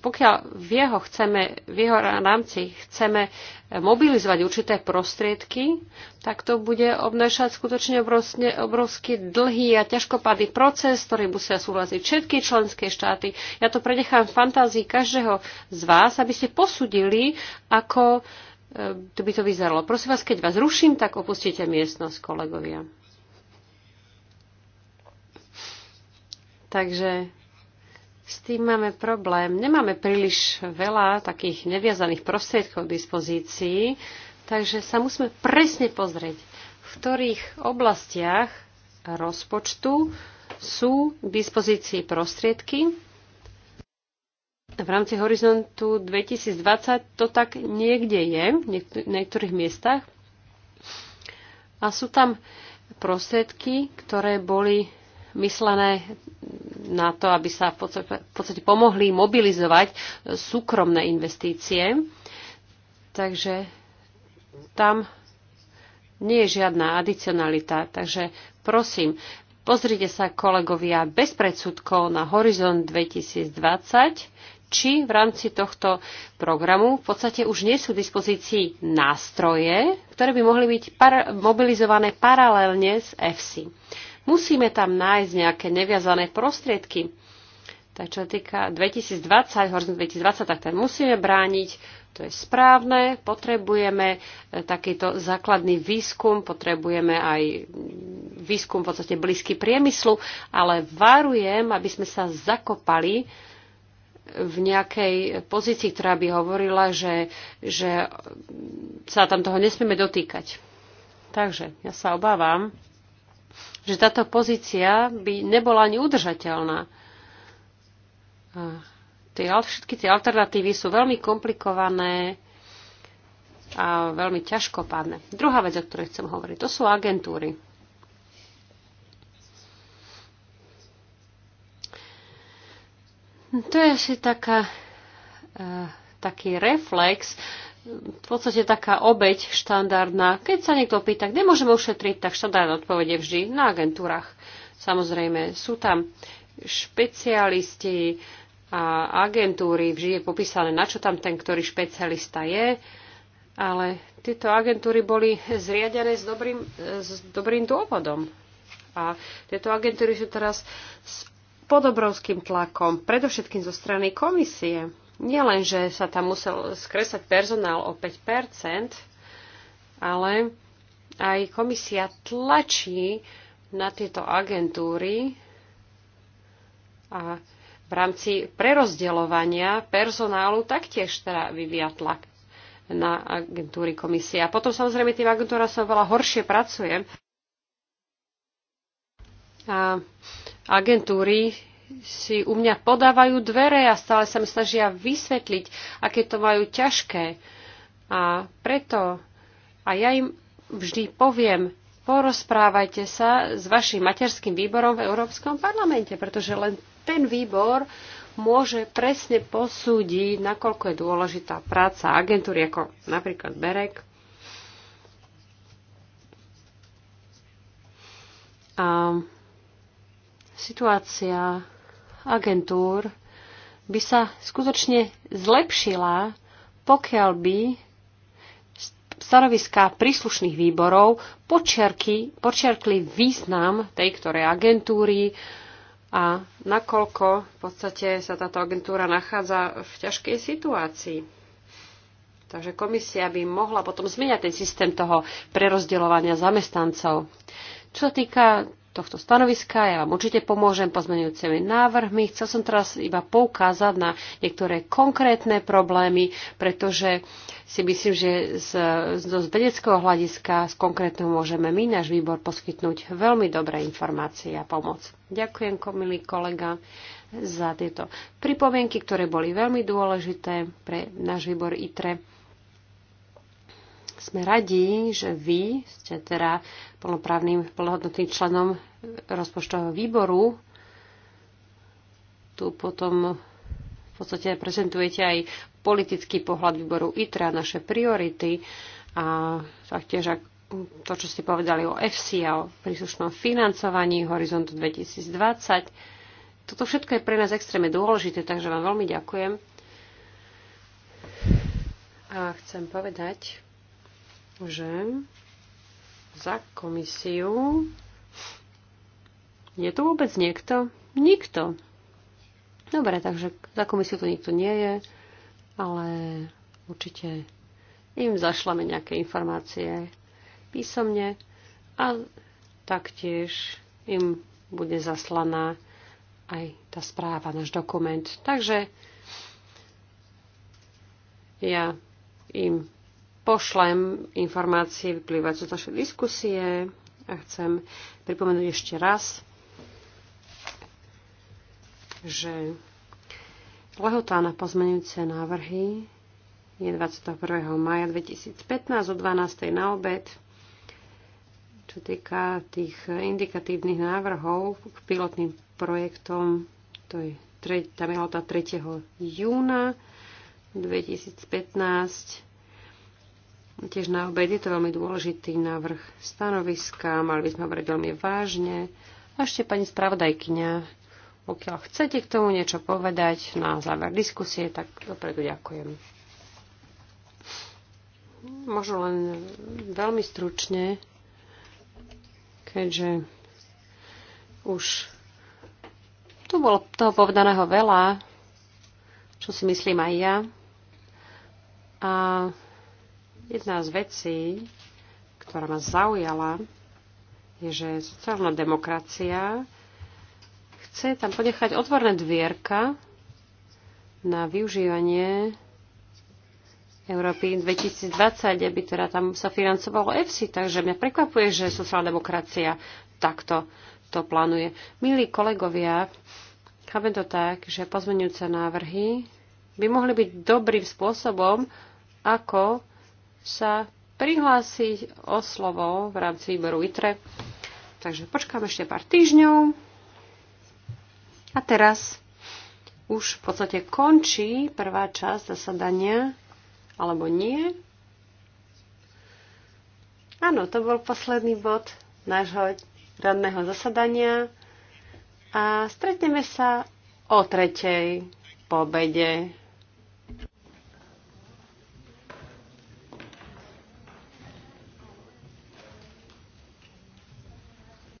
pokiaľ v jeho, chceme, v jeho rámci chceme mobilizovať určité prostriedky, tak to bude obnášať skutočne obrovský, obrovský dlhý a ťažkopádny proces, ktorý musia súhlasiť všetky členské štáty. Ja to prenechám v fantázii každého z vás, aby ste posudili, ako e, to by to vyzeralo. Prosím vás, keď vás ruším, tak opustite miestnosť, kolegovia. Takže s tým máme problém. Nemáme príliš veľa takých neviazaných prostriedkov k dispozícii, takže sa musíme presne pozrieť, v ktorých oblastiach rozpočtu sú k dispozícii prostriedky. V rámci horizontu 2020 to tak niekde je, v niektorých miestach. A sú tam prostriedky, ktoré boli myslené na to, aby sa v podstate, v podstate pomohli mobilizovať e, súkromné investície. Takže tam nie je žiadna adicionalita. Takže prosím, pozrite sa kolegovia bez predsudkov na Horizon 2020 či v rámci tohto programu v podstate už nie sú v dispozícii nástroje, ktoré by mohli byť par- mobilizované paralelne s EFSI. Musíme tam nájsť nejaké neviazané prostriedky. Tak čo týka 2020, horizont 2020, tak ten musíme brániť, to je správne, potrebujeme e, takýto základný výskum, potrebujeme aj výskum v podstate blízky priemyslu, ale varujem, aby sme sa zakopali v nejakej pozícii, ktorá by hovorila, že, že sa tam toho nesmieme dotýkať. Takže ja sa obávam, že táto pozícia by nebola ani udržateľná. Tie, všetky tie alternatívy sú veľmi komplikované a veľmi ťažkopádne. Druhá vec, o ktorej chcem hovoriť, to sú agentúry. To je asi taká, uh, taký reflex, v podstate taká obeď štandardná. Keď sa niekto pýta, kde môžeme ušetriť, tak štandardná odpovede vždy na agentúrach. Samozrejme, sú tam špecialisti a agentúry, vždy je popísané, na čo tam ten, ktorý špecialista je, ale tieto agentúry boli zriadené s dobrým, s dobrým dôvodom. A tieto agentúry sú teraz s podobrovským tlakom, predovšetkým zo strany komisie nielen, že sa tam musel skresať personál o 5%, ale aj komisia tlačí na tieto agentúry a v rámci prerozdeľovania personálu taktiež teda vyvíja tlak na agentúry komisie. A potom samozrejme tým agentúram sa veľa horšie pracuje. A agentúry si u mňa podávajú dvere a stále sa mi snažia vysvetliť, aké to majú ťažké. A preto, a ja im vždy poviem, porozprávajte sa s vašim materským výborom v Európskom parlamente, pretože len ten výbor môže presne posúdiť, nakoľko je dôležitá práca agentúry, ako napríklad Berek. A situácia agentúr by sa skutočne zlepšila, pokiaľ by stanoviská príslušných výborov počiarky, počiarkli význam tej ktorej agentúry a nakoľko v podstate sa táto agentúra nachádza v ťažkej situácii. Takže komisia by mohla potom zmeniať ten systém toho prerozdeľovania zamestnancov. Čo sa týka tohto stanoviska. Ja vám určite pomôžem pozmenujúcimi návrhmi. Chcel som teraz iba poukázať na niektoré konkrétne problémy, pretože si myslím, že z, z, z vedeckého hľadiska z konkrétneho môžeme my, náš výbor, poskytnúť veľmi dobré informácie a pomoc. Ďakujem, milý kolega, za tieto pripomienky, ktoré boli veľmi dôležité pre náš výbor ITRE. Sme radi, že vy ste teda plnoprávnym, plnohodnotným členom rozpočtového výboru. Tu potom v podstate prezentujete aj politický pohľad výboru ITRA, naše priority a taktiež to, čo ste povedali o EFSI a o príslušnom financovaní Horizontu 2020. Toto všetko je pre nás extrémne dôležité, takže vám veľmi ďakujem. A chcem povedať, že za komisiu je tu vôbec niekto? Nikto. Dobre, takže za komisiu tu nikto nie je, ale určite im zašlame nejaké informácie písomne a taktiež im bude zaslaná aj tá správa, náš dokument. Takže ja im pošlem informácie vyplývať z našej diskusie a chcem pripomenúť ešte raz, že lehotá na pozmenujúce návrhy je 21. maja 2015 o 12. na obed. Čo týka tých indikatívnych návrhov k pilotným projektom, to je, tam je 3. júna 2015 tiež na obed. Je to veľmi dôležitý návrh stanoviska, mali by sme hovoriť veľmi vážne. A ešte pani spravodajkyňa, pokiaľ chcete k tomu niečo povedať na záver diskusie, tak dopredu ďakujem. Možno len veľmi stručne, keďže už tu bolo toho povedaného veľa, čo si myslím aj ja. A Jedna z vecí, ktorá ma zaujala, je, že sociálna demokracia chce tam ponechať otvorné dvierka na využívanie Európy 2020, aby teda tam sa financovalo EFSI. Takže mňa prekvapuje, že sociálna demokracia takto to plánuje. Milí kolegovia, chápem to tak, že pozmenujúce návrhy by mohli byť dobrým spôsobom, ako sa prihlásiť o slovo v rámci výboru ITRE. Takže počkám ešte pár týždňov. A teraz už v podstate končí prvá časť zasadania, alebo nie. Áno, to bol posledný bod nášho radného zasadania a stretneme sa o tretej po obede.